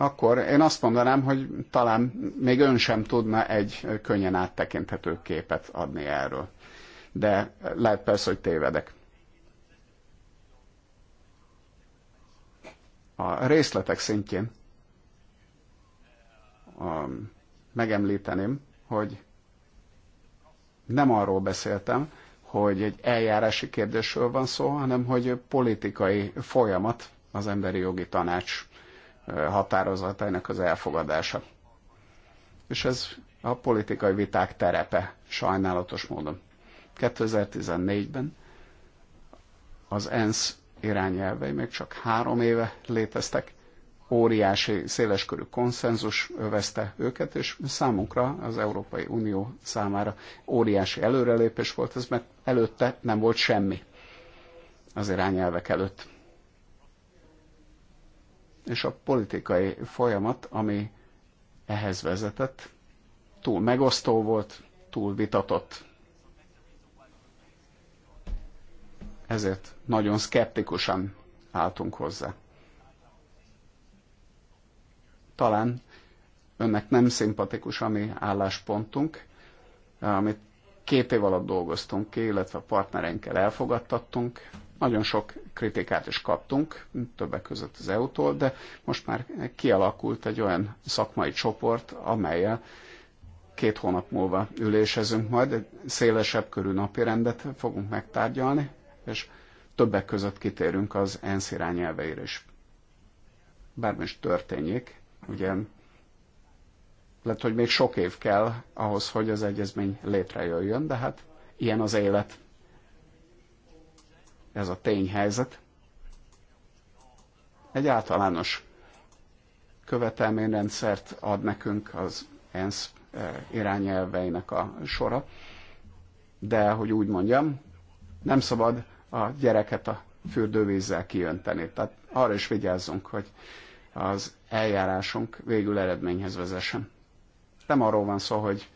akkor én azt mondanám, hogy talán még ön sem tudna egy könnyen áttekinthető képet adni erről. De lehet persze, hogy tévedek. A részletek szintjén um, megemlíteném, hogy nem arról beszéltem, hogy egy eljárási kérdésről van szó, hanem hogy politikai folyamat az emberi jogi tanács uh, határozatainak az elfogadása. És ez a politikai viták terepe, sajnálatos módon. 2014-ben az ENSZ irányelvei még csak három éve léteztek, óriási, széleskörű konszenzus övezte őket, és számunkra az Európai Unió számára óriási előrelépés volt ez, mert előtte nem volt semmi az irányelvek előtt. És a politikai folyamat, ami ehhez vezetett, túl megosztó volt, túl vitatott. Ezért nagyon szkeptikusan álltunk hozzá. Talán önnek nem szimpatikus a mi álláspontunk, amit két év alatt dolgoztunk ki, illetve a partnereinkkel elfogadtattunk. Nagyon sok kritikát is kaptunk, többek között az EU-tól, de most már kialakult egy olyan szakmai csoport, amelyel két hónap múlva ülésezünk majd, egy szélesebb körű napi rendet fogunk megtárgyalni, és többek között kitérünk az ENSZ irányelveire is. Bármi is történjék, Ugye lehet, hogy még sok év kell ahhoz, hogy az egyezmény létrejöjjön, de hát ilyen az élet. Ez a tényhelyzet. Egy általános követelményrendszert ad nekünk az ENSZ eh, irányelveinek a sora, de, hogy úgy mondjam, nem szabad a gyereket a fürdővízzel kiönteni. Tehát arra is vigyázzunk, hogy az eljárásunk végül eredményhez vezessen. Nem arról van szó, hogy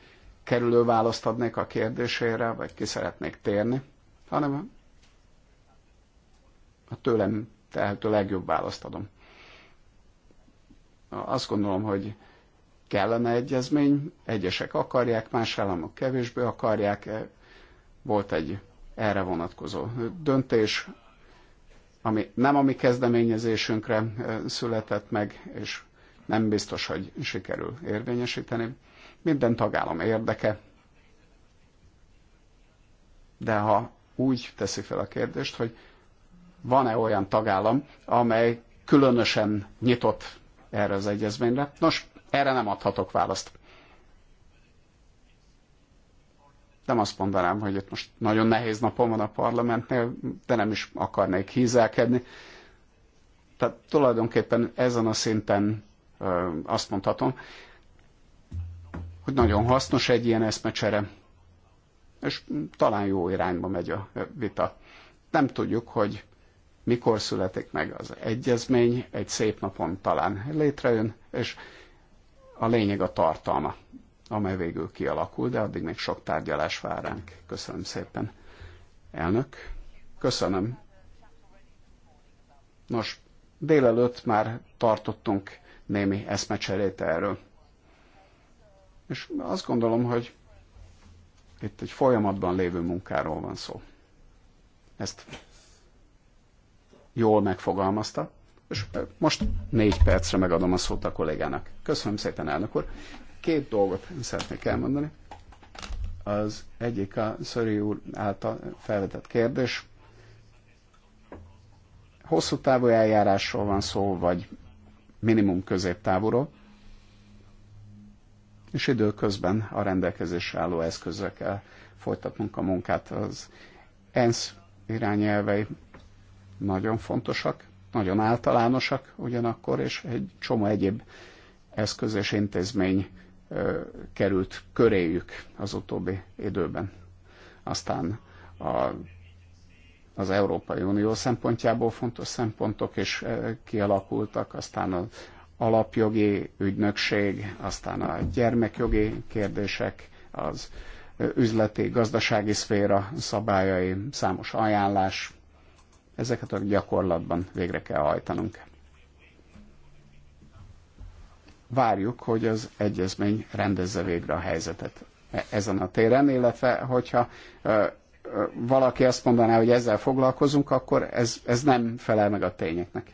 kerülő választ adnék a kérdésére, vagy ki szeretnék térni, hanem a tőlem tehető legjobb választ adom. Azt gondolom, hogy kellene egyezmény, egyesek akarják, más államok kevésbé akarják. Volt egy erre vonatkozó döntés, ami nem a mi kezdeményezésünkre született meg, és nem biztos, hogy sikerül érvényesíteni. Minden tagállam érdeke. De ha úgy teszi fel a kérdést, hogy van-e olyan tagállam, amely különösen nyitott erre az egyezményre? Nos, erre nem adhatok választ. nem azt mondanám, hogy itt most nagyon nehéz napom van a parlamentnél, de nem is akarnék hízelkedni. Tehát tulajdonképpen ezen a szinten azt mondhatom, hogy nagyon hasznos egy ilyen eszmecsere, és talán jó irányba megy a vita. Nem tudjuk, hogy mikor születik meg az egyezmény, egy szép napon talán létrejön, és a lényeg a tartalma amely végül kialakul, de addig még sok tárgyalás vár ránk. Köszönöm szépen. Elnök, köszönöm. Nos, délelőtt már tartottunk némi eszmecserét erről. És azt gondolom, hogy itt egy folyamatban lévő munkáról van szó. Ezt jól megfogalmazta, és most négy percre megadom a szót a kollégának. Köszönöm szépen, elnök úr. Két dolgot szeretnék elmondani. Az egyik a Szöri úr által felvetett kérdés. Hosszú távú eljárásról van szó, vagy minimum középtávúról, és időközben a rendelkezésre álló eszközökkel folytatnunk a munkát. Az ENSZ irányelvei nagyon fontosak, nagyon általánosak ugyanakkor, és egy csomó egyéb eszköz és intézmény került köréjük az utóbbi időben. Aztán a, az Európai Unió szempontjából fontos szempontok is kialakultak, aztán az alapjogi ügynökség, aztán a gyermekjogi kérdések, az üzleti, gazdasági szféra szabályai, számos ajánlás, ezeket a gyakorlatban végre kell hajtanunk várjuk, hogy az egyezmény rendezze végre a helyzetet ezen a téren, illetve hogyha valaki azt mondaná, hogy ezzel foglalkozunk, akkor ez, ez nem felel meg a tényeknek.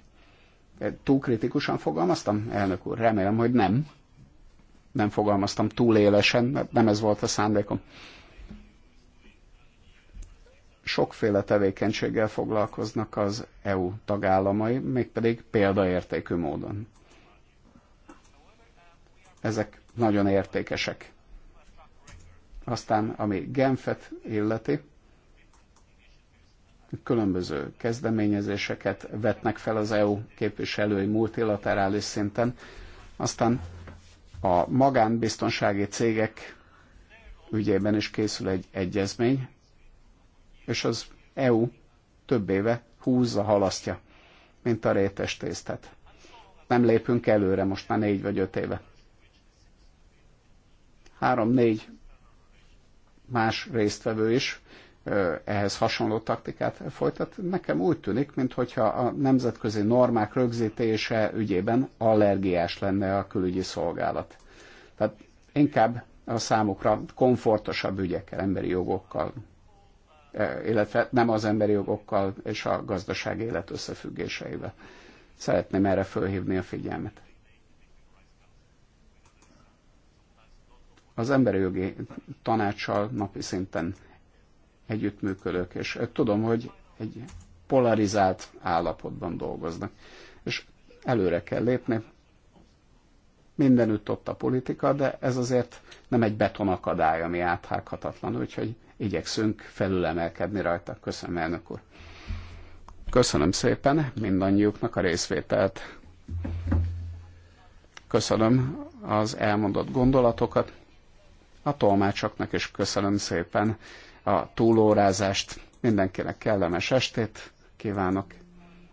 Túl kritikusan fogalmaztam, elnök úr? Remélem, hogy nem. Nem fogalmaztam túl élesen, mert nem ez volt a szándékom. Sokféle tevékenységgel foglalkoznak az EU tagállamai, mégpedig példaértékű módon. Ezek nagyon értékesek. Aztán, ami Genfet illeti, különböző kezdeményezéseket vetnek fel az EU képviselői multilaterális szinten. Aztán a magánbiztonsági cégek ügyében is készül egy egyezmény, és az EU több éve húzza, halasztja, mint a rétes tésztet. Nem lépünk előre most már négy vagy öt éve három-négy más résztvevő is ehhez hasonló taktikát folytat. Nekem úgy tűnik, mintha a nemzetközi normák rögzítése ügyében allergiás lenne a külügyi szolgálat. Tehát inkább a számukra komfortosabb ügyekkel, emberi jogokkal, illetve nem az emberi jogokkal és a gazdaság élet összefüggéseivel. Szeretném erre fölhívni a figyelmet. az emberi jogi tanácssal napi szinten együttműködök, és tudom, hogy egy polarizált állapotban dolgoznak. És előre kell lépni. Mindenütt ott a politika, de ez azért nem egy betonakadály, ami áthághatatlan, úgyhogy igyekszünk felülemelkedni rajta. Köszönöm, elnök úr. Köszönöm szépen mindannyiuknak a részvételt. Köszönöm az elmondott gondolatokat a tolmácsoknak is köszönöm szépen a túlórázást, mindenkinek kellemes estét kívánok.